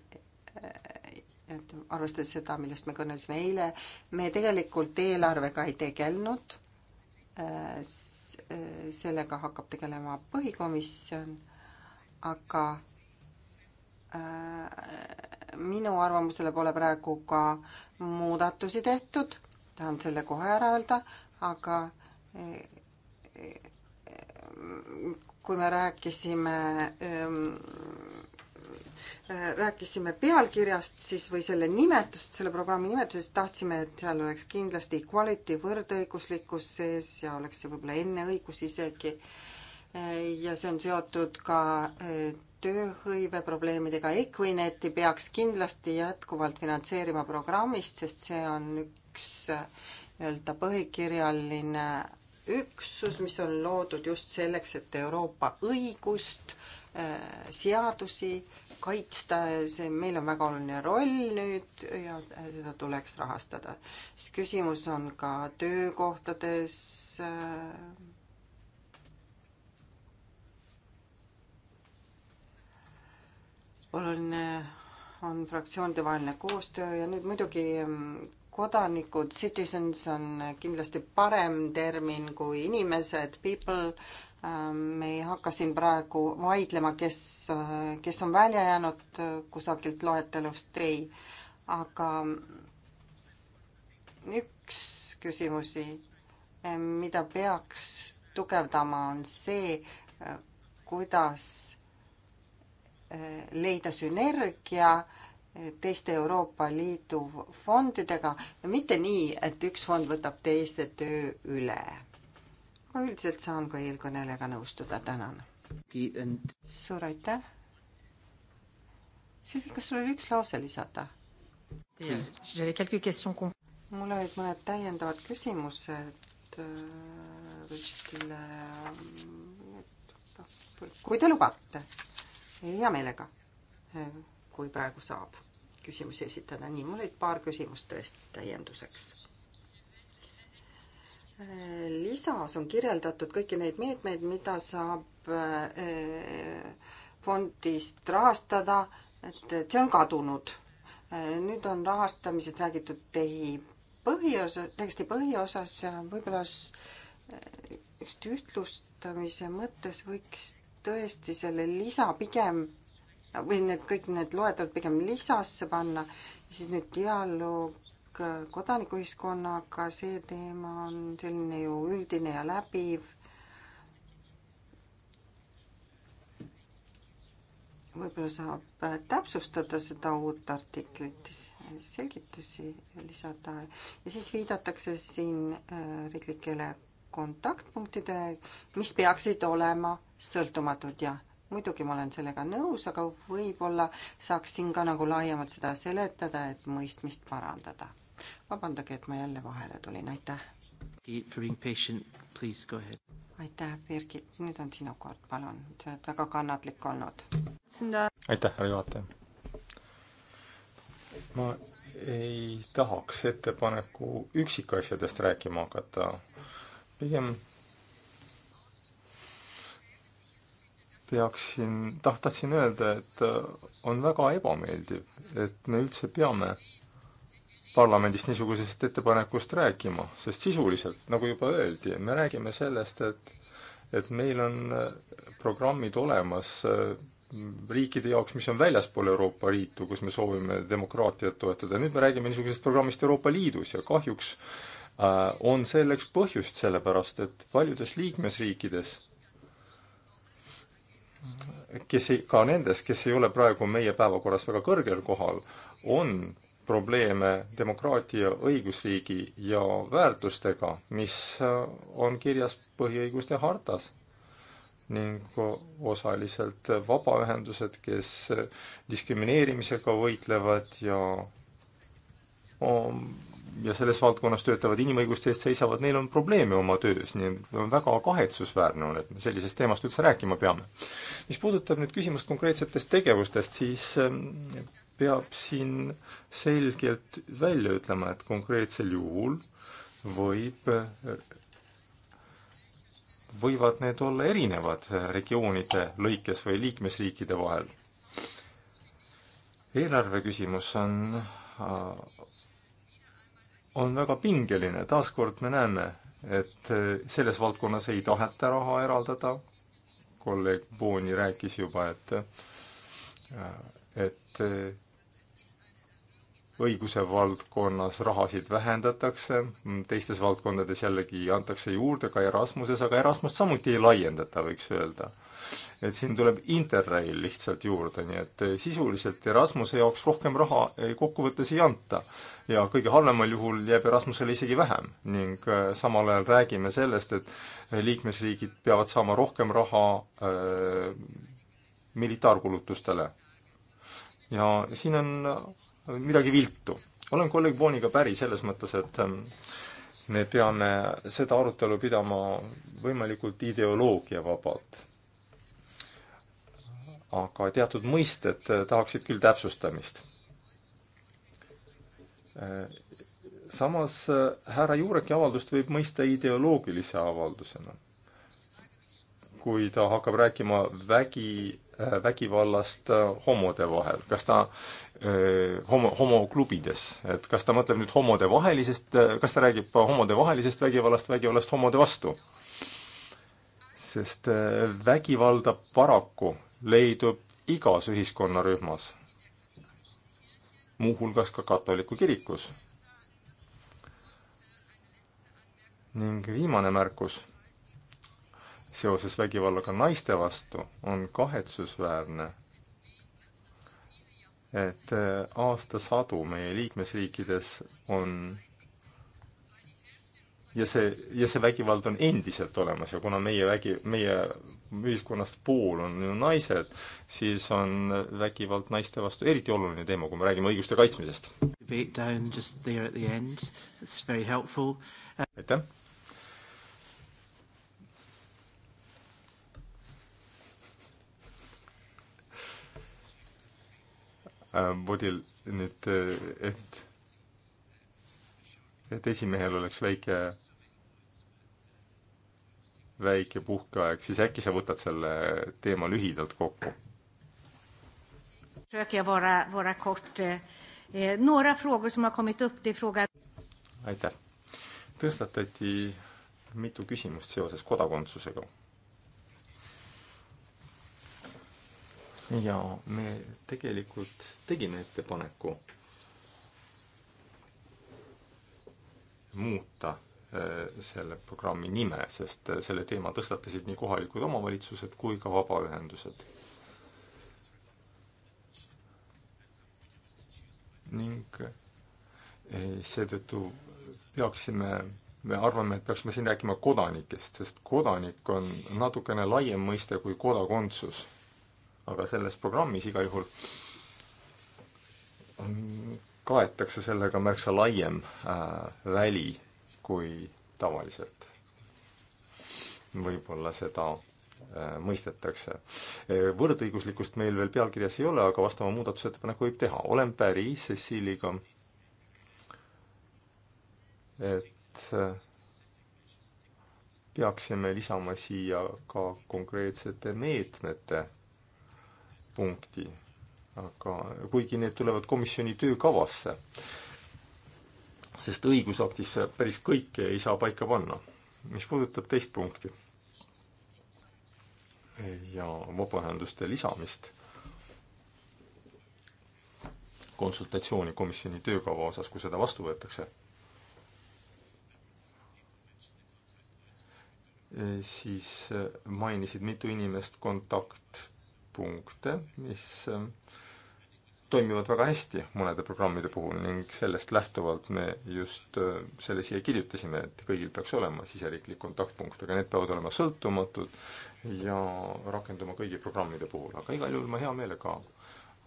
et arvestades seda, millest me kõnelesime eile, me tegelikult eelarvega ei tegelenud. sellega hakkab tegelema põhikomisjon, aga äh, minu arvamusele pole praegu ka muudatusi tehtud, tahan selle kohe ära öelda, aga äh, kui me rääkisime ehm, rääkisime pealkirjast siis või selle nimetust, selle programmi nimetusest, tahtsime, et seal oleks kindlasti equality, võrdõiguslikkus sees ja oleks see võib-olla enne õigus isegi. ja see on seotud ka e, tööhõive probleemidega. Equineti peaks kindlasti jätkuvalt finantseerima programmist, sest see on üks e, nii-öelda põhikirjaline üksus, mis on loodud just selleks, et Euroopa õigust, äh, seadusi kaitsta, see, meil on väga oluline roll nüüd ja äh, seda tuleks rahastada. siis küsimus on ka töökohtades äh, oluline on fraktsioonide vaheline koostöö ja nüüd muidugi mm, kodanikud, citizens on kindlasti parem termin kui inimesed, people, ähm, me ei hakka siin praegu vaidlema, kes, kes on välja jäänud kusagilt loetelust, ei. aga üks küsimusi, mida peaks tugevdama, on see, kuidas eh, leida sünergia äh, teiste Euroopa Liidu fondidega ja mitte nii, et üks fond võtab teiste töö üle. ma üldiselt saan ka eelkõnelejaga nõustuda, tänan. suur aitäh. Silvi, kas sul oli üks lause lisada? mul olid mõned täiendavad küsimused Richardile. Äh, äh, kui te lubate, hea meelega äh, kui praegu saab küsimusi esitada. nii, mul olid paar küsimust tõesti täienduseks. lisas on kirjeldatud kõiki neid meetmeid, mida saab eh, fondist rahastada, et, et see on kadunud. nüüd on rahastamisest räägitud tehi põhiosa, teksti põhiosas, võib-olla eh, just ühtlustamise mõttes võiks tõesti selle lisa pigem või need kõik need loetelud pigem lisasse panna, siis nüüd dialoog kodanikuühiskonnaga, see teema on selline ju üldine ja läbiv. võib-olla saab täpsustada seda uut artiklit, selgitusi lisada ja siis viidatakse siin äh, riiklikele kontaktpunktidele, mis peaksid olema sõltumatud ja muidugi ma olen sellega nõus, aga võib-olla saaksin ka nagu laiemalt seda seletada, et mõistmist parandada. vabandage, et ma jälle vahele tulin, aitäh. aitäh, Birgit, nüüd on sinu kord, palun, sa oled väga kannatlik olnud. aitäh, härra juhataja. ma ei tahaks ettepaneku üksikasjadest rääkima hakata, pigem peaksin, taht-, tahtsin öelda, et äh, on väga ebameeldiv, et me üldse peame parlamendis niisugusest ettepanekust rääkima, sest sisuliselt, nagu juba öeldi, me räägime sellest, et et meil on äh, programmid olemas äh, riikide jaoks, mis on väljaspool Euroopa Liitu, kus me soovime demokraatiat toetada, nüüd me räägime niisugusest programmist Euroopa Liidus ja kahjuks on selleks põhjust, sellepärast et paljudes liikmesriikides kes ei, ka nendes, kes ei ole praegu meie päevakorras väga kõrgel kohal, on probleeme demokraatia, õigusriigi ja väärtustega, mis äh, on kirjas põhiõiguste hartas. ning osaliselt vabaühendused, kes äh, diskrimineerimisega võitlevad ja on um, ja selles valdkonnas töötavad inimõiguste eest seisavad, neil on probleeme oma töös, nii et väga kahetsusväärne on, et me sellisest teemast üldse rääkima peame. mis puudutab nüüd küsimust konkreetsetest tegevustest, siis ähm, peab siin selgelt välja ütlema, et konkreetsel juhul võib, võivad need olla erinevad regioonide lõikes või liikmesriikide vahel. eelarve küsimus on äh, on väga pingeline, taaskord me näeme, et eh, selles valdkonnas ei taheta raha eraldada, kolleeg Booni rääkis juba, et eh, et eh, õiguse valdkonnas rahasid vähendatakse, teistes valdkondades jällegi antakse juurde, ka Erasmuses, aga Erasmust samuti ei laiendata, võiks öelda. et siin tuleb Interrail lihtsalt juurde, nii et sisuliselt Erasmuse jaoks rohkem raha kokkuvõttes ei anta. ja kõige halvemal juhul jääb Erasmusele isegi vähem ning äh, samal ajal räägime sellest, et liikmesriigid peavad saama rohkem raha äh, militaarkulutustele ja siin on midagi viltu. olen kolleeg Booniga päri selles mõttes, et ähm, me peame seda arutelu pidama võimalikult ideoloogiavabalt. aga teatud mõisted äh, tahaksid küll täpsustamist. Äh, samas äh, härra Juureki avaldust võib mõista ideoloogilise avaldusena. kui ta hakkab rääkima vägi Äh, vägivallast äh, homode vahel, kas ta äh, homo, homoklubides, et kas ta mõtleb nüüd homodevahelisest, kas ta räägib homodevahelisest vägivallast, vägivallast homode vastu? sest vägivalda paraku leidub igas ühiskonnarühmas, muuhulgas ka katoliku kirikus. ning viimane märkus seoses vägivallaga naiste vastu, on kahetsusväärne, et äh, aastasadu meie liikmesriikides on ja see, ja see vägivald on endiselt olemas ja kuna meie vägi, meie ühiskonnast pool on ju naised, siis on vägivald naiste vastu eriti oluline teema, kui me räägime õiguste kaitsmisest. aitäh! Äh, Budil nüüd, äh, et, et esimehel oleks väike, väike puhkeaeg, siis äkki sa võtad selle teema lühidalt kokku? Eh, eh, aitäh. tõstatati mitu küsimust seoses kodakondsusega ja me tegelikult tegime ettepaneku muuta äh, selle programmi nime, sest äh, selle teema tõstatasid nii kohalikud omavalitsused kui ka vabaühendused. ning äh, seetõttu peaksime, me arvame, et peaksime siin rääkima kodanikest, sest kodanik on natukene laiem mõiste kui kodakondsus aga selles programmis igal juhul kaetakse sellega märksa laiem äh, väli kui tavaliselt. võib-olla seda äh, mõistetakse. Äh, võrdõiguslikkust meil veel pealkirjas ei ole, aga vastava muudatusettepaneku võib teha. olen päri Ceciliga, et äh, peaksime lisama siia ka konkreetsete meetmete punkti, aga kuigi need tulevad komisjoni töökavasse, sest õigusaktis päris kõike ei saa paika panna. mis puudutab teist punkti ja vabaühenduste lisamist konsultatsiooni komisjoni töökava osas, kui seda vastu võetakse, siis mainisid mitu inimest kontakt punkte, mis ähm, toimivad väga hästi mõnede programmide puhul ning sellest lähtuvalt me just äh, selle siia kirjutasime, et kõigil peaks olema siseriiklik kontaktpunkt, aga need peavad olema sõltumatud ja rakenduma kõigi programmide puhul, aga igal juhul ma hea meelega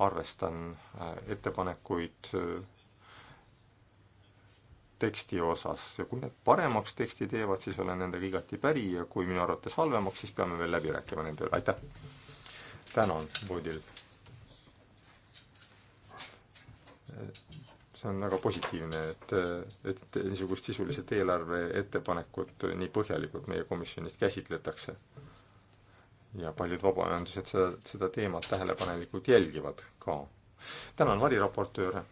arvestan äh, ettepanekuid äh, teksti osas ja kui need paremaks teksti teevad, siis olen nendega igati päri ja kui minu arvates halvemaks, siis peame veel läbi rääkima nende üle, aitäh! tänan Voodil. see on väga positiivne, et, et niisugust sisuliselt eelarve ettepanekut nii põhjalikult meie komisjonis käsitletakse. ja paljud vabaühendused seda, seda teemat tähelepanelikult jälgivad ka. tänan variraportööre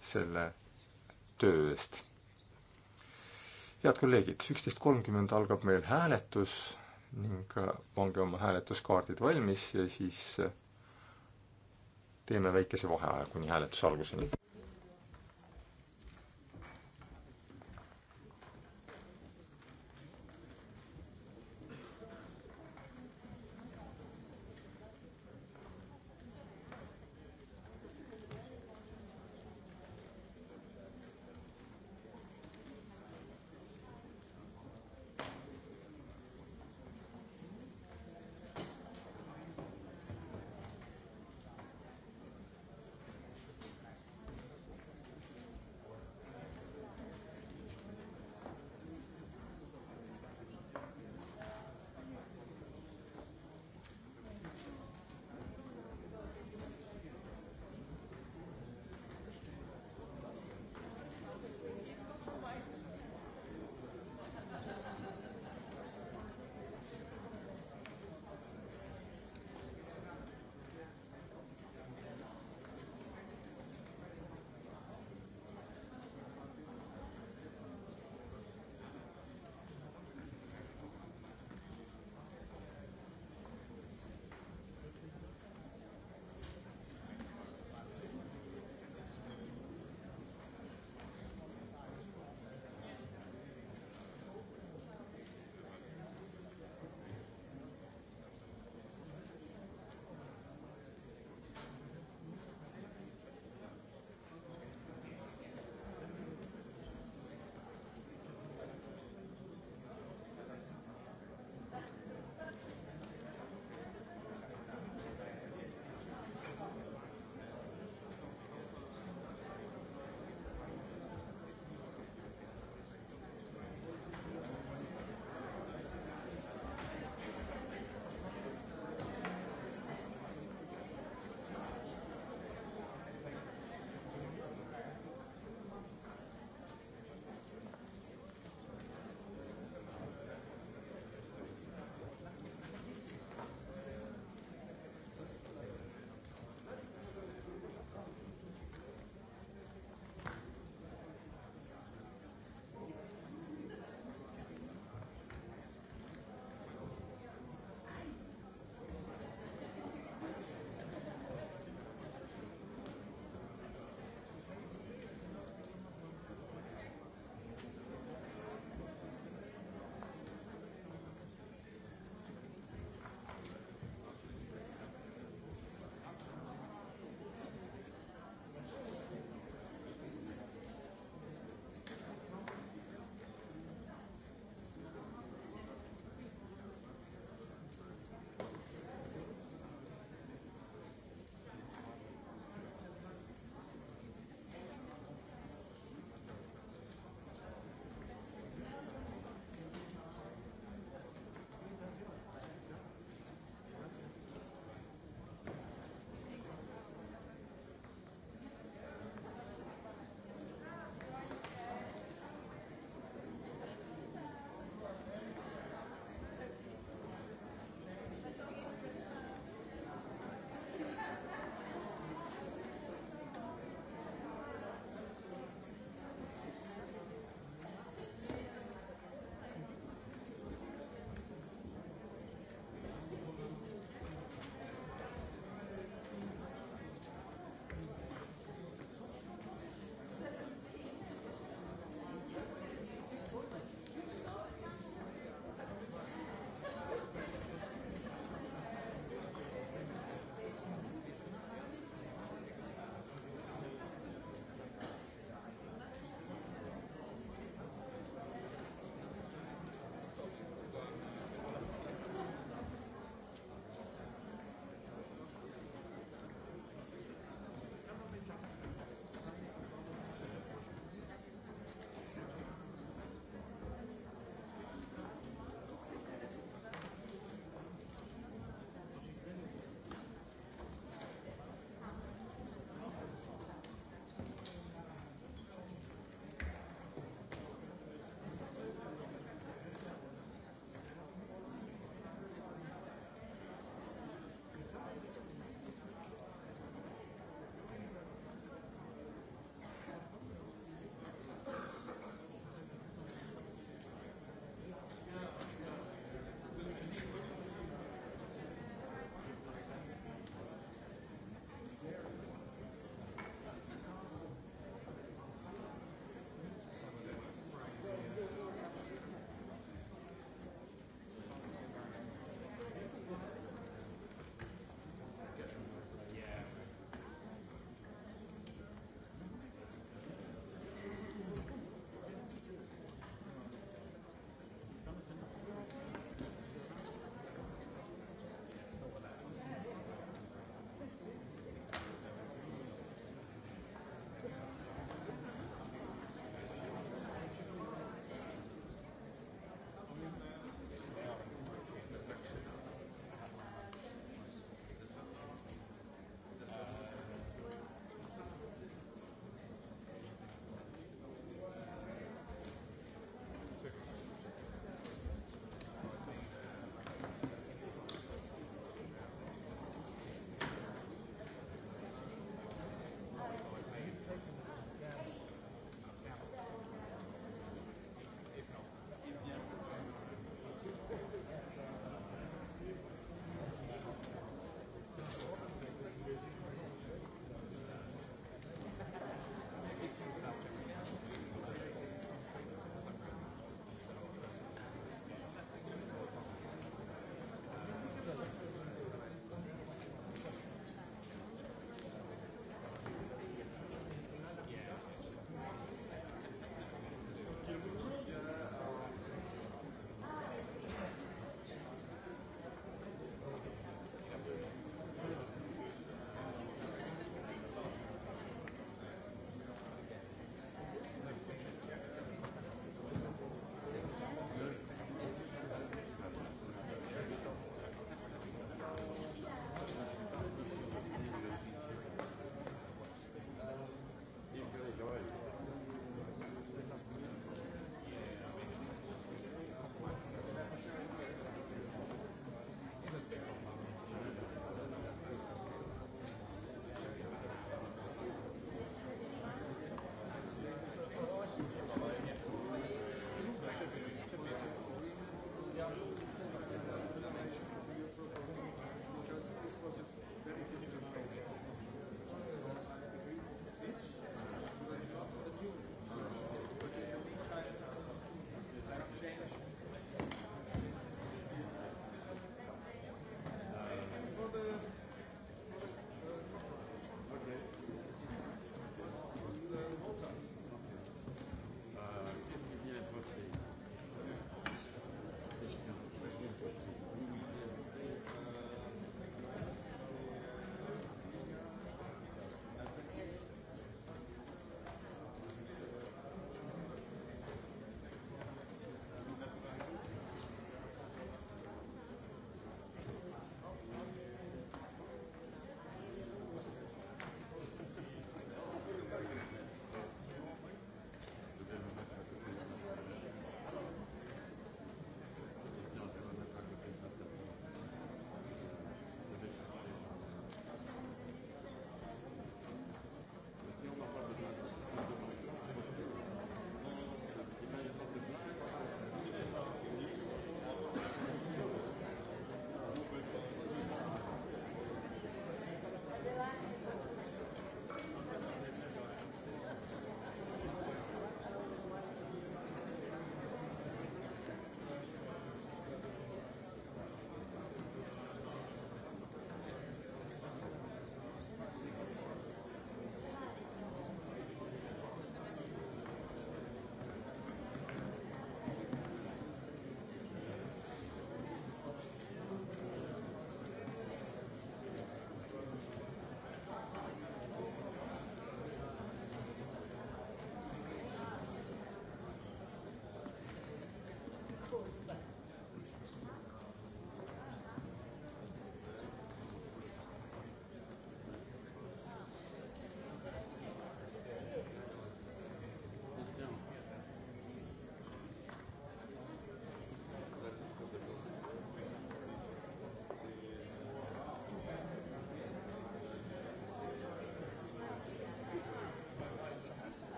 selle töö eest. head kolleegid, üksteist kolmkümmend algab meil hääletus ning äh, pange oma hääletuskaardid valmis ja siis äh, teeme väikese vaheaja kuni hääletuse alguseni.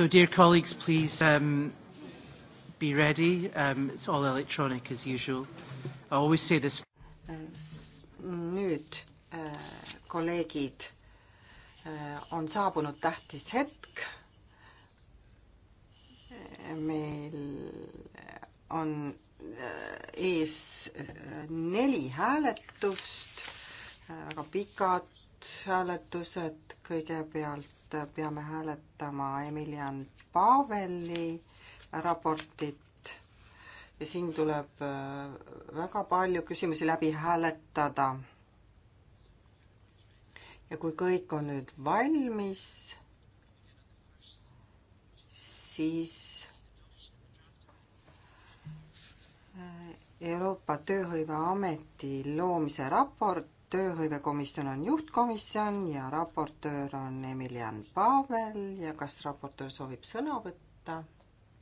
So, dear colleagues, please um, be ready. Um, it's all electronic as usual. I always say this. Nüüd äh, kolleegid äh, on saabunud tähtis hetk. Meil on äh, ees äh, neli hääletust, äh, väga pikad hääletused kõigepealt peame hääletama Emilian Paveli raportit ja siin tuleb äh, väga palju küsimusi läbi hääletada. ja kui kõik on nüüd valmis, siis äh, Euroopa Tööhõiveameti loomise raport tööhõivekomisjon on juhtkomisjon ja raportöör on Emilian Pavel ja kas raportöör soovib sõna võtta?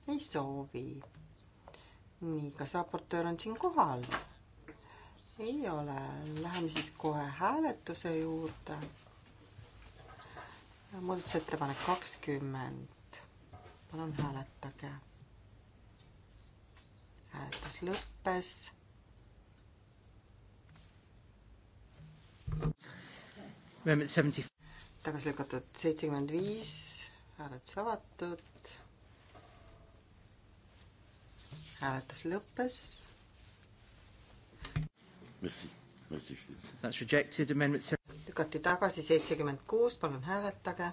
ei soovi. nii, kas raportöör on siin kohal? ei ole, läheme siis kohe hääletuse juurde. muudatusettepanek kakskümmend. palun hääletage. hääletus lõppes tagasi lükatud seitsekümmend viis, hääletus avatud. hääletus lõppes. lükati tagasi seitsekümmend kuus, palun hääletage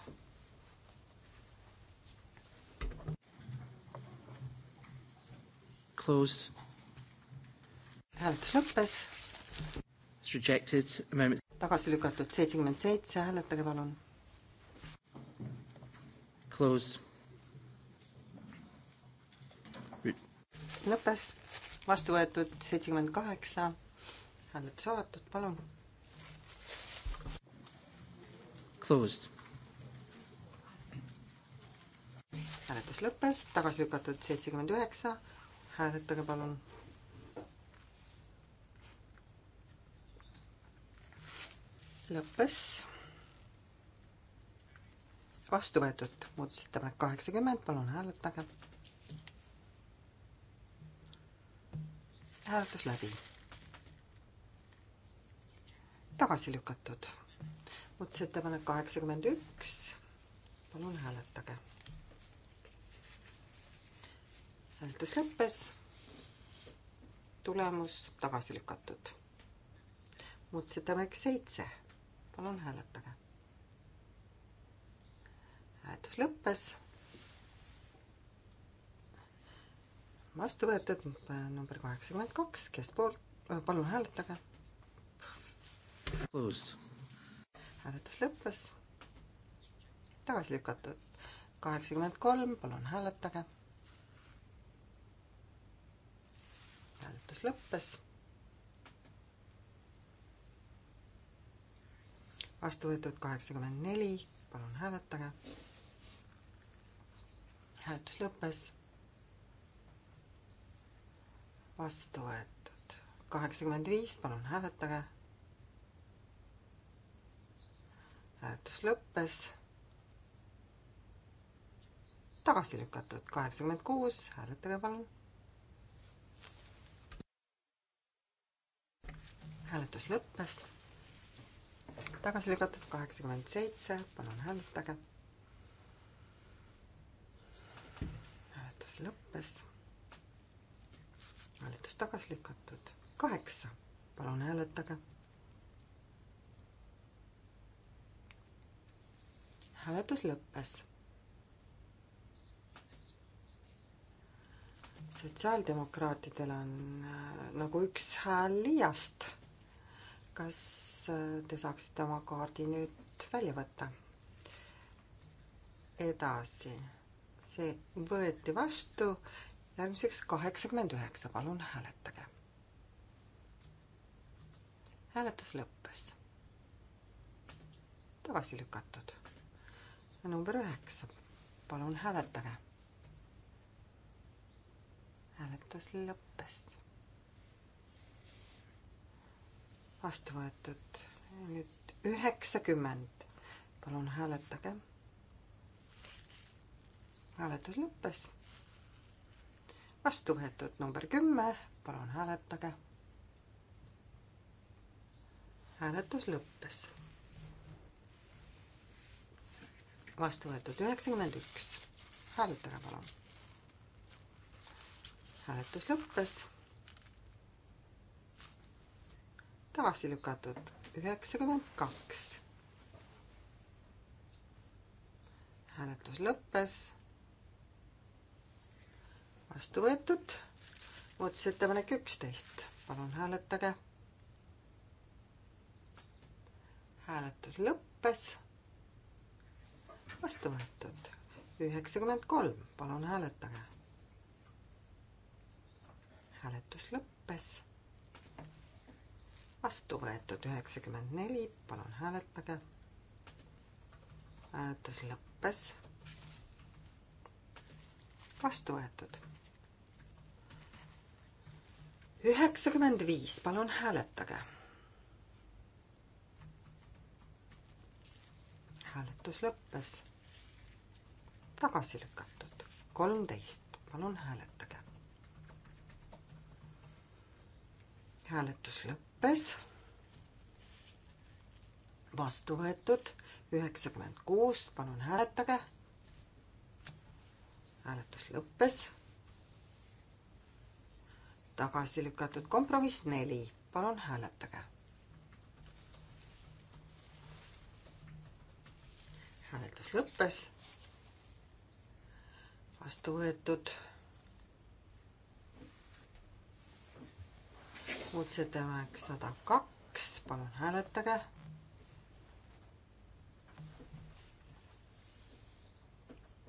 closed. Hääletus lõppes. Rejected amendment tagasi lükatud seitsekümmend seitse, hääletage palun. Close. lõppes, vastu võetud seitsekümmend kaheksa, hääletus avatud, palun. Closed. hääletus lõppes, tagasi lükatud seitsekümmend üheksa, hääletage palun lõppes. vastu võetud muudatusettepanek kaheksakümmend, palun hääletage. hääletus läbi. tagasi lükatud muudatusettepanek kaheksakümmend üks, palun hääletage. hääletus lõppes. tulemus tagasi lükatud muudatusettepanek seitse palun hääletage. hääletus lõppes. vastu võetud äh, number kaheksakümmend kaks, kes poolt, äh, palun hääletage. hääletus lõppes. tagasi lükatud kaheksakümmend kolm, palun hääletage. hääletus lõppes vastu võetud kaheksakümmend neli, palun hääletage. hääletus lõppes. vastu võetud kaheksakümmend viis, palun hääletage. hääletus lõppes. tagasi lükatud kaheksakümmend kuus, hääletage palun. hääletus lõppes tagasi lükatud kaheksakümmend seitse, palun hääletage. hääletus lõppes. hääletus tagasi lükatud kaheksa, palun hääletage. hääletus lõppes. sotsiaaldemokraatidel on äh, nagu üks hääl liiast kas äh, te saaksite oma kaardi nüüd välja võtta? edasi, see võeti vastu, järgmiseks kaheksakümmend üheksa, palun hääletage. hääletus lõppes. tagasi lükatud. number üheksa, palun hääletage hääletus lõppes. vastu võetud. nüüd üheksakümmend. palun hääletage. hääletus lõppes. vastu võetud number kümme, palun hääletage. hääletus lõppes. vastu võetud üheksakümmend üks. hääletage palun. hääletus lõppes tagasi lükatud. üheksakümmend kaks. hääletus lõppes. vastu võetud. muudatusettepanek üksteist, palun hääletage. hääletus lõppes. vastu võetud. üheksakümmend kolm, palun hääletage. hääletus lõppes vastu võetud üheksakümmend neli, palun hääletage. hääletus lõppes. vastu võetud. üheksakümmend viis, palun hääletage. hääletus lõppes. tagasi lükatud, kolmteist, palun hääletage. hääletus lõppes lõppes. vastu võetud üheksakümmend kuus, palun hääletage. hääletus lõppes. tagasi lükatud kompromiss neli, palun hääletage. hääletus lõppes. vastu võetud muudatusettepanek sada kaks, palun hääletage.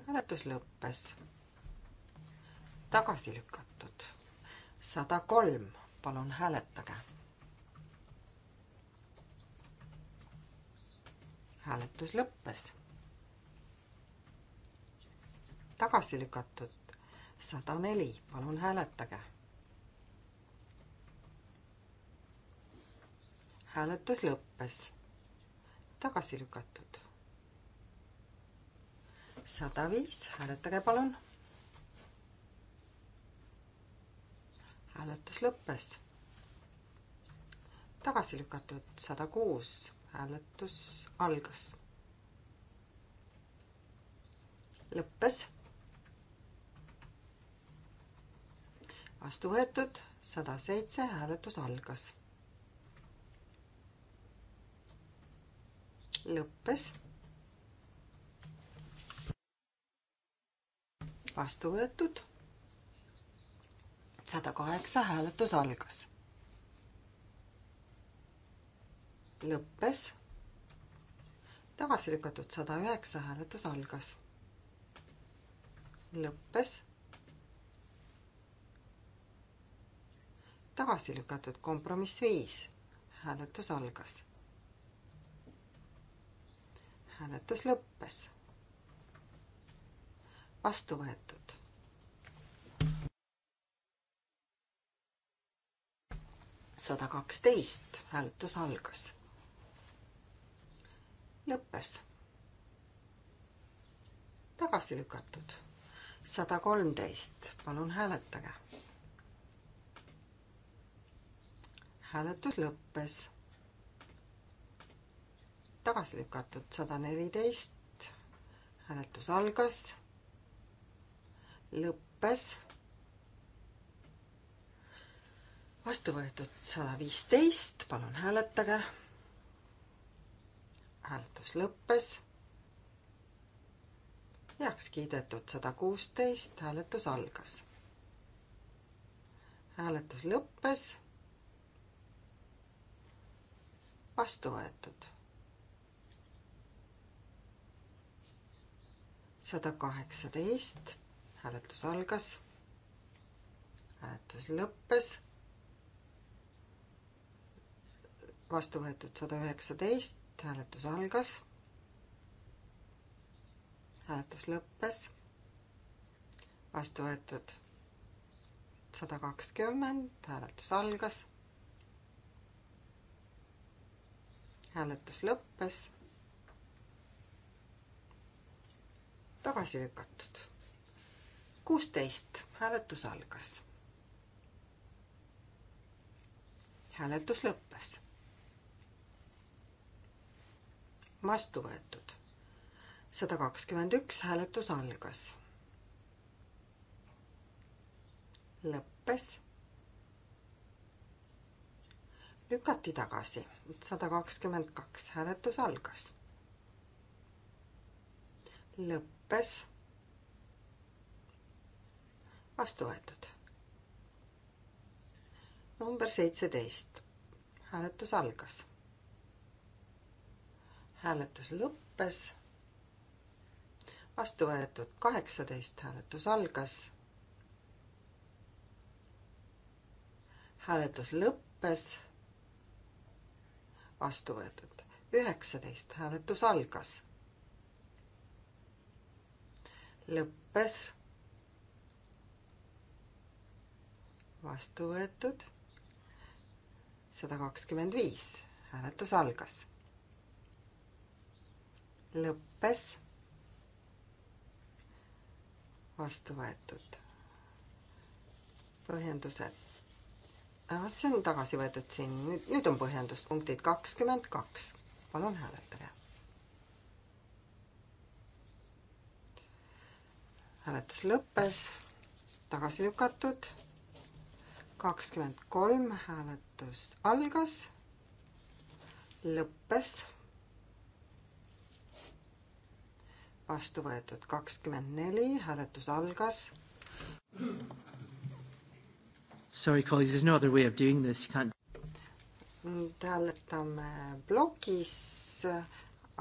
hääletus lõppes. tagasi lükatud. sada kolm, palun hääletage. hääletus lõppes. tagasi lükatud sada neli, palun hääletage hääletus lõppes. tagasi lükatud. sada viis, hääletage palun. hääletus lõppes. tagasi lükatud sada kuus, hääletus algas. lõppes. vastu võetud sada seitse, hääletus algas lõppes. vastu võetud. sada kaheksa hääletus algas. lõppes. tagasi lükatud sada üheksa hääletus algas. lõppes. tagasi lükatud kompromiss viis hääletus algas hääletus lõppes. vastu võetud. sada kaksteist, hääletus algas. lõppes. tagasi lükatud. sada kolmteist, palun hääletage. hääletus lõppes tagasi lükatud, sada neliteist, hääletus algas, lõppes, vastu võetud sada viisteist, palun hääletage, hääletus lõppes, heaks kiidetud sada kuusteist, hääletus algas hääletus lõppes. vastu võetud sada kaheksateist, hääletus algas, hääletus lõppes, vastu võetud sada üheksateist, hääletus algas, hääletus lõppes, vastu võetud sada kakskümmend, hääletus algas hääletus lõppes. tagasi lükatud. kuusteist, hääletus algas. hääletus lõppes. vastu võetud. sada kakskümmend üks, hääletus algas. lõppes. lükati tagasi, sada kakskümmend kaks, hääletus algas lõpp lõppes. vastu võetud. number seitseteist. hääletus algas. hääletus lõppes. vastu võetud kaheksateist, hääletus algas. hääletus lõppes. vastu võetud üheksateist, hääletus algas lõppes. vastu võetud sada kakskümmend viis, hääletus algas. lõppes. vastu võetud. põhjendused ah, see on tagasi võetud siin, nüüd, nüüd on põhjendus punktid kakskümmend kaks. palun hääletage. hääletus lõppes, tagasi lükatud. kakskümmend kolm hääletus algas, lõppes. vastu võetud kakskümmend neli, hääletus algas. Sorry, colleagues, there is no other way of doing this, you can't. nüüd hääletame plokis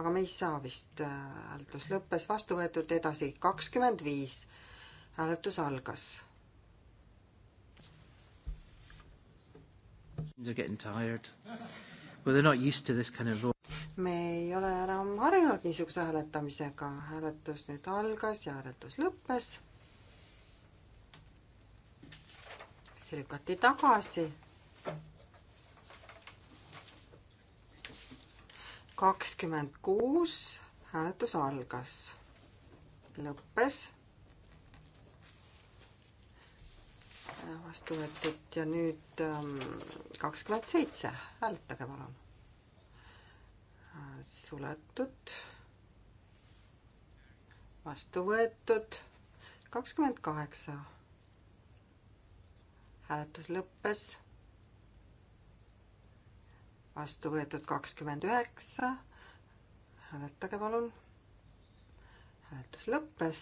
aga me ei saa vist, äh, hääletus lõppes, vastu võetud, edasi kakskümmend viis. hääletus algas. me ei ole enam harjunud niisuguse hääletamisega, hääletus nüüd algas ja hääletus lõppes. see lükati tagasi kakskümmend kuus, hääletus algas, lõppes. vastu võetud ja nüüd ähm, kakskümmend seitse, hääletage palun. suletud, vastu võetud, kakskümmend kaheksa. hääletus lõppes vastu võetud kakskümmend üheksa. hääletage palun. hääletus lõppes.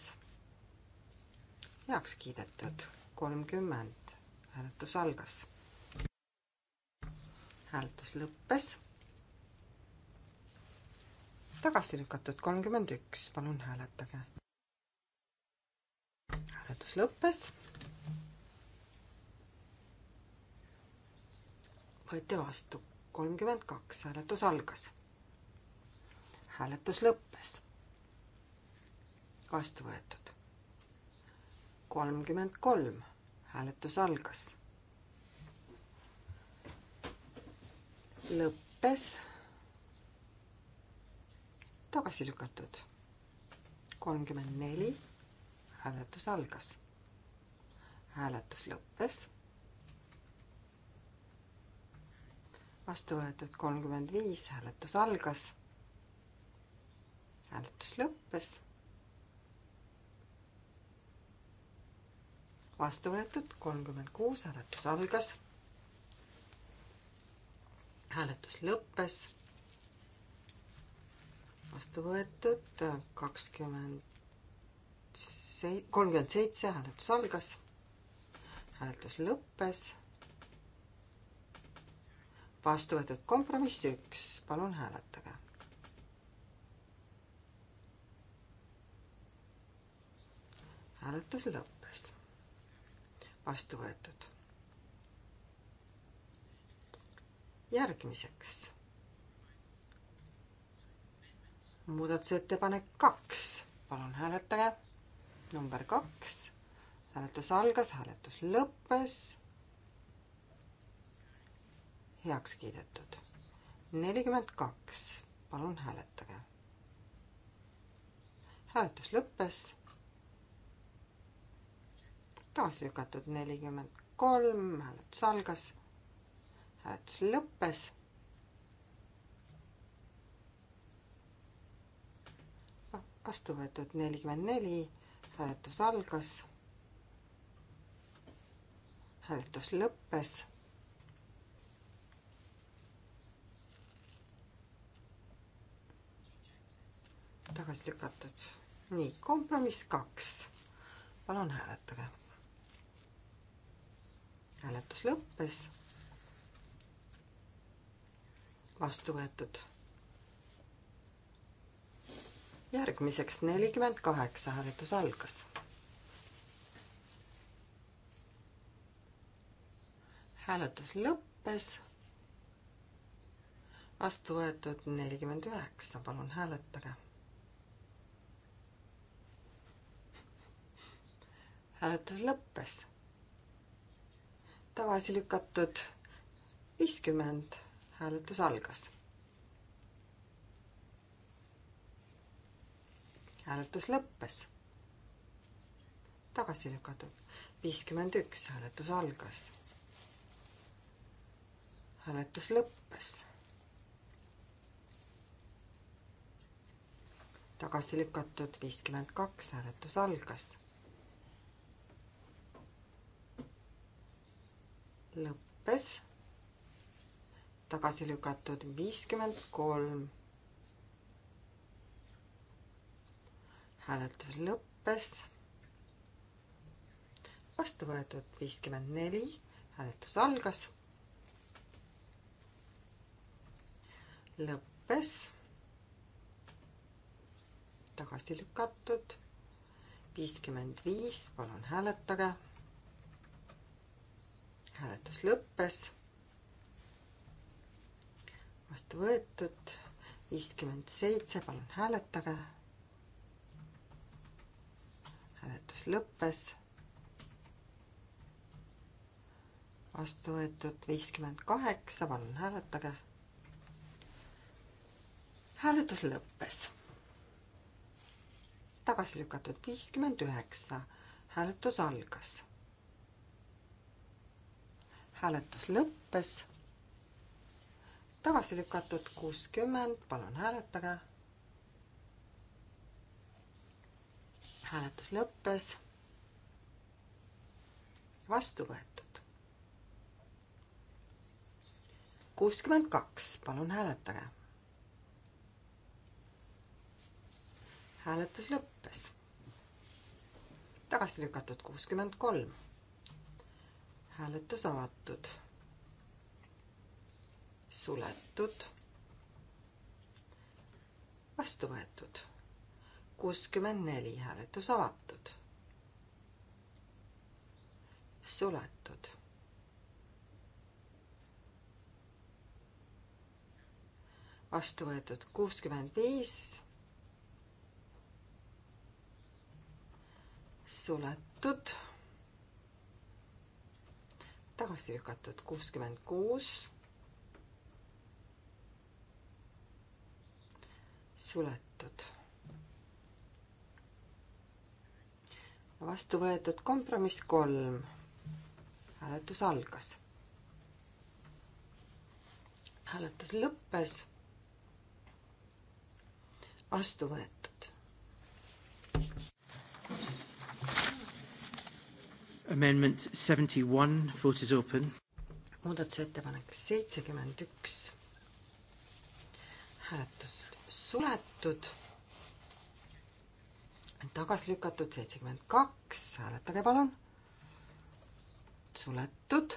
heaks kiidetud kolmkümmend. hääletus algas. hääletus lõppes. tagasi lükatud kolmkümmend üks, palun hääletage. hääletus lõppes. võeti vastu kolmkümmend kaks, hääletus algas. hääletus lõppes. vastu võetud. kolmkümmend kolm, hääletus algas. lõppes. tagasi lükatud. kolmkümmend neli, hääletus algas hääletus lõppes vastu võetud kolmkümmend viis, hääletus algas. hääletus lõppes. vastu võetud kolmkümmend kuus, hääletus algas. hääletus lõppes. vastu võetud kakskümmend seit-, kolmkümmend seitse, hääletus algas. hääletus lõppes vastu võetud kompromiss üks, palun hääletage. hääletus lõppes. vastu võetud. järgmiseks. muudatusettepanek kaks, palun hääletage. number kaks, hääletus algas, hääletus lõppes heaks kiidetud. nelikümmend kaks, palun hääletage. hääletus lõppes. tagasi lükatud nelikümmend kolm, hääletus algas, hääletus lõppes. vastu võetud nelikümmend neli, hääletus algas. hääletus lõppes tagasi lükatud. nii, kompromiss kaks. palun hääletage. hääletus lõppes. vastu võetud. järgmiseks nelikümmend kaheksa hääletus algas. hääletus lõppes vastu võetud nelikümmend üheksa, palun hääletage. hääletus lõppes. tagasi lükatud viiskümmend, hääletus algas. hääletus lõppes. tagasi lükatud viiskümmend üks, hääletus algas. hääletus lõppes tagasi lükatud viiskümmend kaks hääletus algas. lõppes. tagasi lükatud viiskümmend kolm. hääletus lõppes. vastu võetud viiskümmend neli, hääletus algas. lõppes. tagasi lükatud viiskümmend viis, palun hääletage hääletus lõppes. vastu võetud viiskümmend seitse, palun hääletage. hääletus lõppes. vastu võetud viiskümmend kaheksa, palun hääletage. hääletus lõppes. tagasi lükatud viiskümmend üheksa, hääletus algas hääletus lõppes. tagasi lükatud kuuskümmend, palun hääletage. hääletus lõppes. vastu võetud. kuuskümmend kaks, palun hääletage. hääletus lõppes. tagasi lükatud kuuskümmend kolm hääletus avatud, suletud, vastu võetud, kuuskümmend neli hääletus avatud, suletud vastu võetud kuuskümmend viis. suletud tagasi lükatud kuuskümmend kuus. suletud. vastu võetud kompromiss kolm. hääletus algas. hääletus lõppes. vastu võetud. Amendment seventy one, vote is open. muudatusettepanek seitsekümmend üks. hääletus suletud. tagasi lükatud seitsekümmend kaks, hääletage palun. suletud.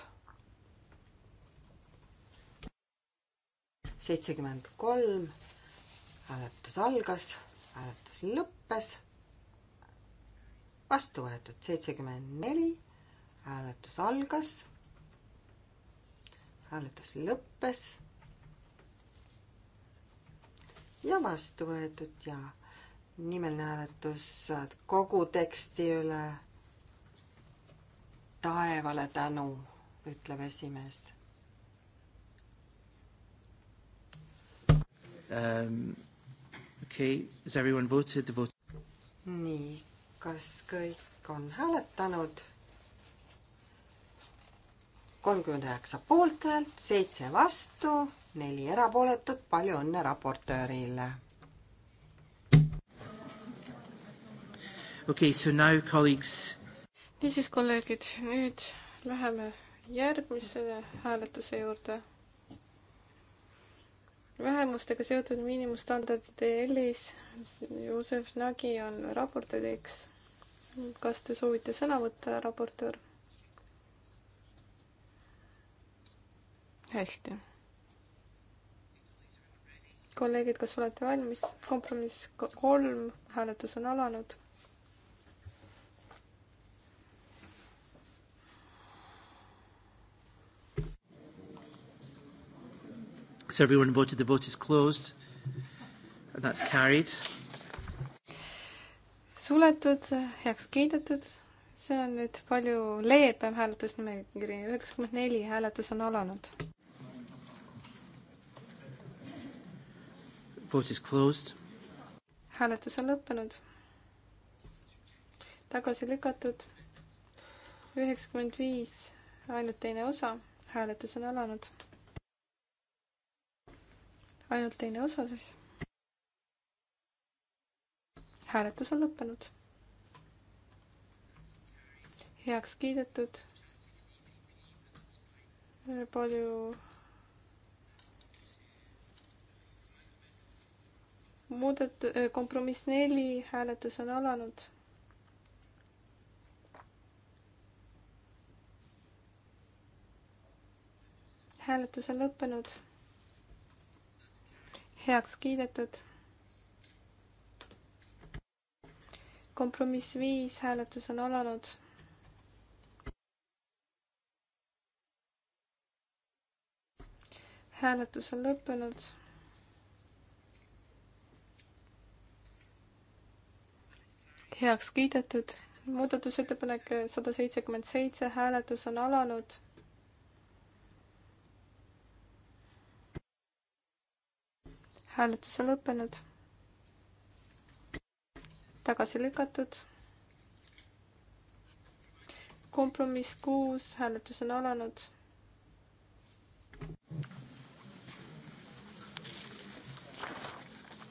seitsekümmend kolm, hääletus algas, hääletus lõppes vastu võetud seitsekümmend neli, hääletus algas, hääletus lõppes ja vastu võetud ja nimeline hääletus kogu teksti üle. taevale tänu, ütleb esimees um,. Okay, has everyone voted the vote? nii kas kõik on hääletanud? kolmkümmend üheksa poolthäält, seitse vastu, neli erapooletut, palju õnne raportöörile. okei okay,, so now colleagues. niisiis, kolleegid, nüüd läheme järgmise hääletuse juurde vähemustega seotud miinimumstandardide EL-is Joosef Nagi on raportööriks kas te soovite sõna võtta, raportöör? hästi. kolleegid, kas olete valmis? kompromiss kolm, hääletus on alanud. Has everyone voted? The vote is closed and that's carried suletud, heaks kiidetud. see on nüüd palju leebem hääletusnimekiri, üheksakümmend neli hääletus on alanud. Vote is closed. hääletus on lõppenud. tagasi lükatud. üheksakümmend viis, ainult teine osa, hääletus on alanud. ainult teine osa siis hääletus on lõppenud. heaks kiidetud. Äh, palju muudet-, äh, kompromiss neli, hääletus on alanud. hääletus on lõppenud. heaks kiidetud kompromiss viis, hääletus on alanud. hääletus on lõppenud. heaks kiidetud muudatusettepanek sada seitsekümmend seitse, hääletus on alanud. hääletus on lõppenud tagasi lükatud. kompromiss kuus, hääletus on alanud.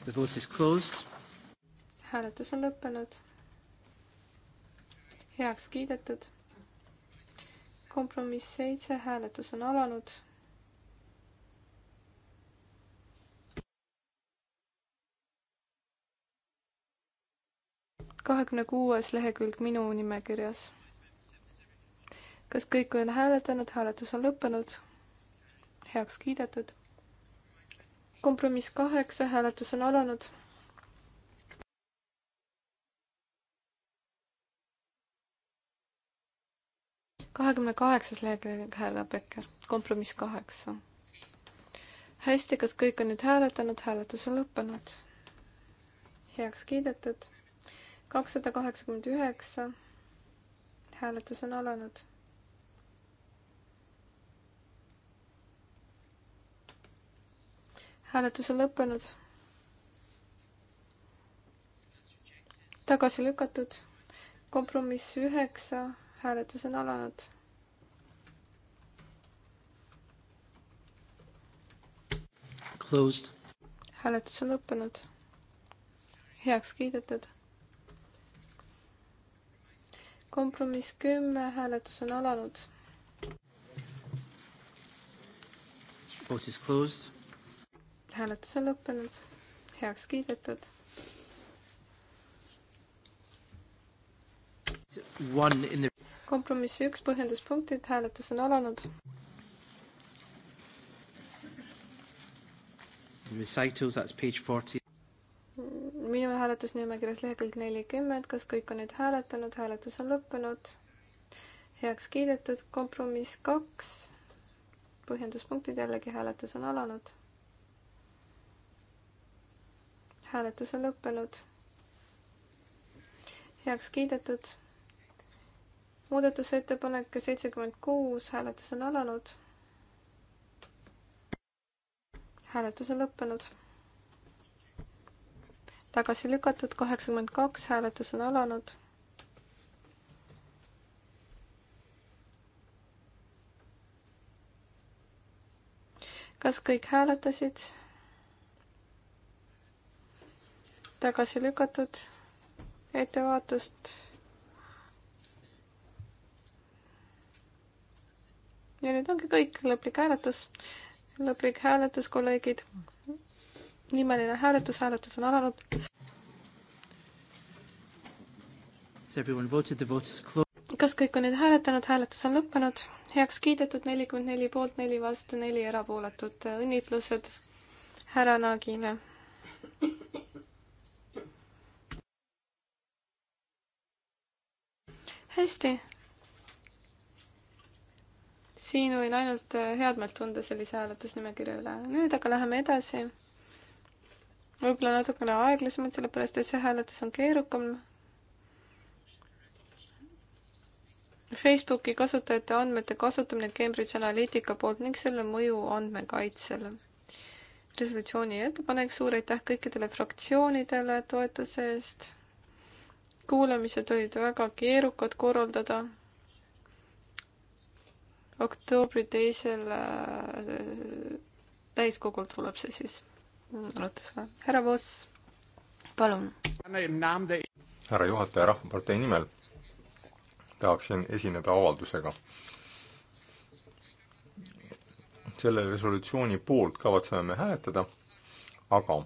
The vote is closed. hääletus on lõppenud. heaks kiidetud. kompromiss seitse, hääletus on alanud kahekümne kuues lehekülg minu nimekirjas. kas kõik on hääletanud, hääletus on lõppenud? heaks kiidetud. kompromiss kaheksa, hääletus on alanud kahekümne kaheksas lehekülg härra Becker, kompromiss kaheksa. hästi, kas kõik on nüüd hääletanud, hääletus on lõppenud. heaks kiidetud kakssada kaheksakümmend üheksa. hääletus on alanud. hääletus on lõppenud. tagasi lükatud. kompromiss üheksa, hääletus on alanud closed. hääletus on lõppenud. heaks kiidetud kompromiss kümme, hääletus on alanud. hääletus on lõppenud, heaks kiidetud. The... kompromissi üks põhjenduspunktid, hääletus on alanud. Recitals, that's page 40 minu hääletusnimekirjas lehekülg nelikümmend, kas kõik on nüüd hääletanud, hääletus on lõppenud. heaks kiidetud, kompromiss kaks, põhjenduspunktid jällegi hääletus on alanud. hääletus on lõppenud. heaks kiidetud. muudatusettepanek seitsekümmend kuus, hääletus on alanud. hääletus on lõppenud tagasi lükatud, kaheksakümmend kaks, hääletus on alanud. kas kõik hääletasid? tagasi lükatud, ettevaatust. ja nüüd ongi kõik, lõplik hääletus, lõplik hääletus, kolleegid nimeline hääletus, hääletus on alanud. kas kõik on nüüd hääletanud, hääletus on lõppenud, heaks kiidetud nelikümmend neli poolt, neli vastu, neli erapooletut, õnnitlused härra Nagile. hästi. siin võin ainult head meelt tunda sellise hääletusnimekirja üle. nüüd aga läheme edasi võib-olla natukene aeglasemalt, sellepärast et see hääletus on keerukam. Facebooki kasutajate andmete kasutamine Cambridge Analytica poolt ning selle mõju andmekaitsele. resolutsiooni ettepanek, suur aitäh kõikidele fraktsioonidele toetuse eest. kuulamised olid väga keerukad korraldada. oktoobri teisel äh, täiskogul tuleb see siis otsa. härra Voss, palun. härra juhataja, Rahvapartei nimel tahaksin esineda avaldusega. selle resolutsiooni poolt kavatseme me hääletada, aga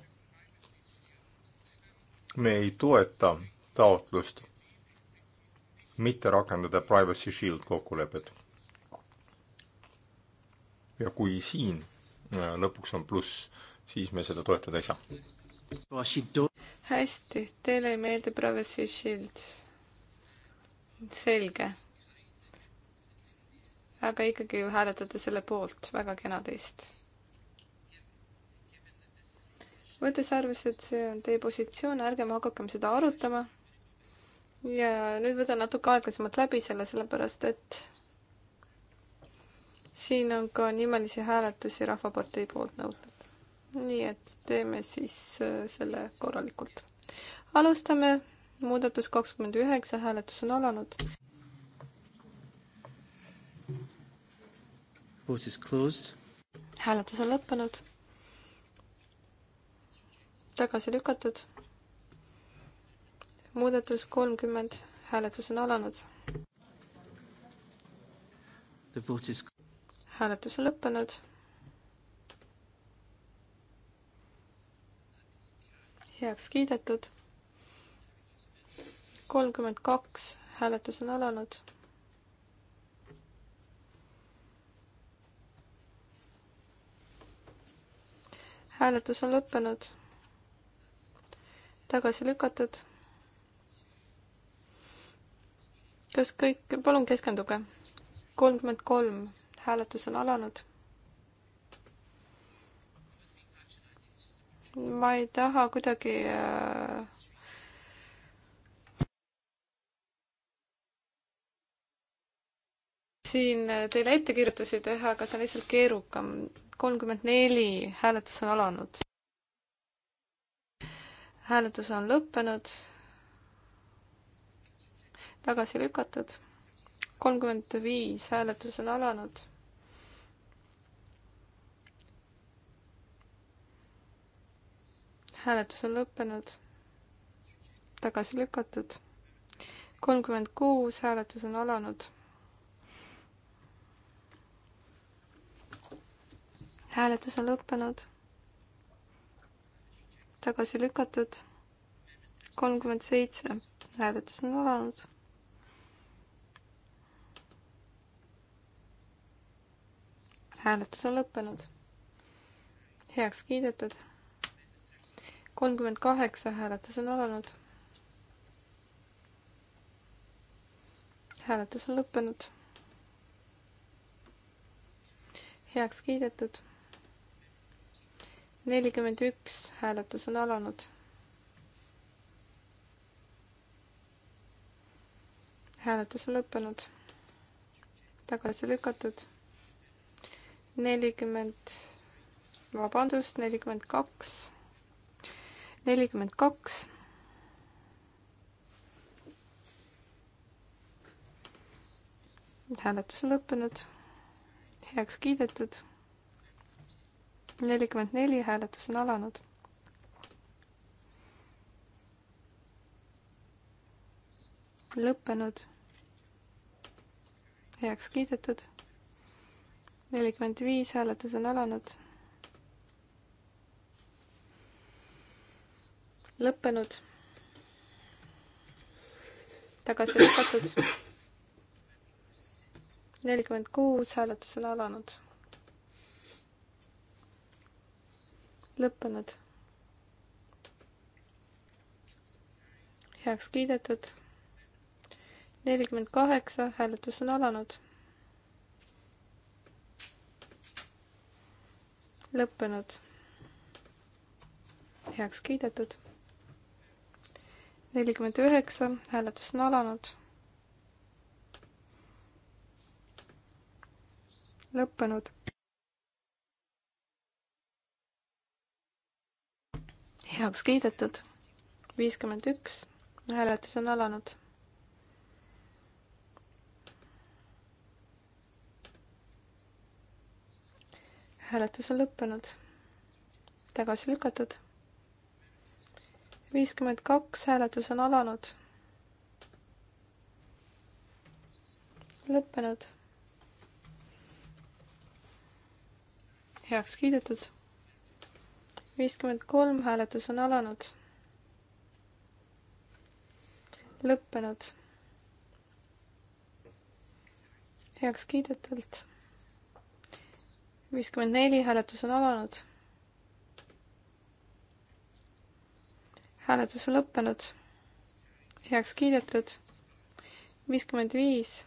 me ei toeta taotlust mitte rakendada Privacy Shield kokkulepet. ja kui siin äh, lõpuks on pluss siis me seda toetada ei saa. hästi, teile ei meeldi Privacy Shield. selge. aga ikkagi hääletate selle poolt, väga kena teist. võttes arvesse, et see on teie positsioon, ärgem hakakem seda arutama. ja nüüd võtan natuke aeglasemalt läbi selle, sellepärast et siin on ka nimelisi hääletusi Rahvapartei poolt nõudnud nii et teeme siis äh, selle korralikult. alustame, muudatus kakskümmend üheksa, hääletus on alanud. hääletus on lõppenud. tagasi lükatud. muudatus kolmkümmend, hääletus on alanud. hääletus on lõppenud heaks kiidetud. kolmkümmend kaks, hääletus on alanud. hääletus on lõppenud. tagasi lükatud. kas kõik, palun keskenduge. kolmkümmend kolm, hääletus on alanud ma ei taha kuidagi äh, siin teile ettekirjutusi teha, aga see on lihtsalt keerukam. kolmkümmend neli hääletus on alanud. hääletus on lõppenud. tagasi lükatud. kolmkümmend viis hääletus on alanud hääletus on lõppenud, tagasi lükatud. kolmkümmend kuus, hääletus on alanud. hääletus on lõppenud, tagasi lükatud. kolmkümmend seitse, hääletus on alanud hääletus on lõppenud. heaks kiidetud kolmkümmend kaheksa hääletus on alanud. hääletus on lõppenud. heaks kiidetud. nelikümmend üks hääletus on alanud. hääletus on lõppenud. tagasi lükatud. nelikümmend, vabandust, nelikümmend kaks nelikümmend kaks. hääletus on lõppenud, heaks kiidetud. nelikümmend neli, hääletus on alanud. lõppenud, heaks kiidetud. nelikümmend viis, hääletus on alanud lõppenud. tagasi lükatud. nelikümmend kuus, hääletus on alanud. lõppenud. heaks kiidetud. nelikümmend kaheksa, hääletus on alanud. lõppenud heaks kiidetud nelikümmend üheksa, hääletus on alanud. lõppenud. heaks kiidetud. viiskümmend üks, hääletus on alanud. hääletus on lõppenud. tagasi lükatud viiskümmend kaks hääletus on alanud. lõppenud. heaks kiidetud. viiskümmend kolm hääletus on alanud. lõppenud. heaks kiidetult. viiskümmend neli hääletus on alanud hääletus on lõppenud, heaks kiidetud, viiskümmend viis.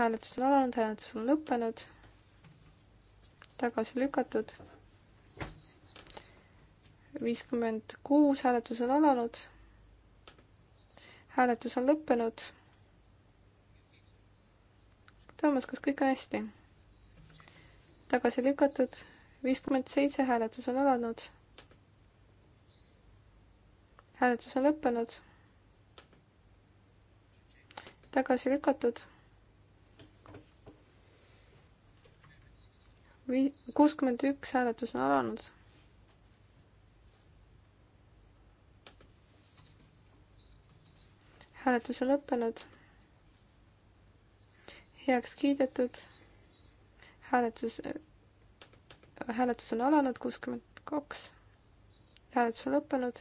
hääletus on alanud, hääletus on lõppenud, tagasi lükatud. viiskümmend kuus, hääletus on alanud. hääletus on lõppenud. Toomas, kas kõik on hästi? tagasi lükatud viiskümmend seitse hääletus on alanud. hääletus on lõppenud. tagasi lükatud. Vii-, kuuskümmend üks hääletus on alanud. hääletus on lõppenud. heaks kiidetud. hääletus hääletus on alanud, kuuskümmend kaks. hääletus on lõppenud.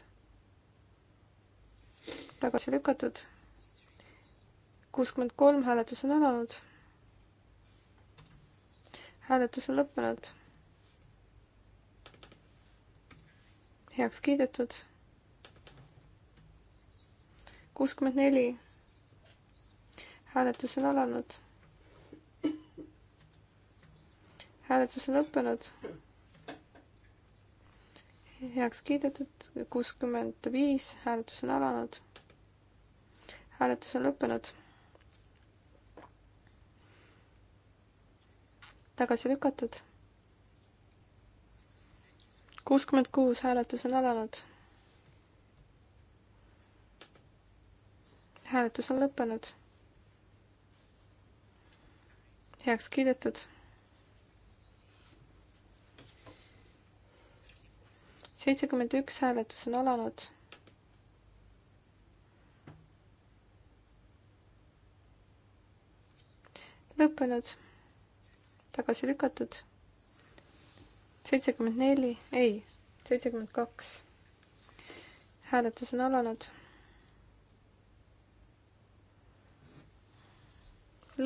tagasi lükatud. kuuskümmend kolm, hääletus on alanud. hääletus on lõppenud. heaks kiidetud. kuuskümmend neli. hääletus on alanud hääletus on lõppenud. heaks kiidetud kuuskümmend viis, hääletus on alanud. hääletus on lõppenud. tagasi lükatud. kuuskümmend kuus, hääletus on alanud hääletus on lõppenud. heaks kiidetud seitsekümmend üks hääletus on alanud. lõppenud, tagasi lükatud. seitsekümmend neli, ei, seitsekümmend kaks. hääletus on alanud.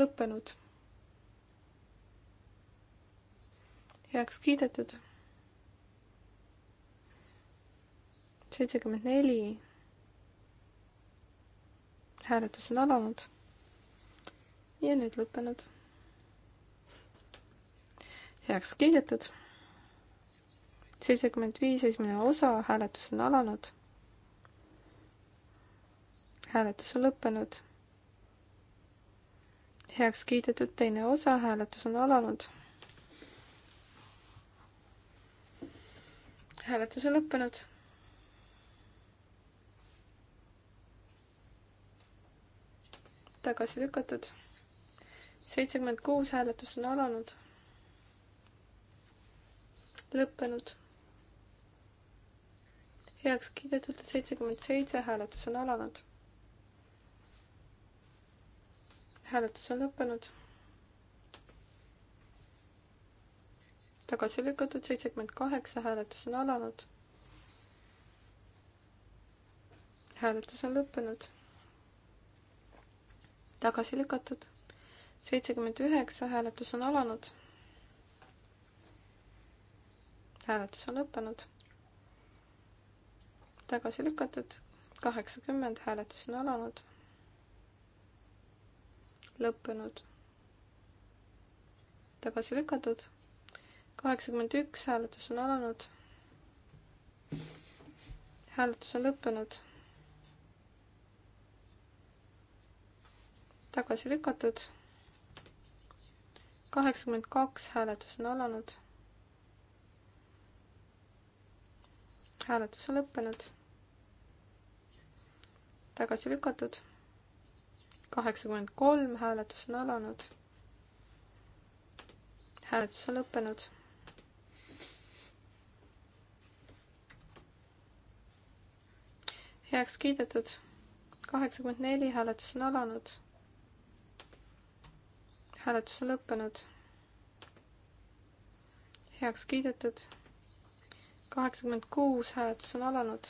lõppenud. heaks kiidetud seitsekümmend neli. hääletus on alanud. ja nüüd lõppenud. heaks kiidetud. seitsekümmend viis, esimene osa, hääletus on alanud. hääletus on lõppenud. heaks kiidetud teine osa, hääletus on alanud. hääletus on lõppenud tagasi lükatud. seitsekümmend kuus hääletus on alanud. lõppenud. heaks kiidetud seitsekümmend seitse hääletus on alanud. hääletus on lõppenud. tagasi lükatud seitsekümmend kaheksa hääletus on alanud. hääletus on lõppenud tagasi lükatud. seitsekümmend üheksa, hääletus on alanud. hääletus on lõppenud. tagasi lükatud. kaheksakümmend, hääletus on alanud. lõppenud. tagasi lükatud. kaheksakümmend üks, hääletus on alanud. hääletus on lõppenud tagasi lükatud. kaheksakümmend kaks hääletus on alanud. hääletus on lõppenud. tagasi lükatud. kaheksakümmend kolm hääletus on alanud. hääletus on lõppenud heaks kiidetud. kaheksakümmend neli hääletus on alanud hääletus on lõppenud. heaks kiidetud. kaheksakümmend kuus hääletus on alanud.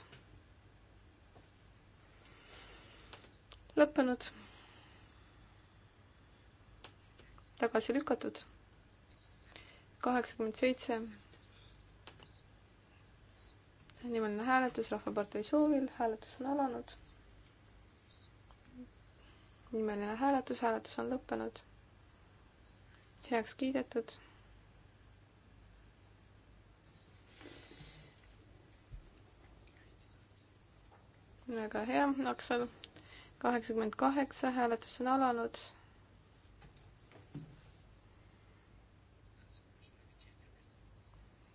lõppenud. tagasi lükatud. kaheksakümmend seitse. nimeline hääletus Rahvapartei soovil, hääletus on alanud. nimeline hääletus, hääletus on lõppenud heaks kiidetud. väga hea, Aksel. kaheksakümmend kaheksa, hääletus on alanud.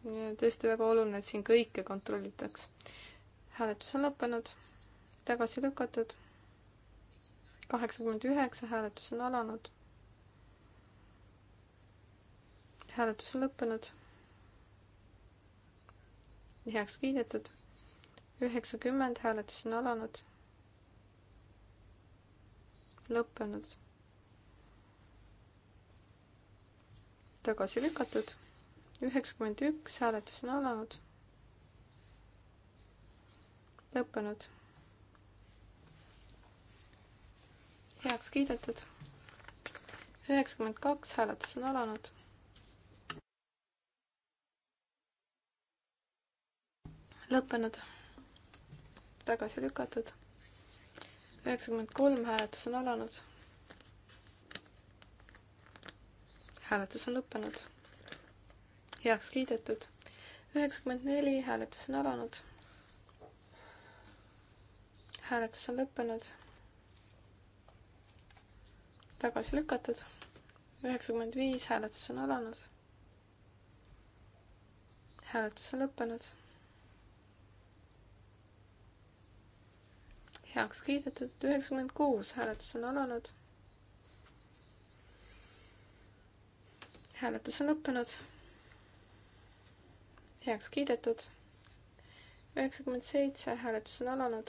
ja tõesti väga oluline, et siin kõike kontrollitaks. hääletus on lõppenud, tagasi lükatud. kaheksakümmend üheksa, hääletus on alanud hääletus on lõppenud. heaks kiidetud. üheksakümmend, hääletus on alanud. lõppenud. tagasi lükatud. üheksakümmend üks, hääletus on alanud. lõppenud. heaks kiidetud. üheksakümmend kaks, hääletus on alanud lõppenud, tagasi lükatud. üheksakümmend kolm hääletus on alanud. hääletus on lõppenud, heaks kiidetud. üheksakümmend neli hääletus on alanud. hääletus on lõppenud, tagasi lükatud. üheksakümmend viis hääletus on alanud hääletus on lõppenud heaks kiidetud, üheksakümmend kuus hääletus on alanud. hääletus on lõppenud. heaks kiidetud. üheksakümmend seitse hääletus on alanud.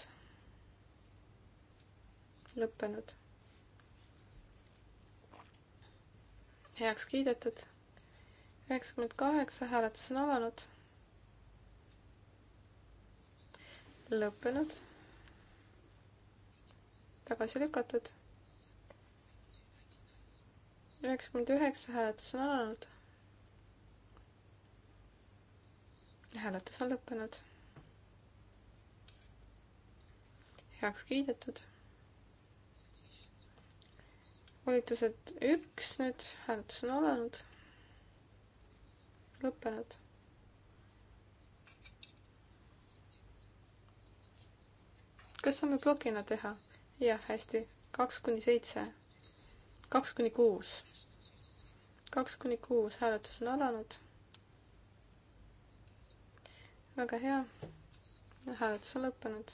lõppenud. heaks kiidetud. üheksakümmend kaheksa hääletus on alanud. lõppenud tagasi lükatud. üheksakümmend üheksa hääletus on alanud. hääletus on lõppenud. heaks kiidetud. volitused üks nüüd, hääletus on alanud. lõppenud kas saame blogina teha? jah, hästi, kaks kuni seitse, kaks kuni kuus, kaks kuni kuus hääletus on alanud. väga hea, hääletus on lõppenud.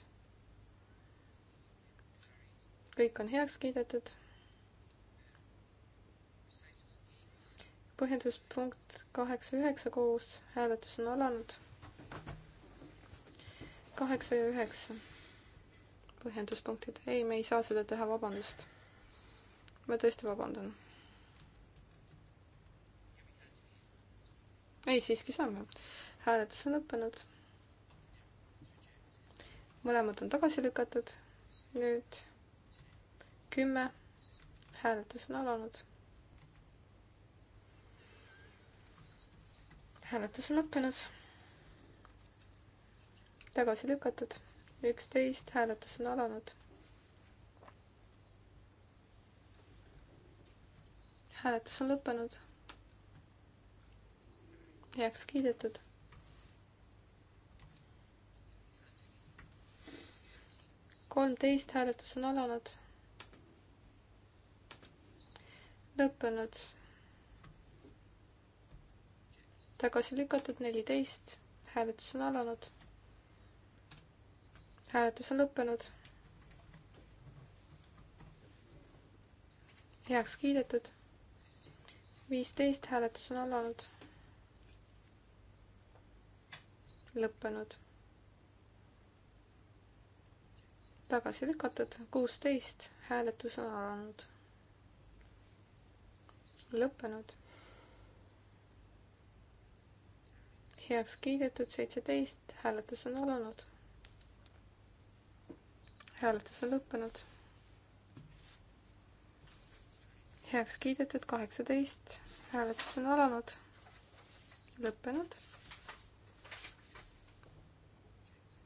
kõik on heaks kiidetud. põhjenduspunkt kaheksa, üheksa koos, hääletus on alanud. kaheksa ja üheksa põhjenduspunktid. ei, me ei saa seda teha, vabandust. ma tõesti vabandan. ei, siiski saame. hääletus on lõppenud. mõlemad on tagasi lükatud. nüüd kümme. hääletus on alanud. hääletus on lõppenud. tagasi lükatud üksteist, hääletus on alanud. hääletus on lõppenud. heaks kiidetud. kolmteist, hääletus on alanud. lõppenud. tagasi lükatud neliteist, hääletus on alanud hääletus on lõppenud. heaks kiidetud. viisteist hääletus on alanud. lõppenud. tagasi lükatud, kuusteist hääletus on alanud. lõppenud heaks kiidetud seitseteist, hääletus on alanud hääletus on lõppenud. heaks kiidetud kaheksateist, hääletus on alanud, lõppenud.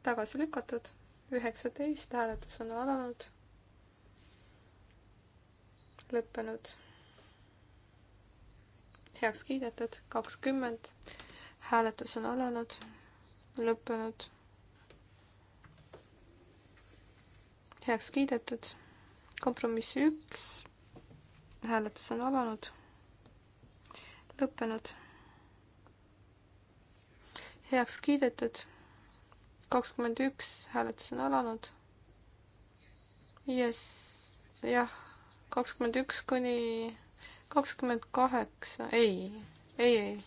tagasi lükatud üheksateist, hääletus on alanud, lõppenud. heaks kiidetud kakskümmend, hääletus on alanud, lõppenud heaks kiidetud. kompromiss üks, hääletus on alanud, lõppenud, heaks kiidetud. kakskümmend üks, hääletus on alanud. jess, jah, kakskümmend üks kuni kakskümmend kaheksa, ei, ei, ei.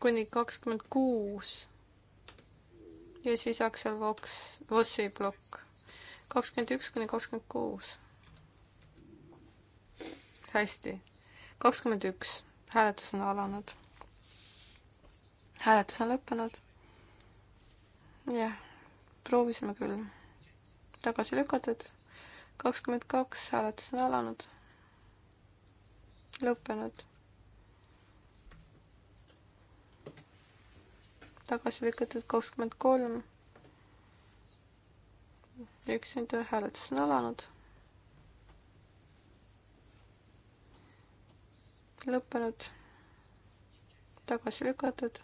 kuni kakskümmend kuus ja siis Axel Vox, Vossi plokk kakskümmend üks kuni kakskümmend kuus. hästi, kakskümmend üks, hääletus on alanud. hääletus on lõppenud. jah, proovisime küll. tagasi lükatud, kakskümmend kaks, hääletus on alanud. lõppenud tagasi lükatud kakskümmend kolm. üks nüüd hääletus on alanud. lõppenud, tagasi lükatud,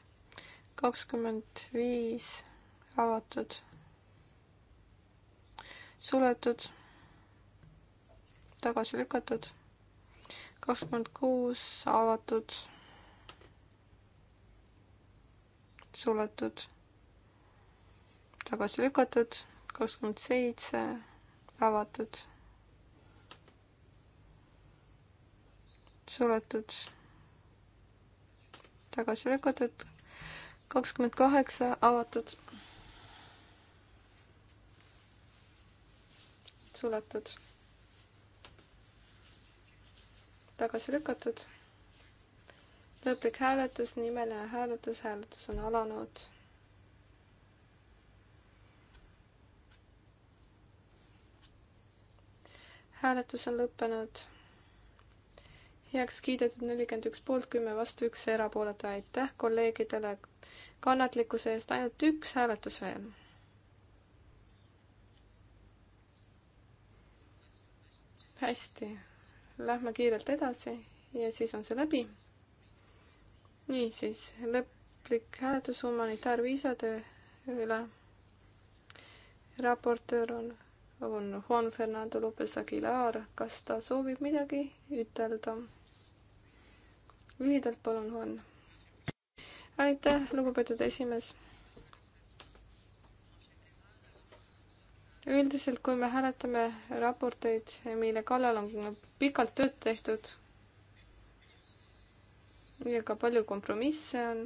kakskümmend viis avatud, suletud, tagasi lükatud, kakskümmend kuus avatud suletud, tagasi lükatud, kakskümmend seitse avatud, suletud, tagasi lükatud, kakskümmend kaheksa avatud, suletud, tagasi lükatud lõplik hääletus, nimeline hääletus, hääletus on alanud. hääletus on lõppenud. heaks kiidetud nelikümmend üks poolt, kümme vastu, üks erapooletu, aitäh kolleegidele kannatlikkuse eest, ainult üks hääletus veel hästi, lähme kiirelt edasi ja siis on see läbi niisiis, lõplik hääletus humanitaarviisade üle. raportöör on, on Juan Fernando Lopez Aguilar, kas ta soovib midagi ütelda? lühidalt palun, Juan. aitäh, lugupeetud esimees. üldiselt, kui me hääletame raporteid, mille kallal on pikalt tööd tehtud ja ka palju kompromisse on.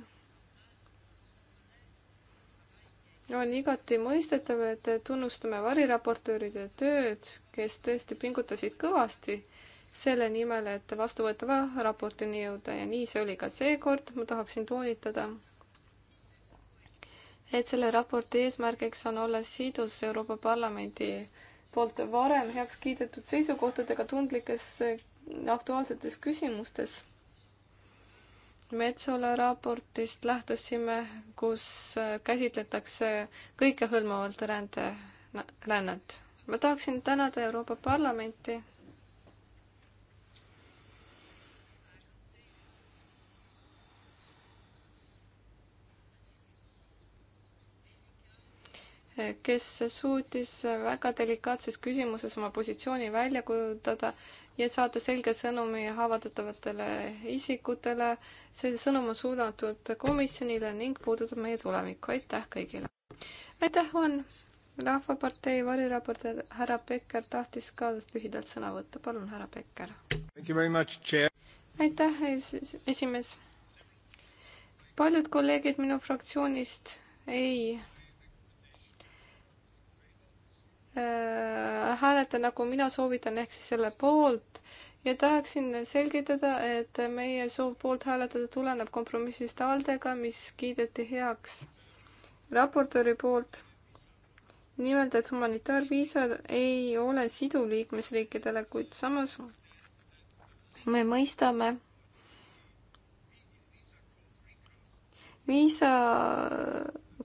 on igati mõistetav, et tunnustame variraportööride tööd, kes tõesti pingutasid kõvasti selle nimel, et vastuvõetava raportini jõuda ja nii see oli ka seekord, ma tahaksin toonitada, et selle raporti eesmärgiks on olla sidus Euroopa Parlamendi poolt varem heaks kiidetud seisukohtadega tundlikes aktuaalsetes küsimustes Metsola raportist lähtusime, kus äh, käsitletakse kõikehõlmavalt rände, rännet. ma tahaksin tänada Euroopa Parlamenti kes suutis väga delikaatses küsimuses oma positsiooni välja kujutada ja saata selge sõnumi haavatavatele isikutele. see sõnum on suunatud komisjonile ning puudutab meie tulevikku. aitäh kõigile! aitäh, Juan! rahvapartei variraportöör härra Pekker tahtis ka lühidalt sõna võtta. palun, härra Pekker! aitäh, esimees! paljud kolleegid minu fraktsioonist ei Äh, hääleta, nagu mina soovitan, ehk siis selle poolt ja tahaksin selgitada, et meie soov poolt hääletada tuleneb kompromissist ALDE-ga, mis kiideti heaks raportööri poolt. nimelt, et humanitaarviisad ei ole siduv liikmesriikidele, kuid samas me mõistame viisa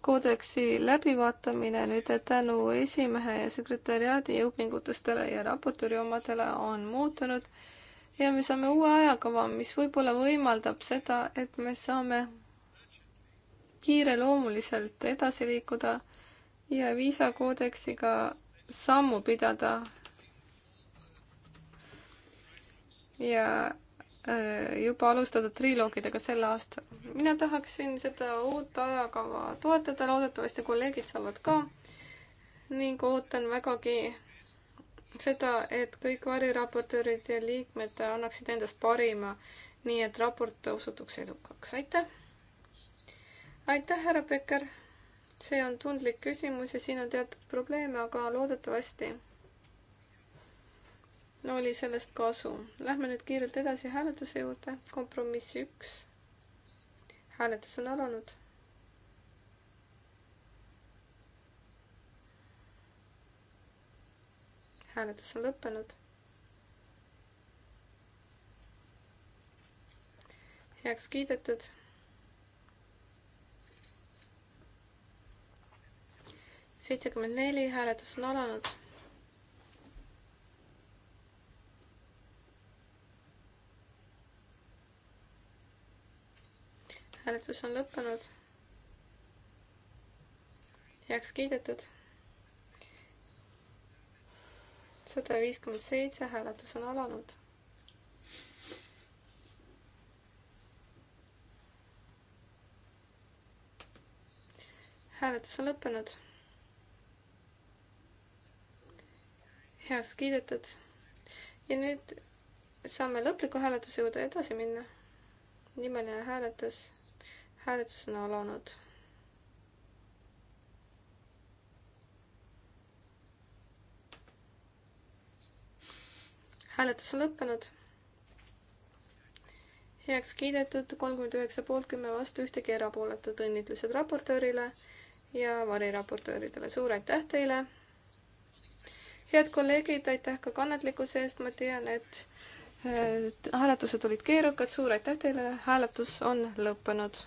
koodeksi läbivaatamine nüüd tänu esimehe ja sekretäriaadi jõupingutustele ja raportööri omadele on muutunud ja me saame uue ajakava, mis võib-olla võimaldab seda, et me saame kiireloomuliselt edasi liikuda ja viisakoodeksiga sammu pidada ja äh, juba alustada triloogidega sel aastal mina tahaksin seda uut ajakava toetada, loodetavasti kolleegid saavad ka ning ootan vägagi seda, et kõik variraportöörid ja liikmed annaksid endast parima, nii et raport osutuks edukaks, aitäh! aitäh, härra Peker! see on tundlik küsimus ja siin on teatud probleeme, aga loodetavasti no oli sellest kasu. Lähme nüüd kiirelt edasi hääletuse juurde. kompromiss üks hääletus on alanud. hääletus on lõppenud. heaks kiidetud. seitsekümmend neli, hääletus on alanud hääletus on lõppenud. heaks kiidetud. sada viiskümmend seitse, hääletus on alanud. hääletus on lõppenud. heaks kiidetud. ja nüüd saame lõpliku hääletuse juurde edasi minna. nimeline hääletus hääletus on alanud. hääletus on lõppenud. heaks kiidetud kolmkümmend üheksa poolt, kümme vastu, ühtegi erapooletut. õnnitlused raportöörile ja variraportööridele. suur aitäh teile! head kolleegid, aitäh ka kannatlikkuse eest, ma tean, et Äh, hääletused olid keerukad, suur aitäh teile, hääletus on lõppenud.